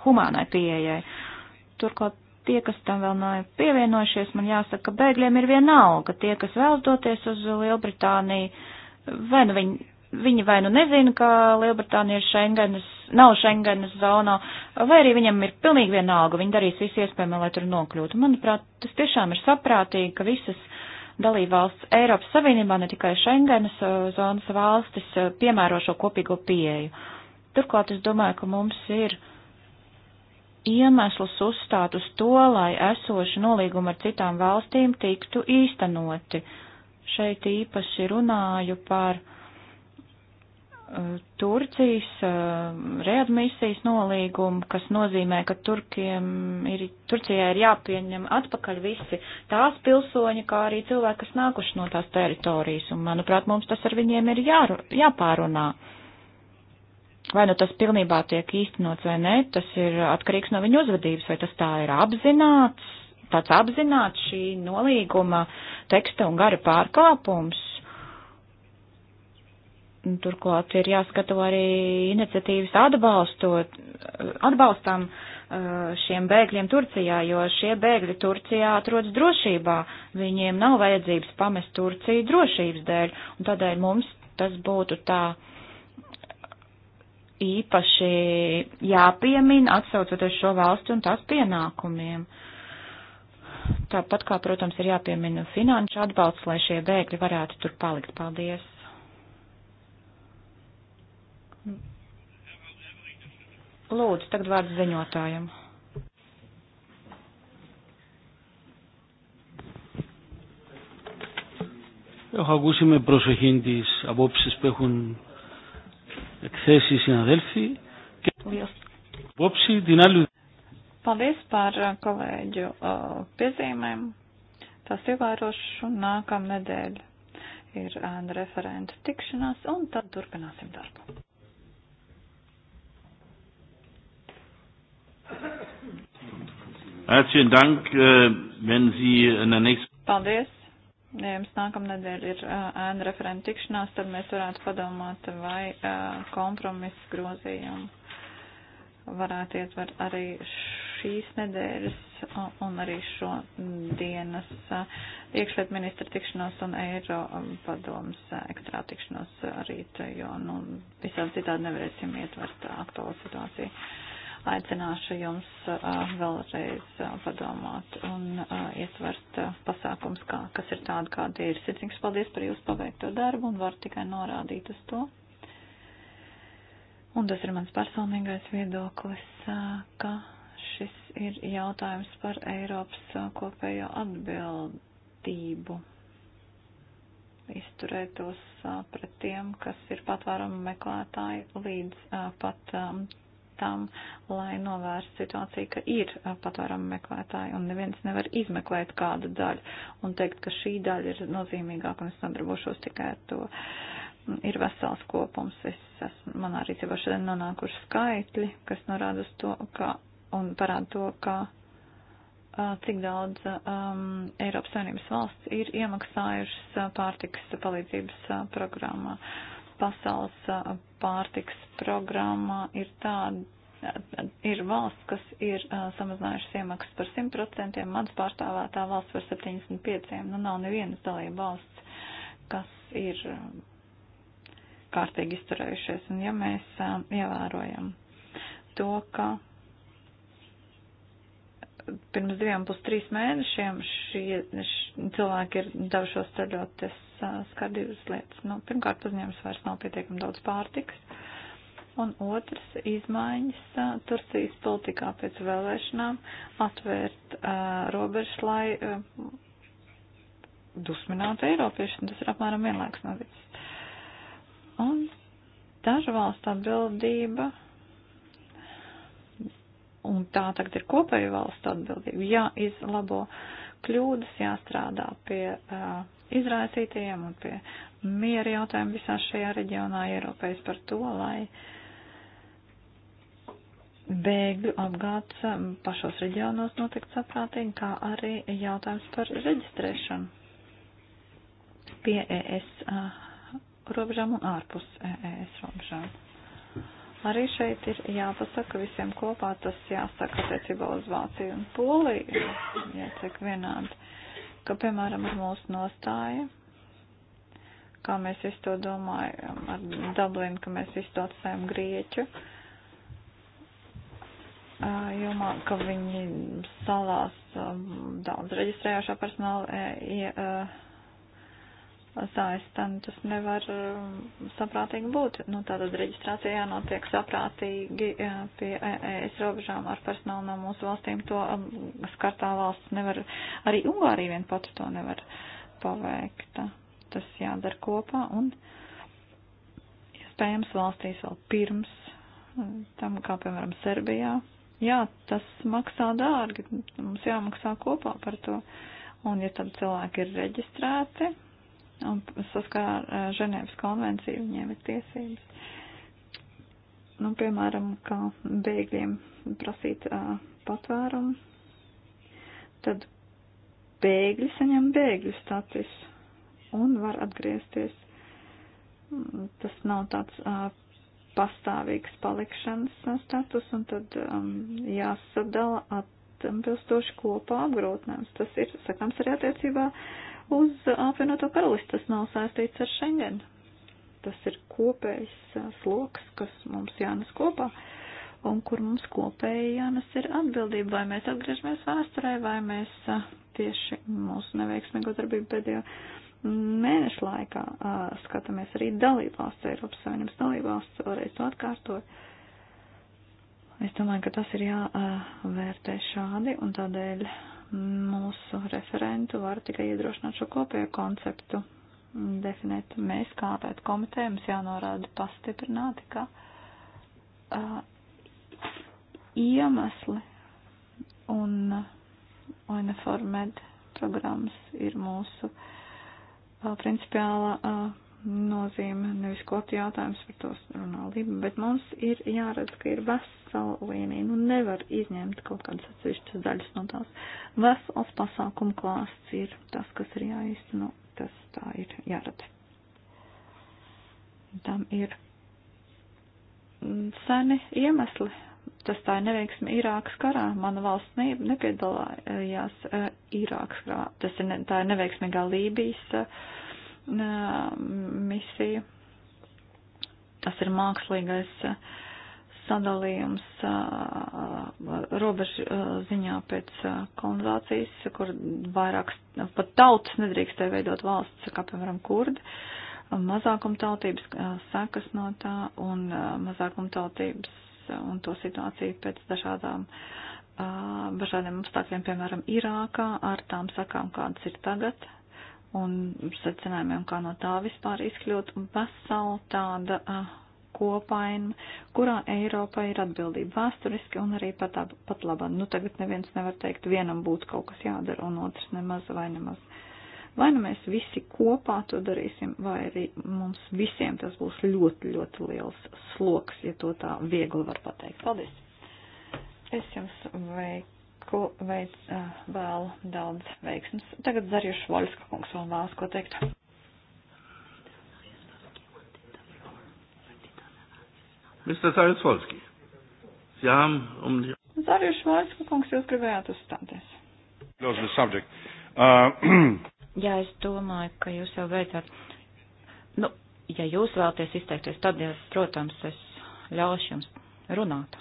humānai pieejai. Turklāt tie, kas tam vēl nav pievienojušies, man jāsaka, ka bēgļiem ir vienalga. Tie, kas vēlas doties uz Lielbritāniju, vai nu viņi, viņi vai nu nezina, ka Lielbritānija ir Schengenas, nav Schengenas zonā, vai arī viņam ir pilnīgi vienalga, viņi darīs visu iespējamo, lai tur nokļūtu. Manuprāt, tas tiešām ir saprātīgi, ka visas dalībvalsts Eiropas Savienībā, ne tikai Schengenas uh, zonas valstis, uh, piemēro šo kopīgo pieeju. Turklāt es domāju, ka mums ir uh, iemeslus uzstāt uz to, lai esoši nolīgumi ar citām valstīm tiktu īstenoti. Šeit īpaši runāju par uh, Turcijas uh, readmisijas nolīgumu, kas nozīmē, ka Turkiem ir, Turcijai ir jāpieņem atpakaļ visi tās pilsoņi, kā arī cilvēki, kas nākuši no tās teritorijas, un, manuprāt, mums tas ar viņiem ir jā, jāpārunā. Uh, Vai nu tas pilnībā tiek īstenots vai nē, tas ir atkarīgs no viņa uzvedības, vai tas tā ir apzināts, tāds apzināts šī nolīguma teksta un gara pārkāpums. Turklāt ir jāskatavo arī iniciatīvas atbalstot, atbalstam uh, šiem bēgļiem Turcijā, jo šie bēgļi Turcijā atrodas drošībā. Viņiem nav vajadzības pamest Turciju drošības dēļ, un tādēļ mums tas būtu tā īpaši jāpiemina, atsaucoties šo valstu un tās pienākumiem. Tāpat kā, protams, ir jāpiemina finanšu atbalsts, lai šie bēgļi varētu tur palikt. Paldies! Lūdzu, tagad vārds ziņotājiem. Έχω ακούσει με προσοχή τις απόψεις που έχουν εκθέσει συναδέλφοι και υπόψη την άλλη. Paldies par uh, kolēģu uh, piezīmēm. Tas ievērošu nākamnedēļ ir uh, referenta tikšanās un tad turpināsim darbu. Herzlichen Dank, äh, wenn Sie in der nächsten. Paldies. Ja jums nākamnedēļ ir ēna referenta tikšanās, tad mēs varētu padomāt, vai kompromisu grozījumu varētu ietvert arī šīs nedēļas un arī šo dienas iekšliet ministra tikšanos un eiro padomas ekstrā tikšanos rīt, jo nu, visādi citādi nevarēsim ietvert aktuālo situāciju aicināšu jums vēlreiz padomāt un ietvert pasākums, kā, kas ir tāda, kāda ir. Sirdīgs paldies par jūsu paveikto darbu un varu tikai norādīt uz to. Un tas ir mans personīgais viedoklis, ka šis ir jautājums par Eiropas kopējo atbildību. Izturētos pret tiem, kas ir patvērumu meklētāji līdz pat tam, lai novērstu situāciju, ka ir uh, patvērumu meklētāji un neviens nevar izmeklēt kādu daļu un teikt, ka šī daļa ir nozīmīgāka un es nodarbošos tikai ar to. Mm, ir vesels kopums. Es esmu, manā rīcībā šodien nonākuši skaitļi, kas norāda uz to, ka, un parāda to, ka uh, cik daudz um, Eiropas Savienības valsts ir iemaksājušas uh, pārtikas palīdzības programmā. Uh, pasaules pārtiks programmā ir tāda, ir valsts, kas ir uh, samazinājušas iemaksas par 100%, mans pārstāvētā valsts par 75%. Nu, nav nevienas dalība valsts, kas ir kārtīgi izturējušies. Un ja mēs uh, ievērojam to, ka pirms diviem pus trīs mēnešiem šie š, cilvēki ir devušos ceļot, es skar divas lietas. Nu, pirmkārt, uzņēmums vairs nav pietiekami daudz pārtikas, un otrs izmaiņas Turcijas politikā pēc vēlēšanām atvērt robežas, lai dusmināti Eiropieši, un tas ir apmēram vienlaiks noticis. Un dažu valstu atbildība, un tā tagad ir kopēju valstu atbildība, jāizlabo kļūdas, jāstrādā pie uh, izraisītajiem un pie miera jautājumu visā šajā reģionā Eiropais par to, lai bēgļu apgāds um, pašos reģionos notikt saprātīgi, kā arī jautājums par reģistrēšanu pie ES uh, robežām un ārpus ES robežām. Arī šeit ir jāpasaka visiem kopā, tas jāsaka attiecībā uz Vāciju un Poliju, ja cik vienādi ka, piemēram, ar mūsu nostāju, kā mēs visu to domājam, ar Dublinu, ka mēs visu to atstājam Grieķu, jomā, ka viņi salās daudz reģistrējošā personāla saistam, tas nevar um, saprātīgi būt. Nu, tātad reģistrācija jānotiek saprātīgi pie ES e robežām ar personālu no mūsu valstīm. To um, skartā valsts nevar, arī Ungārija vien pati to nevar paveikt. Tas jādara kopā un iespējams valstīs vēl pirms um, tam, kā piemēram Serbijā. Jā, tas maksā dārgi, mums jāmaksā kopā par to. Un ja tad cilvēki ir reģistrēti, un saskāra Ženēvas konvenciju viņiem ir tiesības. Nu, piemēram, kā bēgļiem prasīt uh, patvērumu, tad bēgļi saņem bēgļu status un var atgriezties. Mm, tas nav tāds uh, pastāvīgs palikšanas status, un tad um, jāsadala atbilstoši kopā apgrūtinājums. Tas ir, sakams, arī attiecībā uh, uz apvienoto karalistu. Tas nav saistīts ar Schengen. Tas ir kopējs sloks, kas mums jānes kopā un kur mums kopēji jānes ir atbildība, vai mēs atgriežamies vēsturē, vai mēs tieši mūsu neveiksmīgo darbību pēdējo mēnešu laikā skatāmies arī dalībvalsts, Eiropas Savienības dalībvalsts, vēlreiz to atkārtoju. Es domāju, ka tas ir jāvērtē šādi, un tādēļ mūsu referentu var tikai iedrošināt šo kopējo konceptu definēt. Mēs kā pēc komiteja mums jānorāda pastiprināti, ka uh, iemesli un uniformed programmas ir mūsu uh, principiāla uh, nozīme, nevis kvotu jautājums par to runā Liba, bet mums ir jāredz, ka ir vesela līnija, nu nevar izņemt kaut kādas atsevišķas daļas no tās. Vesels pasākumu klāsts ir tas, kas ir jāizteno, tas tā ir jāredz. Tam ir seni iemesli. Tas tā ir neveiksme Irākas karā. Mana valsts ne, nepiedalājās eh, Irākas karā. Tas ir, ne, tā ir neveiksmīgā Lībijas. Uh, misiju. Tas ir mākslīgais sadalījums robežu ziņā pēc kolonizācijas, kur vairākas pat tautas nedrīkstē veidot valsts, kā piemēram kurdi. Mazākumtautības sekas no tā un mazākumtautības un to situāciju pēc dažādām dažādiem apstākļiem, piemēram, Irākā, ar tām sakām, kādas ir tagad, un secinājumiem, kā no tā vispār izkļūt, un vesela tāda uh, kopaina, kurā Eiropa ir atbildība vēsturiski un arī pat, pat labā. Nu, tagad neviens nevar teikt, vienam būtu kaut kas jādara un otrs nemaz vai nemaz. Vai nu mēs visi kopā to darīsim, vai arī mums visiem tas būs ļoti, ļoti liels sloks, ja to tā viegli var pateikt. Paldies! Es jums veik ko veic eh, vēl daudz veiksmes. Tagad Zarijušs Voļska kungs vēl vēlas ko teikt. Mr. Zarijušs um... Voļska kungs, jūs gribējāt uzstāties. Uh, Jā, es domāju, ka jūs jau veicāt. Nu, ja jūs vēlaties izteikties, tad, ja, protams, es ļaušu jums runāt.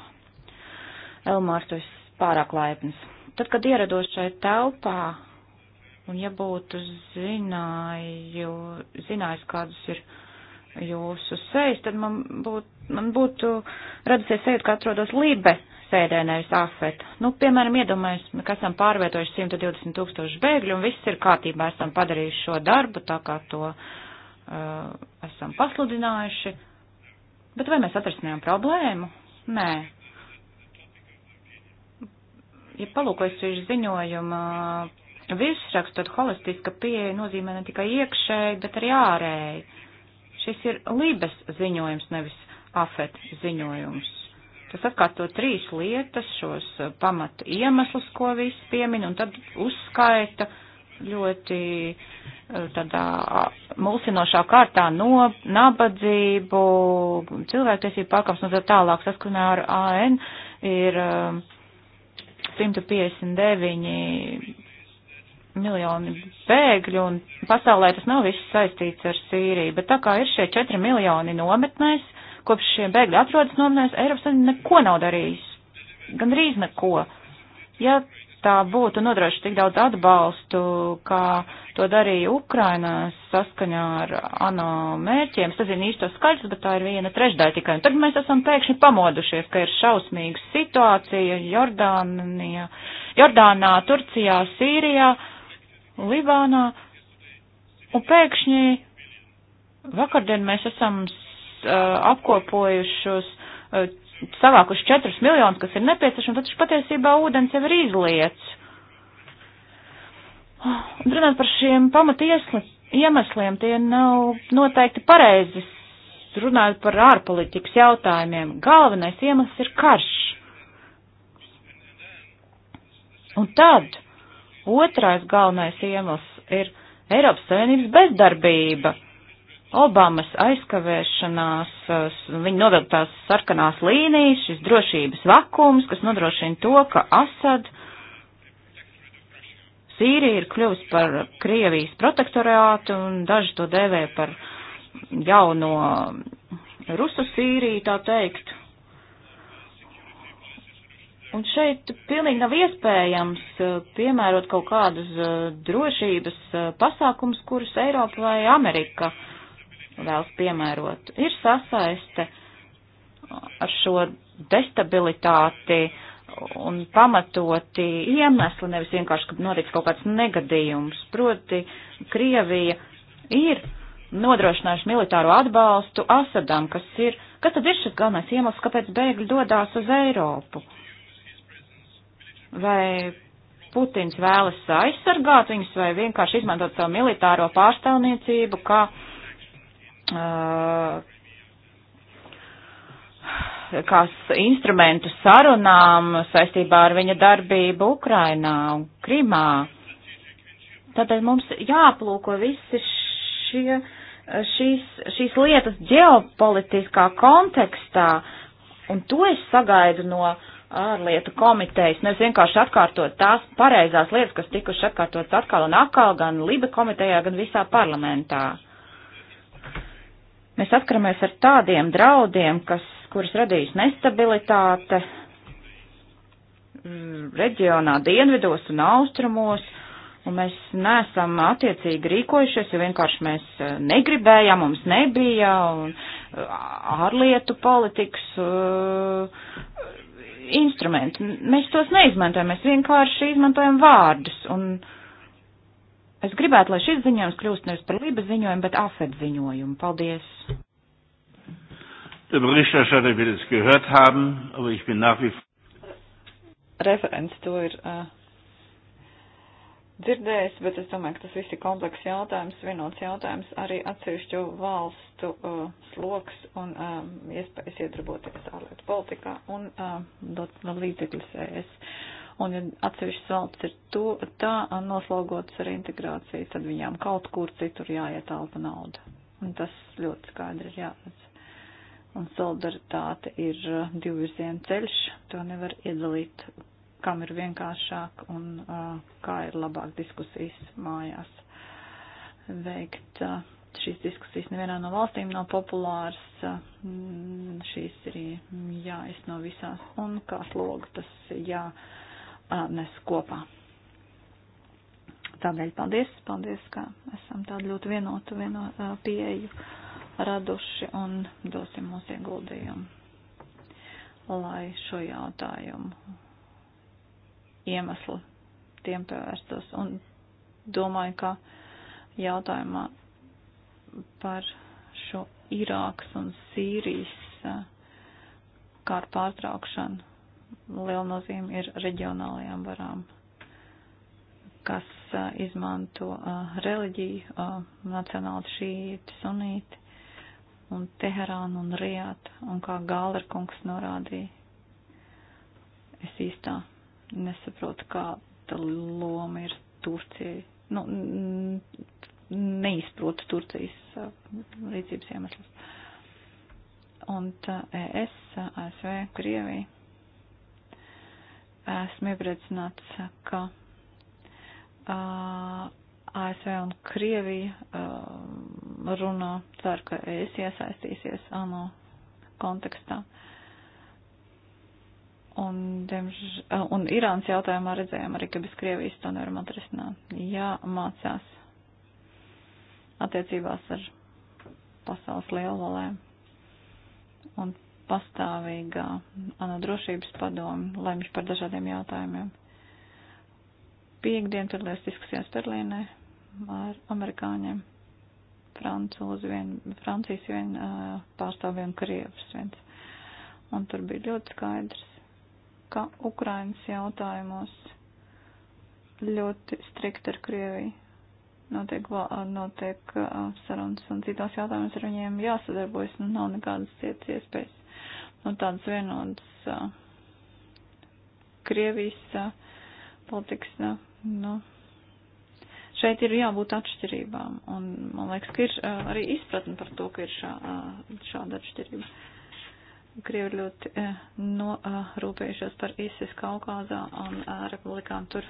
Elmārs, tu esi pārāk laipns. Tad, kad ierados šai telpā, un ja būtu zināju, zinājis, kādas ir jūsu sejas, tad man būtu, man būtu radusies sajūta, ka atrodos libe sēdē, nevis afet. Nu, piemēram, iedomājamies, ka esam pārvietojuši 120 tūkstošu bēgļu, un viss ir kārtībā, esam padarījuši šo darbu, tā kā to uh, esam pasludinājuši. Bet vai mēs atrisinājām problēmu? Nē, ja palūkojas šī ziņojuma virsrakstu, tad holistiska pieeja nozīmē ne tikai iekšēji, bet arī ārēji. Šis ir Lībes ziņojums, nevis afet ziņojums. Tas atkārto trīs lietas, šos pamata iemeslus, ko viss piemin, un tad uzskaita ļoti eh, tādā mulsinošā kārtā no nabadzību, cilvēktiesību pārkāpums, un tā tālāk saskanā ar AN ir uh, 159 miljoni bēgļu, un pasaulē tas nav viss saistīts ar Sīriju, bet tā kā ir šie 4 miljoni nometnēs, kopš šie bēgļi atrodas nometnēs, Eiropas Savienība neko nav darījis. Gan drīz neko. Ja tā būtu nodrošināta tik daudz atbalstu, kā to darīja Ukraina saskaņā ar ANO mērķiem. Es nezinu īsto skaļus, bet tā ir viena trešdaļa tikai. Un tad mēs esam pēkšņi pamodušies, ka ir šausmīga situācija Jordānijā, Jordānā, Turcijā, Sīrijā, Libānā. Un pēkšņi vakardien mēs esam uh, apkopojušos uh, savākuši 4 miljonus, kas ir nepieciešams, tad patiesībā ūdens jau ir izlietas. Un runāt par šiem pamatiemesliem, tie nav noteikti pareizes, runājot par ārpolitikas jautājumiem. Galvenais iemesls ir karš. Un tad otrais galvenais iemesls ir Eiropas Savienības bezdarbība Obamas aizkavēšanās, viņa novilk tās sarkanās līnijas, šis drošības vakums, kas nodrošina to, ka Asad Sīrija ir kļuvusi par Krievijas protektorātu un daži to dēvē par jauno Rusu Sīriju, tā teikt. Un šeit pilnīgi nav iespējams piemērot kaut kādus drošības pasākums, kurus Eiropa vai Amerika uh, vēlas piemērot. Ir sasaiste ar šo destabilitāti un pamatoti iemesli, nevis vienkārši, ka notiek kaut kāds negadījums. Proti, Krievija ir nodrošinājuši militāro atbalstu Asadam, kas ir, kas tad ir šis galvenais iemesls, kāpēc bēgļi dodās uz Eiropu? Vai Putins vēlas aizsargāt viņus vai vienkārši izmantot savu militāro pārstāvniecību, kā ka kās instrumentu sarunām saistībā ar viņa darbību Ukrainā un Krimā. Tātad mums jāplūko visi šie, šīs, šīs lietas ģeopolitiskā kontekstā, un to es sagaidu no ārlietu komitejas. Nevis vienkārši atkārtot tās pareizās lietas, kas tikuši atkārtotas atkal un atkal gan Liba komitejā, gan visā parlamentā. Uh, Mēs saskaramies ar tādiem draudiem, kas, kuras radīs nestabilitāte mm, reģionā dienvidos un austrumos, un mēs neesam attiecīgi rīkojušies, jo vienkārši mēs e, negribējām, mums nebija, un e, ārlietu politikas uh, instrumenti. Mēs tos neizmantojam, mēs vienkārši izmantojam vārdus, un uh, Es gribētu, lai šis ziņojums kļūst nevis par Lības ziņojumu, bet AFED ziņojumu. Paldies! Der Berichterstatter wird es gehört haben, aber ich bin nach wie vor. Referents to ir uh, dzirdējis, bet es domāju, ka tas viss ir komplekss jautājums, vienots jautājums, arī atsevišķu valstu uh, sloks un uh, iespējas iedarboties ārlietu politikā un uh, dot līdzekļus ES. Uh, Un, ja atsevišķas valsts ir to, tā noslogotas ar integrāciju, tad viņām kaut kur citur jāietālpa nauda. Un tas ļoti skaidri ir jāredz. Un solidaritāte ir uh, divvirziena ceļš, to nevar iedalīt, kam ir vienkāršāk un uh, kā ir labāk diskusijas mājās veikt. Uh, šīs diskusijas nevienā no valstīm nav populāras, mm, šīs ir mm, jāizno visās un kā sloga tas jā. Ja, nes kopā. Tādēļ paldies, paldies, ka esam tādu ļoti vienotu vieno, pieeju raduši un dosim mūsu ieguldījumu, lai šo jautājumu iemeslu tiem pievērstos. Un domāju, ka jautājumā par šo Irākas un Sīrijas karu pārtraukšanu liela nozīme ir reģionālajām varām, kas izmanto reliģiju, nacionāli šīti, sunīti, un Teherānu un Rijātu, un kā Gāler kungs norādīja, es īstā nesaprotu, kāda loma ir Turcijai. Nu, neizprotu Turcijas rīcības iemeslus. Un tā ES, ASV, Krievija esmu iepriecināts, ka uh, ASV un Krievija uh, runā, ceru, ka es iesaistīsies ANO kontekstā. Un, diemž, uh, un Irānas jautājumā redzējām arī, ka bez Krievijas to nevaram atrisināt. Jā, mācās attiecībās ar pasaules lielvalēm. Un pastāvīgā ANO drošības padomu lemj par dažādiem jautājumiem. Piektdien piedalījās diskusijās Berlīnē ar amerikāņiem, Francūzi vien, Francijas vien pārstāvjiem un Krievs viens. Un tur bija ļoti skaidrs, ka Ukrainas jautājumos ļoti strikt ar Krieviju notiek, notiek sarunas un citos jautājumos ar viņiem jāsadarbojas un nu, nav nekādas cietas iespējas nu, tādas vienotas uh, Krievijas uh, politikas. Uh, nu, šeit ir jābūt atšķirībām. Un man liekas, ka ir uh, arī izpratne par to, ka ir šā, uh, šāda atšķirība. Krievi ir ļoti uh, norūpējušies uh, par ISIS Kaukāzā un uh, republikām tur.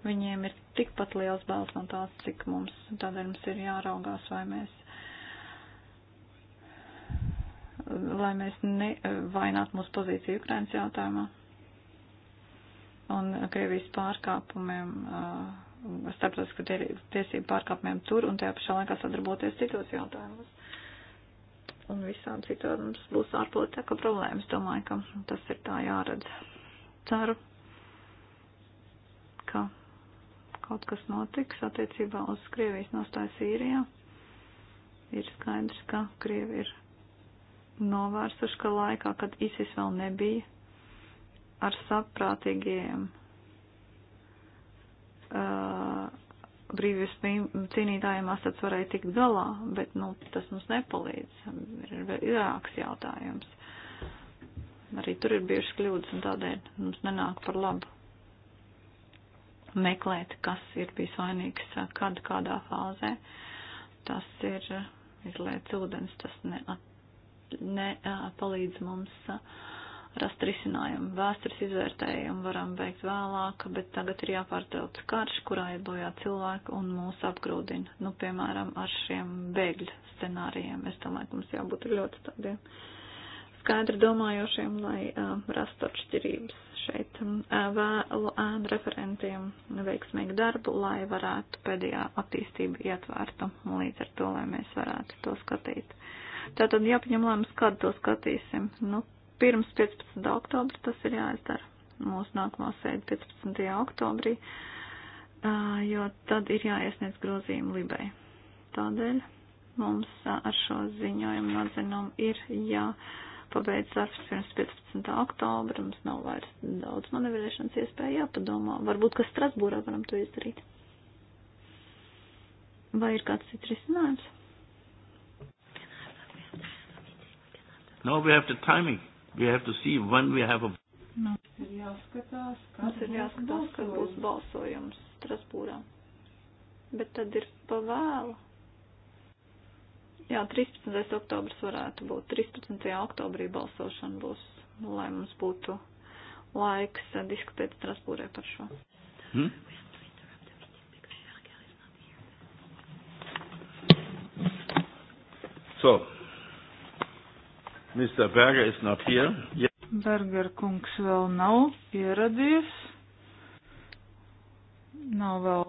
Viņiem ir tikpat liels bēls no tās, cik mums. Tādēļ mums ir jāraugās, vai mēs lai mēs nevainātu mūsu pozīciju Ukrainas jautājumā un Krievijas pārkāpumiem, uh, starptautisku tiesību pārkāpumiem tur un tajā pašā laikā sadarboties citos jautājumus. Un visām citādi mums būs ārpolitika problēmas. Domāju, ka tas ir tā jāredz. Ceru, ka kaut kas notiks attiecībā uz Krievijas nostāju Sīrijā. Ir skaidrs, ka Krievi ir novērsuši, ka laikā, kad ISIS vēl nebija, ar saprātīgiem uh, brīvības cīnītājiem Asats varēja tikt galā, bet nu, tas mums nepalīdz. Ir vēl Irāks jautājums. Arī tur ir bijušas kļūdas un tādēļ mums nenāk par labu meklēt, kas ir bijis vainīgs, uh, kad, kādā fāzē. Tas ir uh, izlietas ūdens, tas neat nepalīdz mums uh, rast risinājumu. Vēstures izvērtējumu varam veikt vēlāk, bet tagad ir jāpārtelc karš, kurā ir bojā cilvēki un mūs apgrūdina. Nu, piemēram, ar šiem bēgļu scenārijiem. Es domāju, ka mums jābūt ļoti tādiem skaidri domājošiem, lai uh, rastu atšķirības šeit. Uh, vēlu ēnu uh, referentiem veiksmīgu darbu, lai varētu pēdējā attīstību ietvērtu un līdz ar to, lai mēs varētu to skatīt. Uh, Tātad jāpaņem lēmums, kad to skatīsim. Nu, pirms 15. oktobra tas ir jāizdara. Mūsu nākamā sēde 15. oktobrī, jo tad ir jāiesniedz grozījumi Libai. Tādēļ mums ar šo ziņojumu atzinumu ir jāpabeidz darbs pirms 15. oktobra. Mums nav vairs daudz manevrēšanas iespēja jāpadomā. Varbūt, ka Strasbūrā varam to izdarīt. Vai ir kāds cits risinājums? Now we have the timing. We have to see when we have a. Mums ir jāskatās, kad, ir jāskatās, kad būs balsojums Strasbūrā. Bet tad ir pavēlu. Jā, 13. oktobrs varētu būt. 13. oktobrī balsošana būs, nu, lai mums būtu laiks eh, diskutēt Strasbūrē par šo. Hmm? So, Mr. Berger is not here. Yeah. Berger kungs vēl nav ieradies. Nav vēl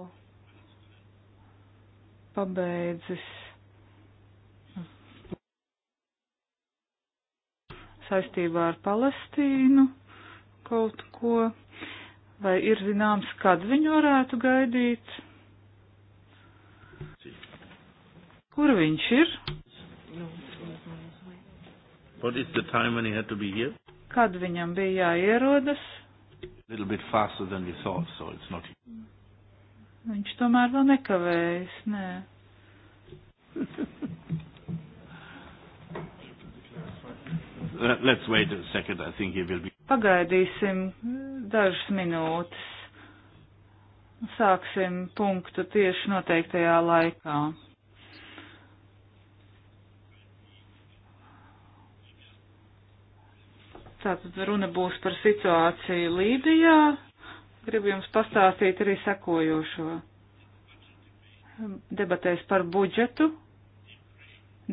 pabeidzis saistībā ar Palestīnu kaut ko. Vai ir zināms, kad viņu varētu gaidīt? Kur viņš ir? What is the time when he had to be here? Kad viņam bija jāierodas? A little bit faster than we thought, so it's not. Viņš tomēr vēl nekavējas, nē. Let's wait a second, I think he will be. Pagaidīsim dažas minūtes. Sāksim punktu tieši noteiktajā laikā. Tātad runa būs par situāciju Lībijā. Gribu jums pastāstīt arī sekojošo. Debatēs par budžetu.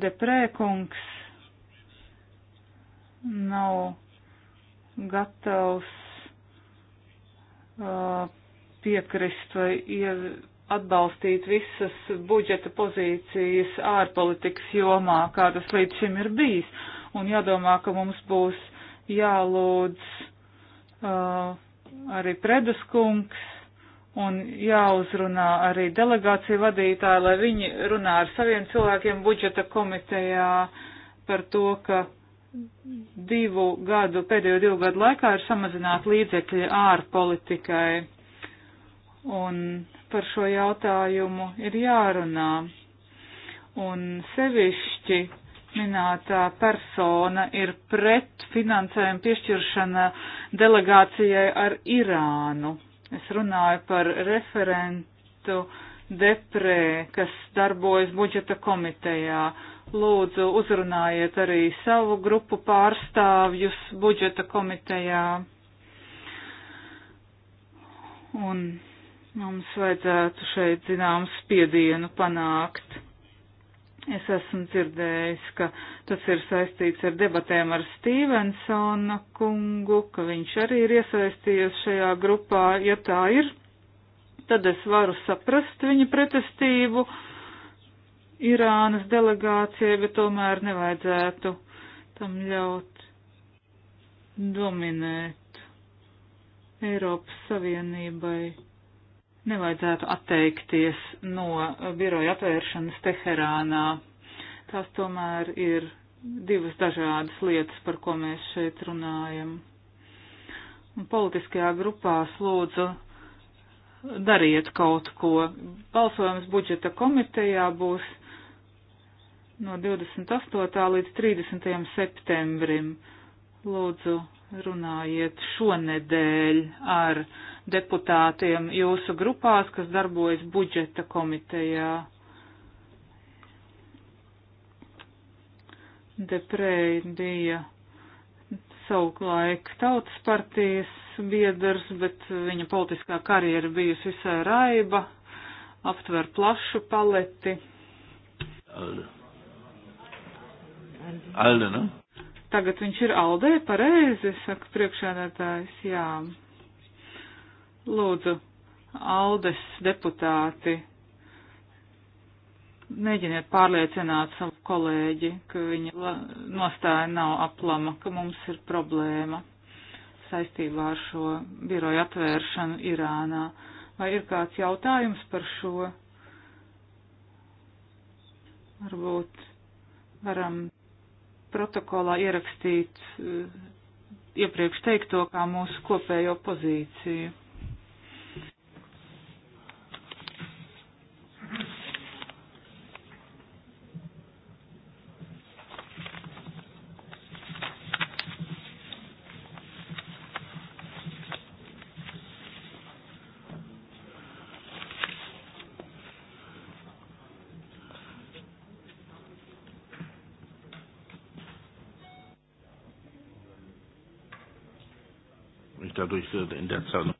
Deprēkungs nav gatavs uh, piekrist vai atbalstīt visas budžeta pozīcijas ārpolitikas jomā, kā tas līdz šim ir bijis. Un jādomā, ka mums būs jālūdz uh, arī preduskungs un jāuzrunā arī delegācija vadītāji, lai viņi runā ar saviem cilvēkiem budžeta komitejā par to, ka divu gadu, pēdējo divu gadu laikā ir samazināt līdzekļi ārpolitikai. Un par šo jautājumu ir jārunā. Un sevišķi minētā persona ir pret finansējumu piešķiršana delegācijai ar Irānu. Es runāju par referentu deprē, kas darbojas budžeta komitejā. Lūdzu, uzrunājiet arī savu grupu pārstāvjus budžeta komitejā. Un mums vajadzētu šeit zināms spiedienu panākt. Es esmu dzirdējis, ka tas ir saistīts ar debatēm ar Stevensona kungu, ka viņš arī ir iesaistījies šajā grupā. Ja tā ir, tad es varu saprast viņa pretestību Irānas delegācijai, bet tomēr nevajadzētu tam ļaut dominēt Eiropas Savienībai Nevajadzētu atteikties no biroja atvēršanas Teherānā. Tās tomēr ir divas dažādas lietas, par ko mēs šeit runājam. Un politiskajā grupā slūdzu dariet kaut ko. Balsojums budžeta komitejā būs no 28. līdz 30. septembrim. Lūdzu, runājiet šonedēļ ar deputātiem jūsu grupās, kas darbojas budžeta komitejā. Deprē bija savulaik tautas partijas biedrs, bet viņa politiskā karjera bijusi visai raiba, aptver plašu paleti. Alde. Alde, ne? Tagad viņš ir Aldē, pareizi, saka priekšēdētājs, jā. Lūdzu, Aldes deputāti, mēģiniet pārliecināt savu kolēģi, ka viņa nostāja nav aplama, ka mums ir problēma saistībā ar šo biroju atvēršanu Irānā. Vai ir kāds jautājums par šo? Varbūt varam protokolā ierakstīt eh, iepriekš teikto kā mūsu kopējo pozīciju. Ich dadurch äh, in der Zahl.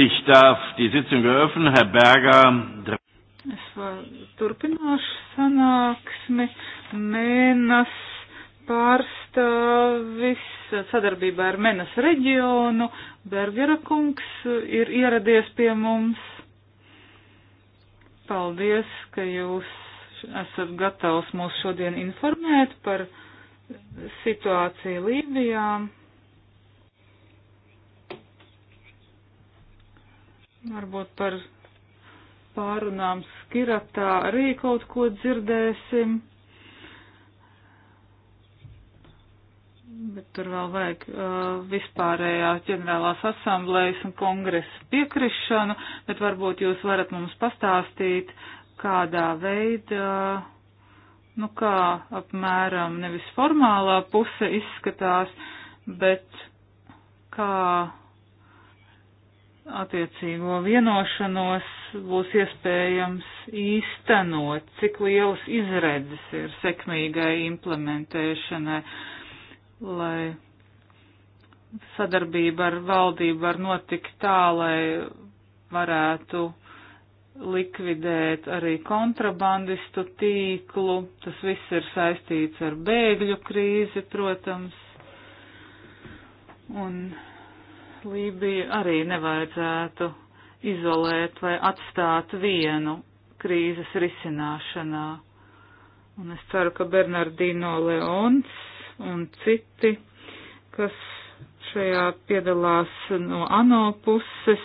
Ich darf die Sitzung eröffnen. Herr Berger. Es turpināšu sanāksmi. Mēnas pārstāvis sadarbībā ar Mēnas reģionu Bergera kungs ir ieradies pie mums. Paldies, ka jūs esat gatavs mūs šodien informēt par situāciju Lībijām. varbūt par pārunām skiratā arī kaut ko dzirdēsim. Bet tur vēl vajag uh, vispārējās ģenerālās asamblējas un kongresa piekrišanu, bet varbūt jūs varat mums pastāstīt, kādā veidā, nu kā apmēram nevis formālā puse izskatās, bet kā attiecīgo vienošanos būs iespējams īstenot, cik lielas izredzes ir sekmīgai implementēšanai, lai sadarbība ar valdību var notikt tā, lai varētu likvidēt arī kontrabandistu tīklu. Tas viss ir saistīts ar bēgļu krīzi, protams. Un Lībiju arī nevajadzētu izolēt vai atstāt vienu krīzes risināšanā. Un es ceru, ka Bernardino Leons un citi, kas šajā piedalās no ANO puses,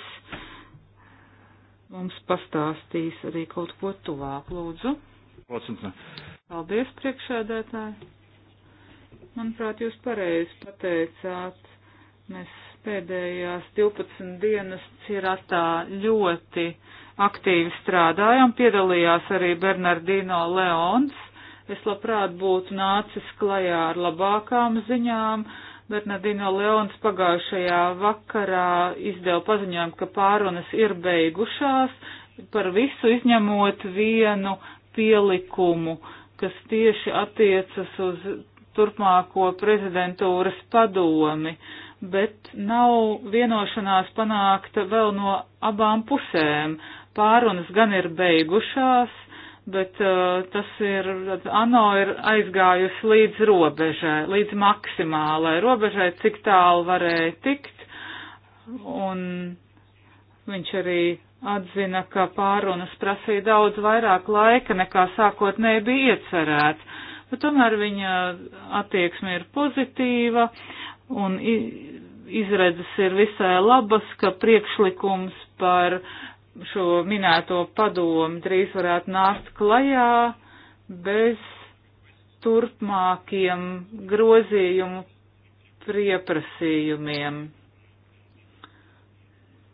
mums pastāstīs arī kaut ko tuvāk, lūdzu. Paldies, priekšēdētāji. Manuprāt, jūs pareizi pateicāt. Mēs Pēdējās 12 dienas Ciratā ļoti aktīvi strādājām, piedalījās arī Bernardino Leons. Es labprāt būtu nācis klajā ar labākām ziņām. Bernardino Leons pagājušajā vakarā izdeva paziņojumu, ka pārunas ir beigušās par visu izņemot vienu pielikumu, kas tieši attiecas uz turpmāko prezidentūras padomi. Uh, bet nav vienošanās panākta vēl no abām pusēm. Pārunas gan ir beigušās, bet uh, tas ir, ANO ir aizgājusi līdz robežai, līdz maksimālai robežai, cik tālu varēja tikt, un viņš arī atzina, ka pārunas prasīja daudz vairāk laika, nekā sākotnēji bija iecerēts, bet tomēr viņa attieksme ir pozitīva. Uh, Un izredzes ir visai labas, ka priekšlikums par šo minēto padomu drīz varētu nākt klajā bez turpmākiem grozījumu prieprasījumiem.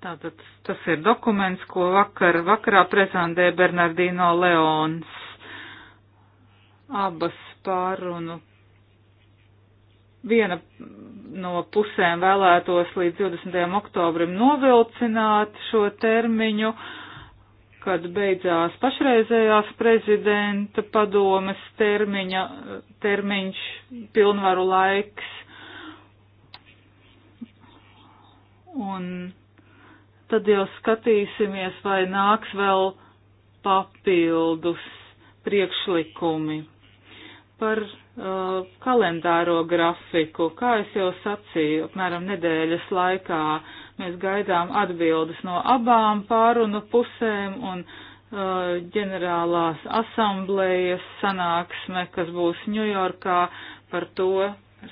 Tātad tas ir dokuments, ko vakar, vakarā prezentē Bernardino Leons. Abas pārunu viena no pusēm vēlētos līdz 20. oktobrim novilcināt šo termiņu, kad beidzās pašreizējās prezidenta padomes termiņa, termiņš, pilnvaru laiks. Un tad jau skatīsimies, vai nāks vēl papildus priekšlikumi par uh, kalendāro grafiku. Kā es jau sacīju, apmēram nedēļas laikā mēs gaidām atbildes no abām pārunu pusēm un uh, ģenerālās asamblējas sanāksme, kas būs Ņujorkā, par to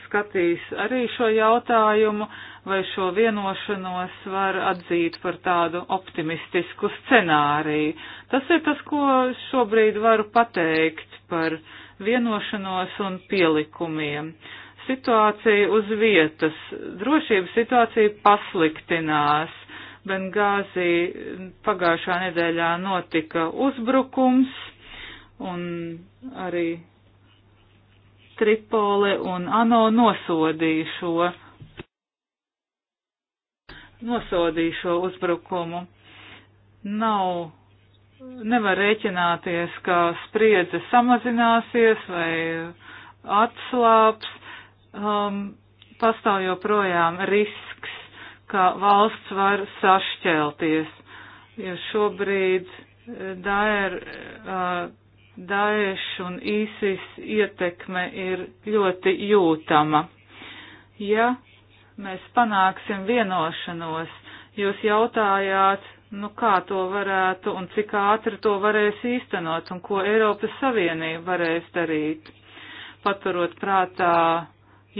skatīs arī šo jautājumu, vai šo vienošanos var atzīt par tādu optimistisku scenāriju. Tas ir tas, ko šobrīd varu pateikt par vienošanos un pielikumiem. Situācija uz vietas, drošības situācija pasliktinās. Bengāzī pagājušā nedēļā notika uzbrukums un arī Tripole un ANO nosodīja šo, nosodīja šo uzbrukumu. Nav nevar rēķināties, ka spriedze samazināsies vai atslāps. Um, pastāv joprojām risks, ka valsts var sašķelties, jo šobrīd eh, Daer, uh, eh, Daeš un ISIS ietekme ir ļoti jūtama. Ja mēs panāksim vienošanos, jūs jautājāt, nu kā to varētu un cik ātri to varēs īstenot un ko Eiropas Savienība varēs darīt, paturot prātā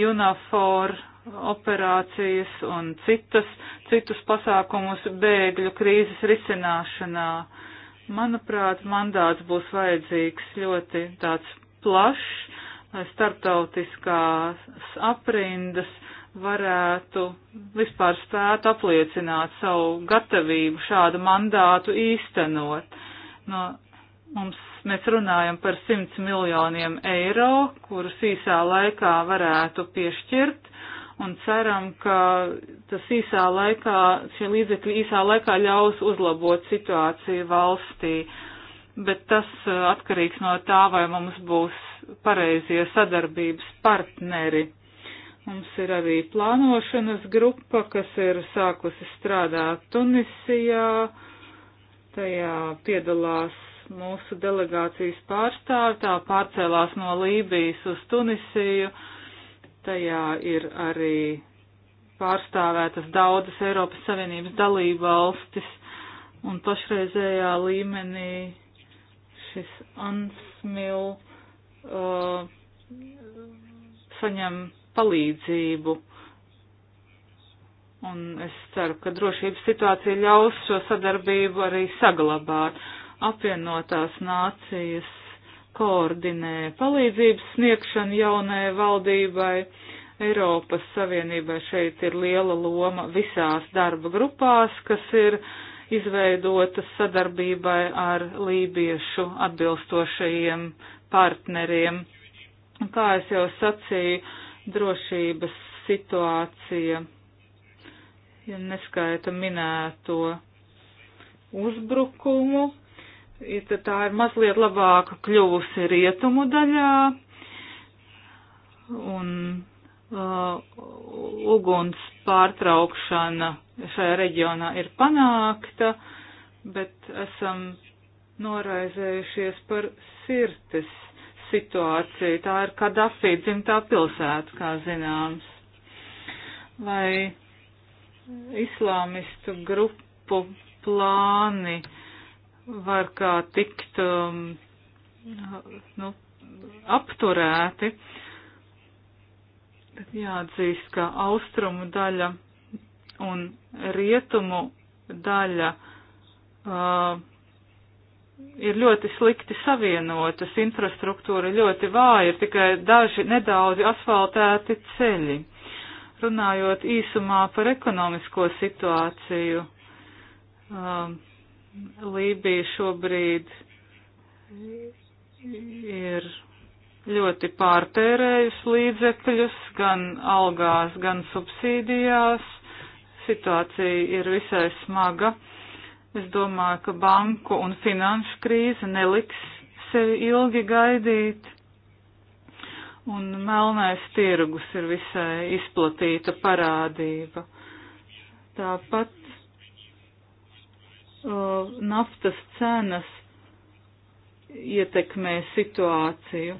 UNAFOR operācijas un citas, citus pasākumus bēgļu krīzes risināšanā. Manuprāt, mandāts būs vajadzīgs ļoti tāds plašs, starptautiskās aprindas, varētu vispār spēt apliecināt savu gatavību šādu mandātu īstenot. No, mums, mēs runājam par 100 miljoniem eiro, kurus īsā laikā varētu piešķirt, un ceram, ka tas īsā laikā, šie līdzekļi īsā laikā ļaus uzlabot situāciju valstī. Bet tas uh, atkarīgs no tā, vai mums būs pareizie sadarbības partneri Mums ir arī plānošanas grupa, kas ir sākusi strādāt Tunisijā. Tajā piedalās mūsu delegācijas pārstāvja, tā pārcēlās no Lībijas uz Tunisiju. Tajā ir arī pārstāvētas daudzas Eiropas Savienības dalība valstis, un pašreizējā līmenī šis ansmil uh, saņem palīdzību. Un es ceru, ka drošības situācija ļaus šo sadarbību arī saglabāt. Apvienotās nācijas koordinē palīdzības sniegšanu jaunajai valdībai. Eiropas Savienībai šeit ir liela loma visās darba grupās, kas ir izveidotas sadarbībai ar lībiešu atbilstošajiem partneriem. Kā es jau sacīju, drošības situācija, ja neskaita minēto uzbrukumu, ja tā ir mazliet labāka kļuvusi rietumu daļā, un uh, uguns pārtraukšana šajā reģionā ir panākta, bet esam noraizējušies par sirtes situācija. Tā ir Kadafī dzimtā pilsēta, kā zināms. Vai islāmistu grupu plāni var kā tikt um, nu, apturēti. Tad jāatzīst, ka austrumu daļa un rietumu daļa uh, ir ļoti slikti savienotas, infrastruktūra ļoti vāja, ir tikai daži nedaudzi asfaltēti ceļi. Runājot īsumā par ekonomisko situāciju, um, Lībija šobrīd ir ļoti pārtērējusi līdzekļus gan algās, gan subsīdijās. Situācija ir visai smaga. Uh, Es domāju, ka banku un finanšu krīze neliks sevi ilgi gaidīt. Un melnais tirgus ir visai izplatīta parādība. Tāpat uh, naftas cenas ietekmē situāciju.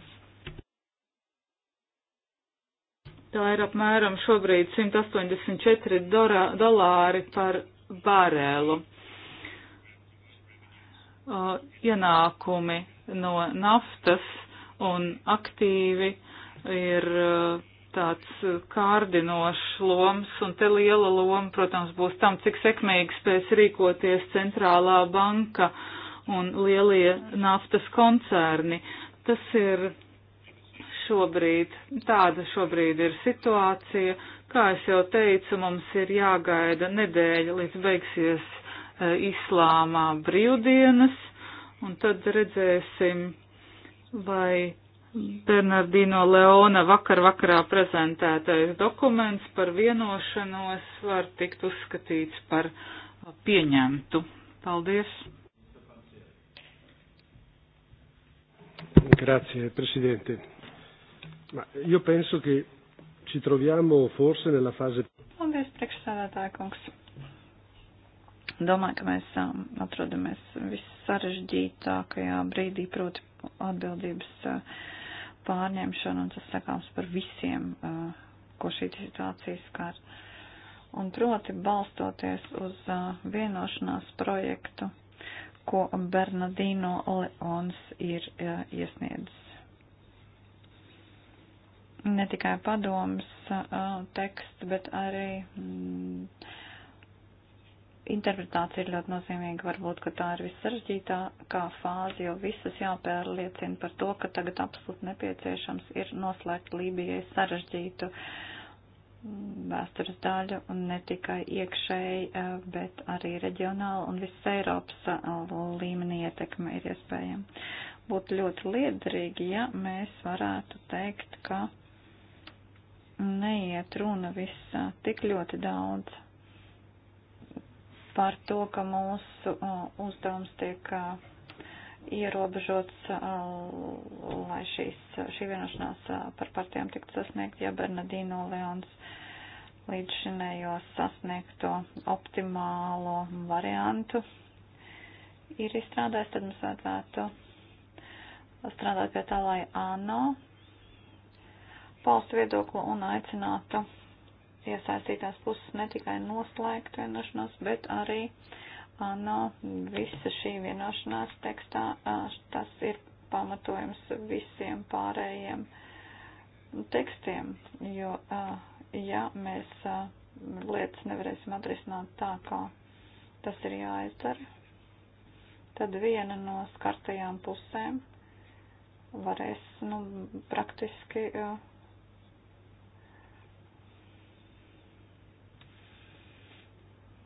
Tā ir apmēram šobrīd 184 dolāri par barelu uh, ienākumi no naftas un aktīvi ir uh, tāds kārdinošs loms, un te liela loma, protams, būs tam, cik sekmīgi spēs rīkoties centrālā banka un lielie naftas koncerni. Tas ir šobrīd, tāda šobrīd ir situācija. Kā es jau teicu, mums ir jāgaida nedēļa, līdz beigsies Eh, islāmā brīvdienas, un tad redzēsim, vai Bernardino Leona vakar vakarā prezentētais dokuments par vienošanos var tikt uzskatīts par pieņemtu. Paldies! Grazie Presidente. Ma io penso che ci troviamo forse nella fase. Paldies, priekšsēdētāja kungs. Domāju, ka mēs um, atrodamies vissarežģītākajā brīdī, proti atbildības uh, pārņemšana, un tas sakāms par visiem, uh, ko šī situācija skar. Un proti balstoties uz uh, vienošanās projektu, ko Bernardino Leons ir iesniedzis. Ne tikai padoms teksts, bet arī. Mm, interpretācija ir ļoti nozīmīga, varbūt, ka tā ir vissaržģītākā fāze, jo visas jāpērliecina par to, ka tagad absolūti nepieciešams ir noslēgt Lībijai sarežģītu mm, vēstures daļu un ne tikai iekšēji, eh, bet arī reģionāli un visas Eiropas eh, līmenī ietekme ir iespējama. Būtu ļoti liederīgi, ja mēs varētu teikt, ka neiet runa viss eh, tik ļoti daudz par to, ka mūsu uh, uzdevums tiek uh, ierobežots, uh, lai šīs, šī vienošanās par partijām tiktu sasniegt, ja Bernardino Leons līdz šinējo sasniegto optimālo variantu ir izstrādājis, tad mums vajadzētu strādāt pie tā, lai ANO valstu viedokli un aicinātu iesaistītās puses ne tikai noslēgt vienošanos, bet arī no visa šī vienošanās tekstā tas ir pamatojums visiem pārējiem tekstiem, jo ja mēs lietas nevarēsim atrisināt tā, kā tas ir jāizdara, tad viena no skartajām pusēm varēs nu, praktiski uh,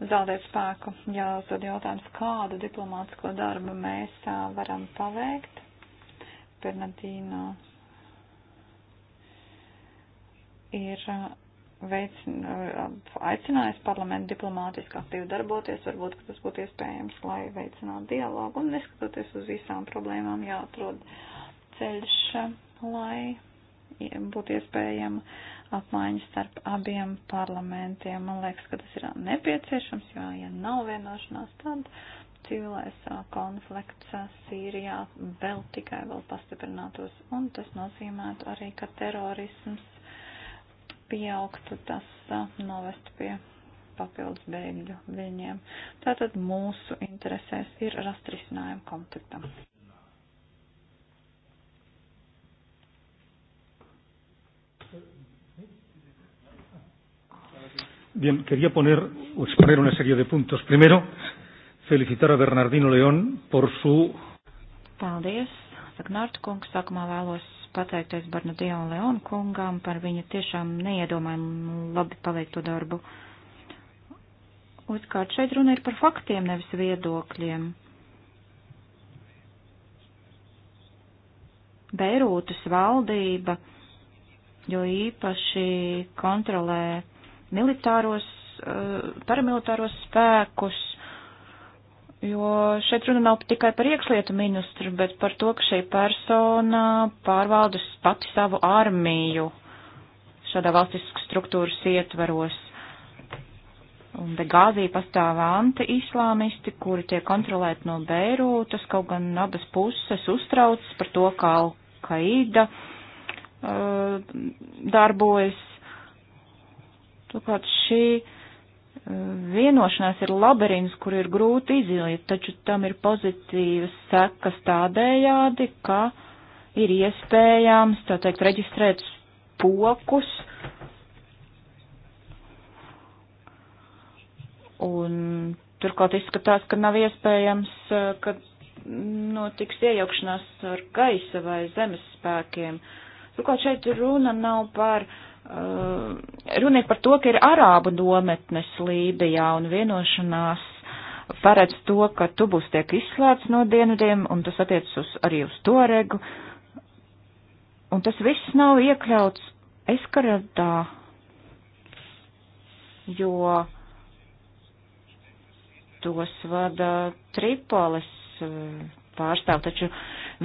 zaudēt spēku. Jāuzdod jautājums, kādu diplomātsko darbu mēs varam paveikt. Bernardīno ir veicin, aicinājis parlamentu diplomātiski aktīvi darboties, varbūt, ka tas būtu iespējams, lai veicinātu dialogu un neskatoties uz visām problēmām jāatrod ceļš, lai būtu iespējama apmaiņas starp abiem parlamentiem. Man liekas, ka tas ir nepieciešams, jo, ja nav vienošanās, tad civilais konflikts Sīrijā vēl tikai vēl pastiprinātos, un tas nozīmētu arī, ka terorisms pieaugtu, tas novest pie papildus bēgļu viņiem. Tātad mūsu interesēs ir rast risinājumu konfliktam. Bien, quería poner o exponer una serie de puntos. Primero, felicitar a Bernardino León por su. Paldies, Sagnārta kungs. Sākumā vēlos pateikties Bernardino Leon kungam par viņa tiešām neiedomājumu labi paveikto darbu. Uzkārt šeit runa ir par faktiem, nevis viedokļiem. Beirūtas valdība jo īpaši kontrolē militāros, eh, paramilitāros spēkus, jo šeit runa nav tikai par iekšlietu ministru, bet par to, ka šī persona pārvaldas pati savu armiju šādā valstiskas struktūras ietvaros. Un Begāzī pastāv anti-islāmisti, kuri tiek kontrolēti no Beirūtas, kaut gan abas puses uztrauc par to, kā Al-Qaida uh, darbojas Turklāt šī eh, vienošanās ir laberins, kur ir grūti iziet, taču tam ir pozitīvas sekas tādējādi, ka ir iespējams, tā teikt, reģistrēt pokus un turklāt izskatās, ka nav iespējams, eh, ka notiks iejaukšanās ar gaisa vai zemes spēkiem. Turklāt šeit runa nav par uh, Eh, runa ir par to, ka ir arābu nometnes Lībijā un vienošanās paredz to, ka tubus tiek izslēgts no dienvidiem, un tas attiecas uz, arī uz Toregu. Un tas viss nav iekļauts Eskaradā, jo tos vada Tripolis eh, pārstāv, taču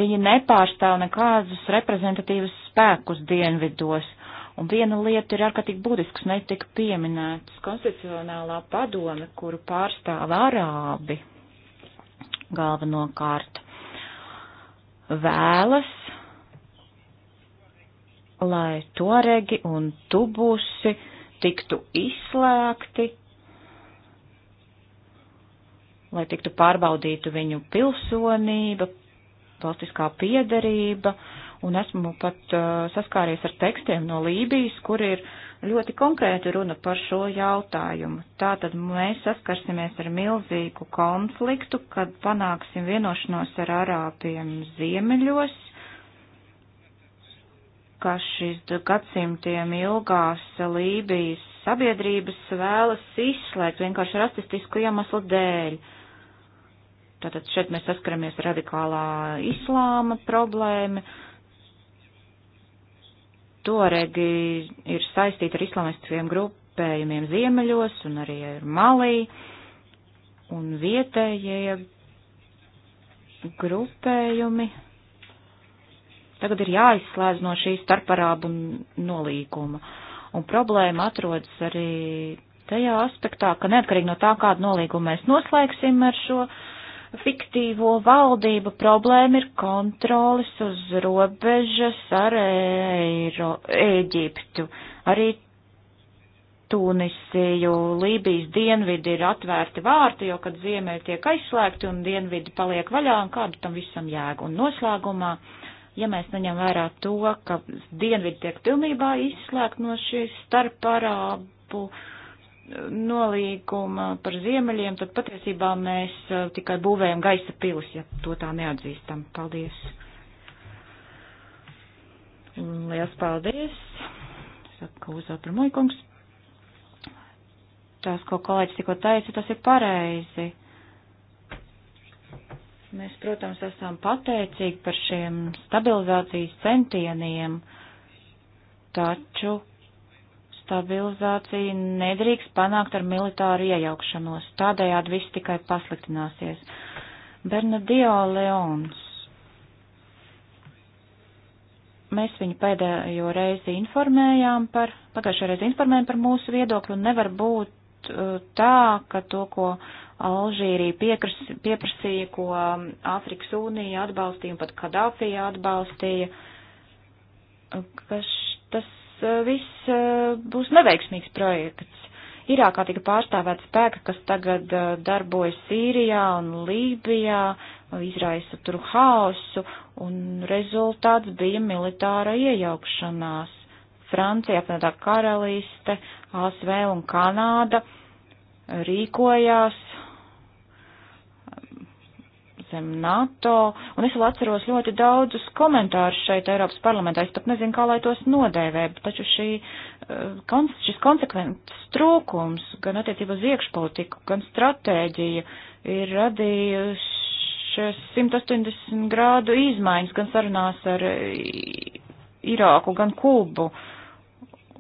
viņi nepārstāv nekādus reprezentatīvus spēkus dienvidos. Uh, Un viena lieta ir ārkārtīgi būtisks, netika pieminēts konstitucionālā padome, kuru pārstāv arābi galvenokārt vēlas, lai toregi un tubusi tiktu izslēgti, lai tiktu pārbaudītu viņu pilsonība, valstiskā piedarība, uh, un esmu pat uh, saskāries ar tekstiem no Lībijas, kur ir ļoti konkrēti runa par šo jautājumu. Tātad mēs saskarsimies ar milzīgu konfliktu, kad panāksim vienošanos ar arābiem ziemeļos, ka šis gadsimtiem ilgās Lībijas sabiedrības vēlas izslēgt vienkārši rasistisku iemeslu dēļ. Tātad šeit mēs saskaramies radikālā islāma problēma, Tuaregi ir saistīti ar islamistiskiem grupējumiem ziemeļos un arī ar Malī, un vietējie grupējumi tagad ir jāizslēdz no šī starparābu nolīguma. Un problēma atrodas arī tajā aspektā, ka neatkarīgi no tā, kādu nolīgumu mēs noslēgsim ar šo uh, fiktīvo valdību problēma ir kontrolis uz robežas ar Eiro, Ēģiptu. Arī Tunisiju, Lībijas dienvidi ir atvērti vārti, jo kad ziemeļi tiek aizslēgti un dienvidi paliek vaļā, un kādu tam visam jēga. Un noslēgumā, ja mēs neņem vērā to, ka dienvidi tiek pilnībā izslēgt no šīs starparābu nolīguma par ziemeļiem, tad patiesībā mēs uh, tikai būvējam gaisa pilus, ja to tā neatzīstam. Paldies! Lielas paldies! Saka, uzvēl par muikungs. Tas, ko kolēģis tikko teica, tas ir pareizi. Mēs, protams, esam pateicīgi par šiem stabilizācijas centieniem, taču stabilizāciju nedrīkst panākt ar militāru iejaukšanos. Tādējādi viss tikai pasliktināsies. Bernadio Leons. Mēs viņu pēdējo reizi informējām par, pagājušajā reizi informējām par mūsu viedokli un nevar būt uh, tā, ka to, ko Alžīrija piekras, pieprasīja, ko um, Āfrikas Unija atbalstīja un pat Kadāfija atbalstīja, uh, ka tas Eh, viss eh, būs neveiksmīgs projekts. Irākā tika pārstāvēta spēka, kas tagad eh, darbojas Sīrijā un Lībijā, izraisa tur haosu, un rezultāts bija militāra iejaukšanās. Francija, apvienotā karaliste, ASV un Kanāda rīkojās zem NATO, un es vēl atceros ļoti daudzus komentārus šeit Eiropas parlamentā. Es pat nezinu, kā lai tos nodēvē, taču šī, eh, šis konsekvents trūkums gan attiecībā uz iekšpolitiku, gan stratēģiju ir radījušas 180 grādu izmaiņas gan sarunās ar eh, Irāku, gan Kubu.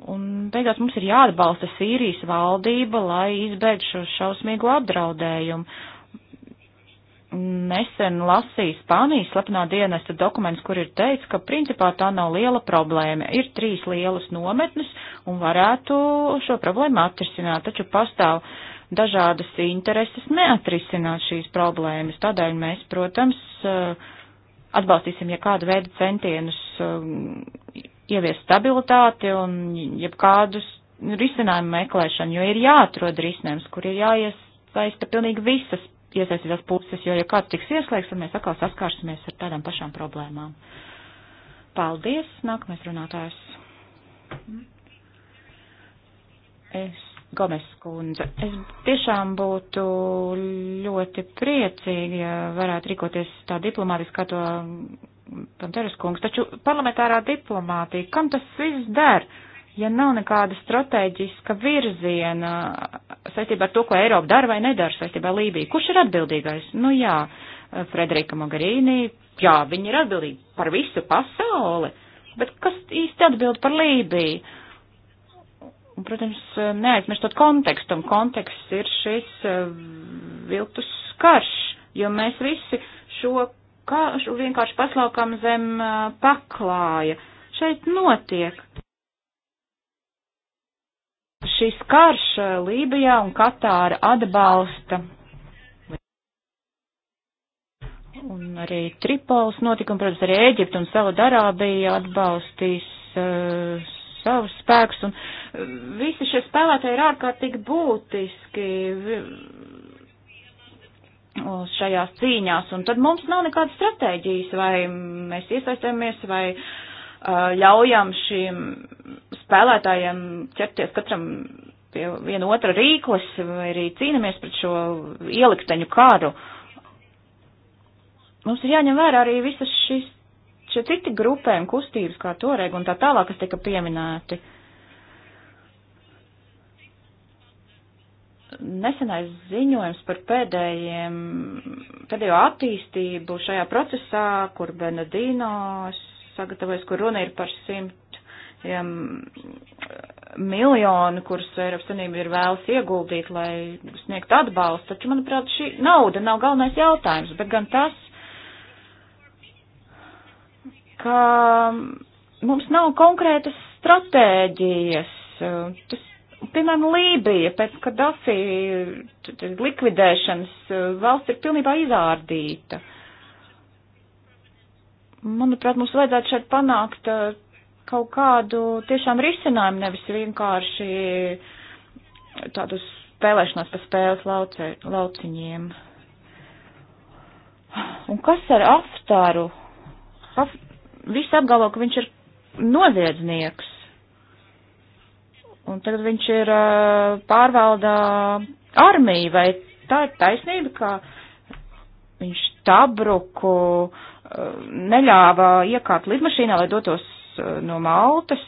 Un beigās mums ir jāatbalsta Sīrijas valdība, lai izbeigtu šo šausmīgo apdraudējumu nesen lasīju Spānijas slepenā dienesta dokumentus, kur ir teicis, ka principā tā nav liela problēma. Ir trīs lielas nometnes un varētu šo problēmu atrisināt, taču pastāv dažādas intereses neatrisināt šīs problēmas. Tādēļ mēs, protams, eh, atbalstīsim, ja kādu veidu centienus eh, ievies stabilitāti un jebkādus risinājumu meklēšanu, jo ir jāatrod risinājums, kur ir jāiesaista pilnīgi visas iesaistītās puses, jo, ja kāds tiks ieslēgts, tad mēs atkal saskārsimies ar tādām pašām problēmām. Paldies, nākamais runātājs. Es, Gomes kundze, es tiešām būtu ļoti priecīgi, ja varētu rīkoties tā diplomātiski, kā to Panteras kungs, taču parlamentārā diplomātija, kam tas viss der? ja nav nekāda strateģiska virziena saistībā ar to, ko Eiropa dara vai nedara saistībā ar Lībiju, kurš ir atbildīgais? Nu jā, Frederika Mogherini, jā, viņi ir atbildīgi par visu pasauli, bet kas īsti atbild par Lībiju? Un, protams, neaizmirstot kontekstu, un konteksts ir šis eh, viltus karš, jo mēs visi šo karšu vienkārši paslaukām zem eh, paklāja. Šeit notiek. Šis karš eh, Lībijā un Katāra atbalsta un arī Tripolis notikumi, protams, arī Ēģipta un Saudarābija atbalstīs uh, savus spēkus, un uh, visi šie spēlētāji ir ārkārtīgi būtiski uh, šajās cīņās, un tad mums nav nekādas stratēģijas, vai mēs iesaistāmies, vai uh, Eh, ļaujam šiem spēlētājiem ķerties katram pie viena otra rīkles vai arī cīnamies pret šo ielikteņu kāru. Mums ir jāņem vērā arī visas šīs šie citi grupēm kustības kā toreig un tā tālāk, kas tika pieminēti. Nesenais ziņojums par pēdējiem, pēdējo attīstību šajā procesā, kur Benedīnos sagatavojis, kur runa ir par simtiem miljonu, kurus Eiropas Savienība ir vēlas ieguldīt, lai sniegt atbalstu. Taču, manuprāt, šī nauda nav galvenais jautājums, bet gan tas, ka mums nav konkrētas stratēģijas. Tas, piemēram, Lībija pēc Kadafi likvidēšanas uh, valsts ir pilnībā izārdīta. Uh, Manuprāt, mums vajadzētu šeit panākt uh, kaut kādu tiešām risinājumu, nevis vienkārši tādus spēlēšanos pa spēles lauce, lauciņiem. Un kas ar aftāru? Af, visi apgalvo, ka viņš ir noziedznieks. Un tagad viņš ir uh, pārvaldā armiju, vai tā ir taisnība, ka viņš tabruku neļāva iekāpt lidmašīnā, lai dotos eh, no Maltas.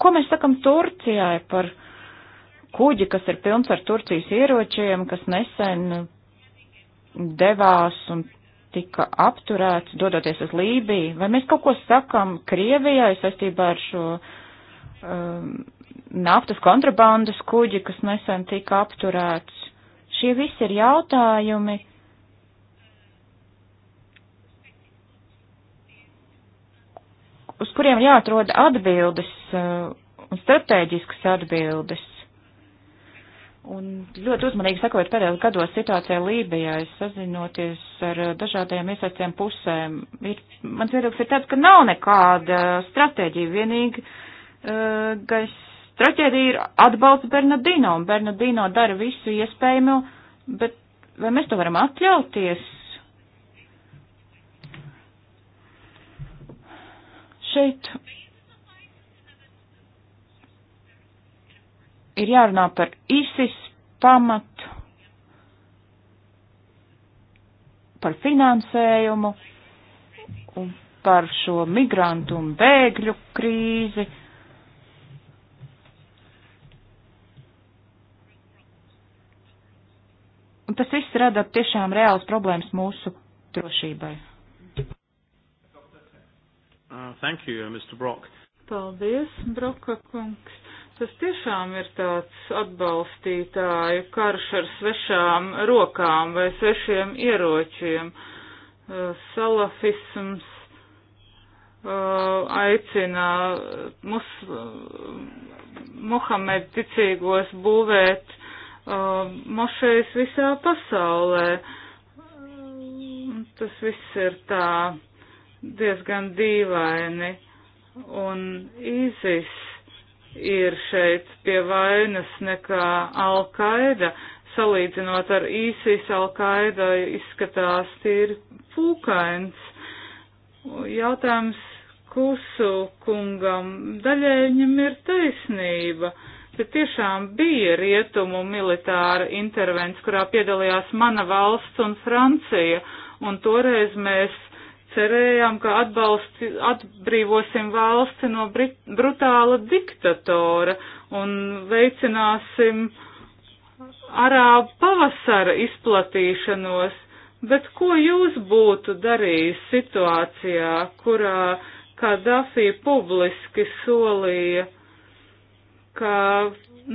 Ko mēs sakam Turcijai par kuģi, kas ir pilns ar Turcijas ieročiem, kas nesen devās un tika apturēts, dodoties uz Lībiju? Vai mēs kaut ko sakam Krievijai saistībā ar šo um, naftas kontrabandas kuģi, kas nesen tika apturēts? Šie visi ir jautājumi uz kuriem jāatrod atbildes uh, un stratēģiskas atbildes. Un ļoti uzmanīgi sakot pēdējos gados situācijā Lībijā, sazinoties ar uh, dažādajām iesaistiem pusēm, ir, mans viedoklis ir tāds, ka nav nekāda stratēģija, vienīgi uh, stratēģija ir atbalsts Bernardino, un Bernardino dara visu iespējamo, bet vai mēs to varam atļauties? Šeit ir jārunā par ISIS pamatu, par finansējumu un par šo migrantu un bēgļu krīzi. Un tas viss rada tiešām reāls problēmas mūsu drošībai. Uh, thank you, uh, Mr. Brock. Paldies, Broka kungs. Tas tiešām ir tāds atbalstītāju karš ar svešām rokām vai svešiem ieročiem. Uh, salafisms uh, aicina mus, Muhamed ticīgos būvēt mošejas visā pasaulē. Tas viss ir tā diezgan dīvaini, un īzis ir šeit pie vainas nekā Alkaida. Salīdzinot ar īsīs Alkaida izskatās tīri pūkains. Jautājums Kusu kungam daļai viņam ir taisnība, bet tiešām bija rietumu militāra intervents, kurā piedalījās mana valsts un Francija, un toreiz mēs cerējām, ka atbalsti, atbrīvosim valsti no brit, brutāla diktatora un veicināsim arābu pavasara izplatīšanos, bet ko jūs būtu darījis situācijā, kurā Kadafī publiski solīja, ka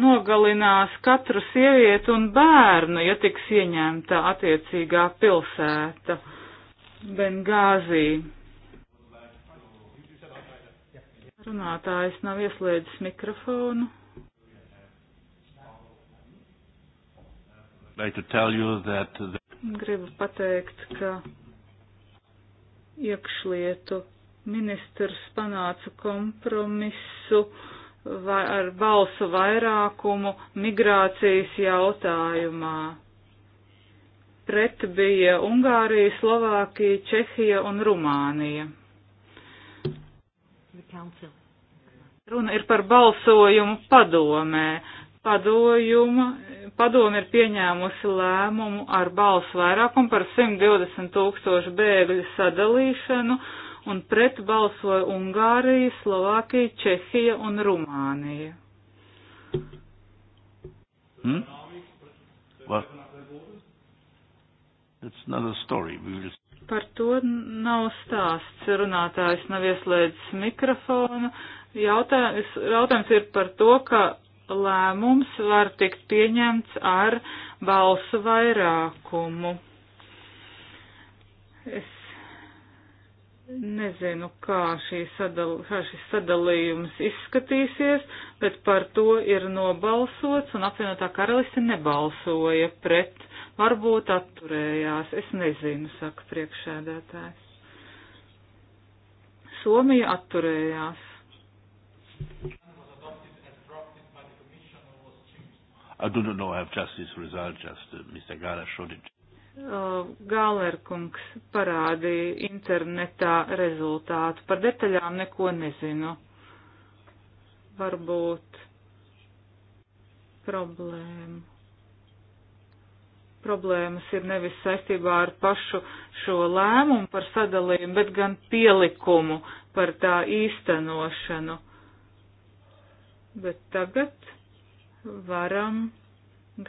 nogalinās katru sievietu un bērnu, ja tiks ieņemta attiecīgā pilsēta? Bengāzī. Runātājs nav ieslēdzis mikrofonu. Like the... Gribu pateikt, ka iekšlietu ministrs panāca kompromisu vai, ar balsu vairākumu migrācijas jautājumā pret bija Ungārija, Slovākija, Čehija un Rumānija. Runa ir par balsojumu padomē. Padojuma, padome ir pieņēmusi lēmumu ar balsu vairākumu par 120 tūkstošu bēgļu sadalīšanu un pret balsoja Ungārija, Slovākija, Čehija un Rumānija. Hmm? What? Will... Par to nav stāsts. Runātājs nav ieslēdzis mikrofonu. Jautājums, jautājums ir par to, ka lēmums var tikt pieņemts ar balsu vairākumu. Es nezinu, kā, sadal, kā šis sadalījums izskatīsies, bet par to ir nobalsots un apvienotā karaliste nebalsoja pret Varbūt atturējās, es nezinu, saka priekšēdētājs. Somija atturējās. I do not know I have just this result, just uh, Mr. Gala showed it. Uh, Gālerkungs parādīja internetā rezultātu. Par detaļām neko nezinu. Varbūt problēma problēmas ir nevis saistībā ar pašu šo lēmumu par sadalījumu, bet gan pielikumu par tā īstenošanu. Bet tagad varam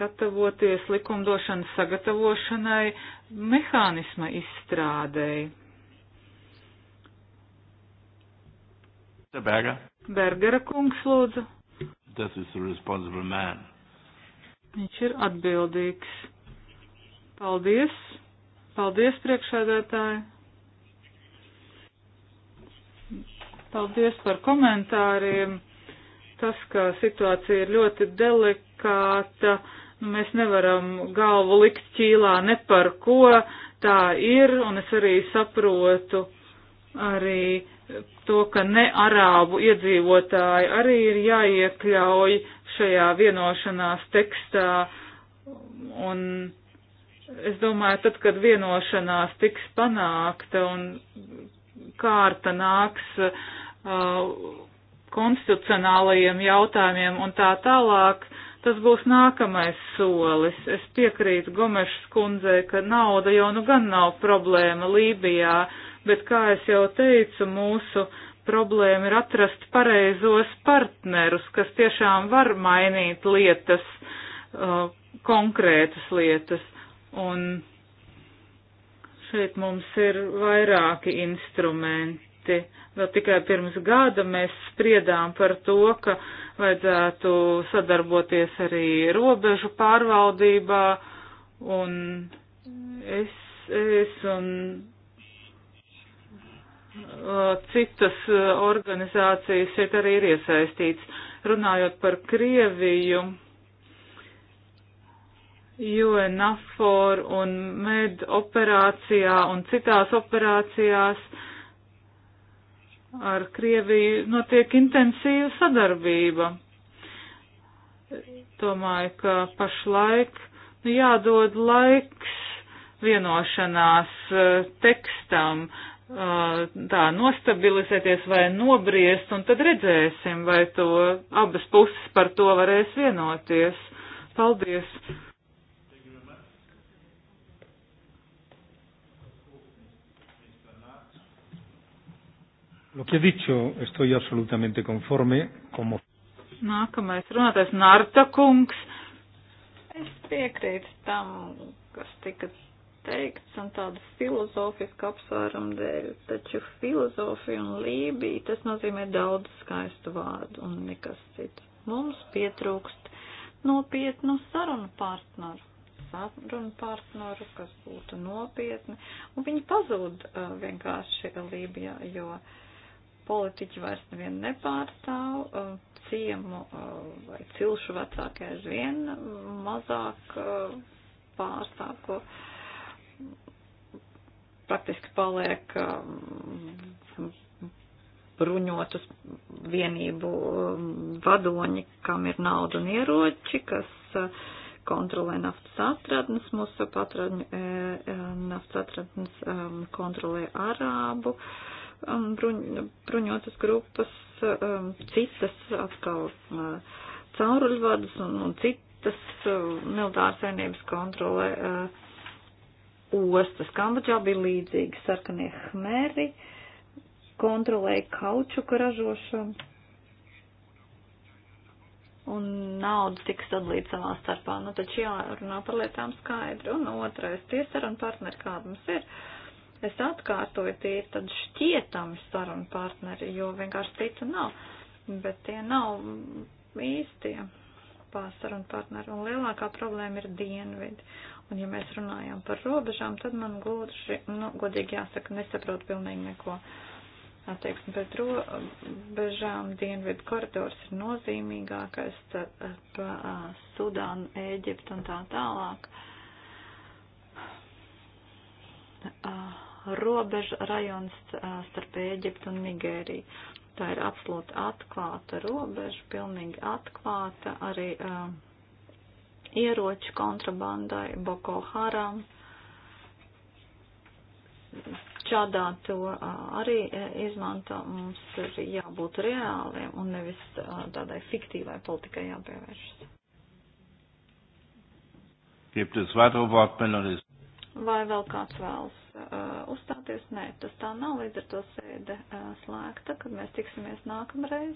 gatavoties likumdošanas sagatavošanai, mehānisma izstrādēji. Berger. Bergera kungs lūdzu. Viņš ir atbildīgs. Paldies! Paldies, priekšādātāji! Paldies par komentāriem. Tas, ka situācija ir ļoti delikāta, nu, mēs nevaram galvu likt ķīlā ne par ko. Tā ir, un es arī saprotu arī to, ka ne arābu iedzīvotāji arī ir jāiekļauj šajā vienošanās tekstā. Un Es domāju, tad, kad vienošanās tiks panākta un kārta nāks uh, konstitucionālajiem jautājumiem un tā tālāk, tas būs nākamais solis. Es piekrītu Gomešas kundzei, ka nauda jau nu gan nav problēma Lībijā, bet, kā es jau teicu, mūsu problēma ir atrast pareizos partnerus, kas tiešām var mainīt lietas, uh, konkrētas lietas Un šeit mums ir vairāki instrumenti. Vēl tikai pirms gada mēs spriedām par to, ka vajadzētu sadarboties arī robežu pārvaldībā, un es, es un citas organizācijas šeit arī ir iesaistīts. Runājot par Krieviju, UNAFOR un MED operācijā un citās operācijās ar Krieviju notiek intensīva sadarbība. Domāju, ka pašlaik nu, jādod laiks vienošanās uh, tekstam, uh, tā nostabilizēties vai nobriest, un tad redzēsim, vai to abas puses par to varēs vienoties. Paldies! Lo que he dicho, estoy absolutamente conforme. Como... Nākamais runātais Narta kungs. Es piekrītu tam, kas tika teikts un tādu filozofisku apsvērumu dēļ, taču filozofija un Lībija tas nozīmē daudz skaistu vārdu un nekas cits. Mums pietrūkst nopietnu sarunu partneru, sarunu partneru, kas būtu nopietni, un viņi pazūd uh, vienkārši Lībijā, jo uh, politiķi vairs nevienu nepārstāv, eh, ciemu eh, vai cilšu vecākie aizvien mazāk eh, pārstāv, ko praktiski paliek bruņotus vienību vadoņi, kam ir nauda un ieroči, kas kontrolē naftas atradnes, mūsu patradņu, naftas atradnes kontrolē arābu. Uh, Um, bruņ, bruņotas grupas, um, citas atkal uh, cauruļvadas un, un citas uh, militāras saimniecības kontrolē uh, ostas. Kambodžā bija līdzīgi sarkanie hmeri, kontrolēja kaučuku ražošanu un nauda tiks sadalīta savā starpā. Nu, taču jārunā par lietām skaidri. Un otrais, tie saruna partneri, kāda mums ir, uh, Es atkārtoju, tie ir tad šķietami sarunu partneri, jo vienkārši citu nav, bet tie nav īstie pārsarunu partneri. Un lielākā problēma ir dienvidi. Un ja mēs runājam par robežām, tad man gluži, nu, godīgi jāsaka, nesaprot pilnīgi neko. Attieksmi pret robežām dienvidu koridors ir nozīmīgākais, tad eh, pa eh, Sudānu, Ēģiptu un tā tālāk. Uh, robeža rajons starp Ēģiptu un Nigēriju. Tā ir absolūti atklāta robeža, pilnīgi atklāta arī uh, ieroču kontrabandai, Boko Haram. Čādā to uh, arī e, izmanto. Mums ir jābūt reāliem un nevis uh, tādai fiktīvai politikai jāpievēršas. Gibt es weitere Wortmeldungen? Vai vēl kāds vēlas uh, uzstāties? Nē, tas tā nav, līdz ar to sēde uh, slēgta, kad mēs tiksimies nākamreiz.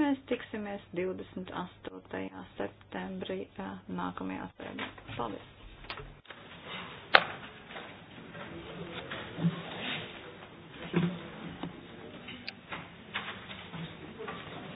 Mēs tiksimies 28. septembrī uh, nākamajā sēdē. Paldies!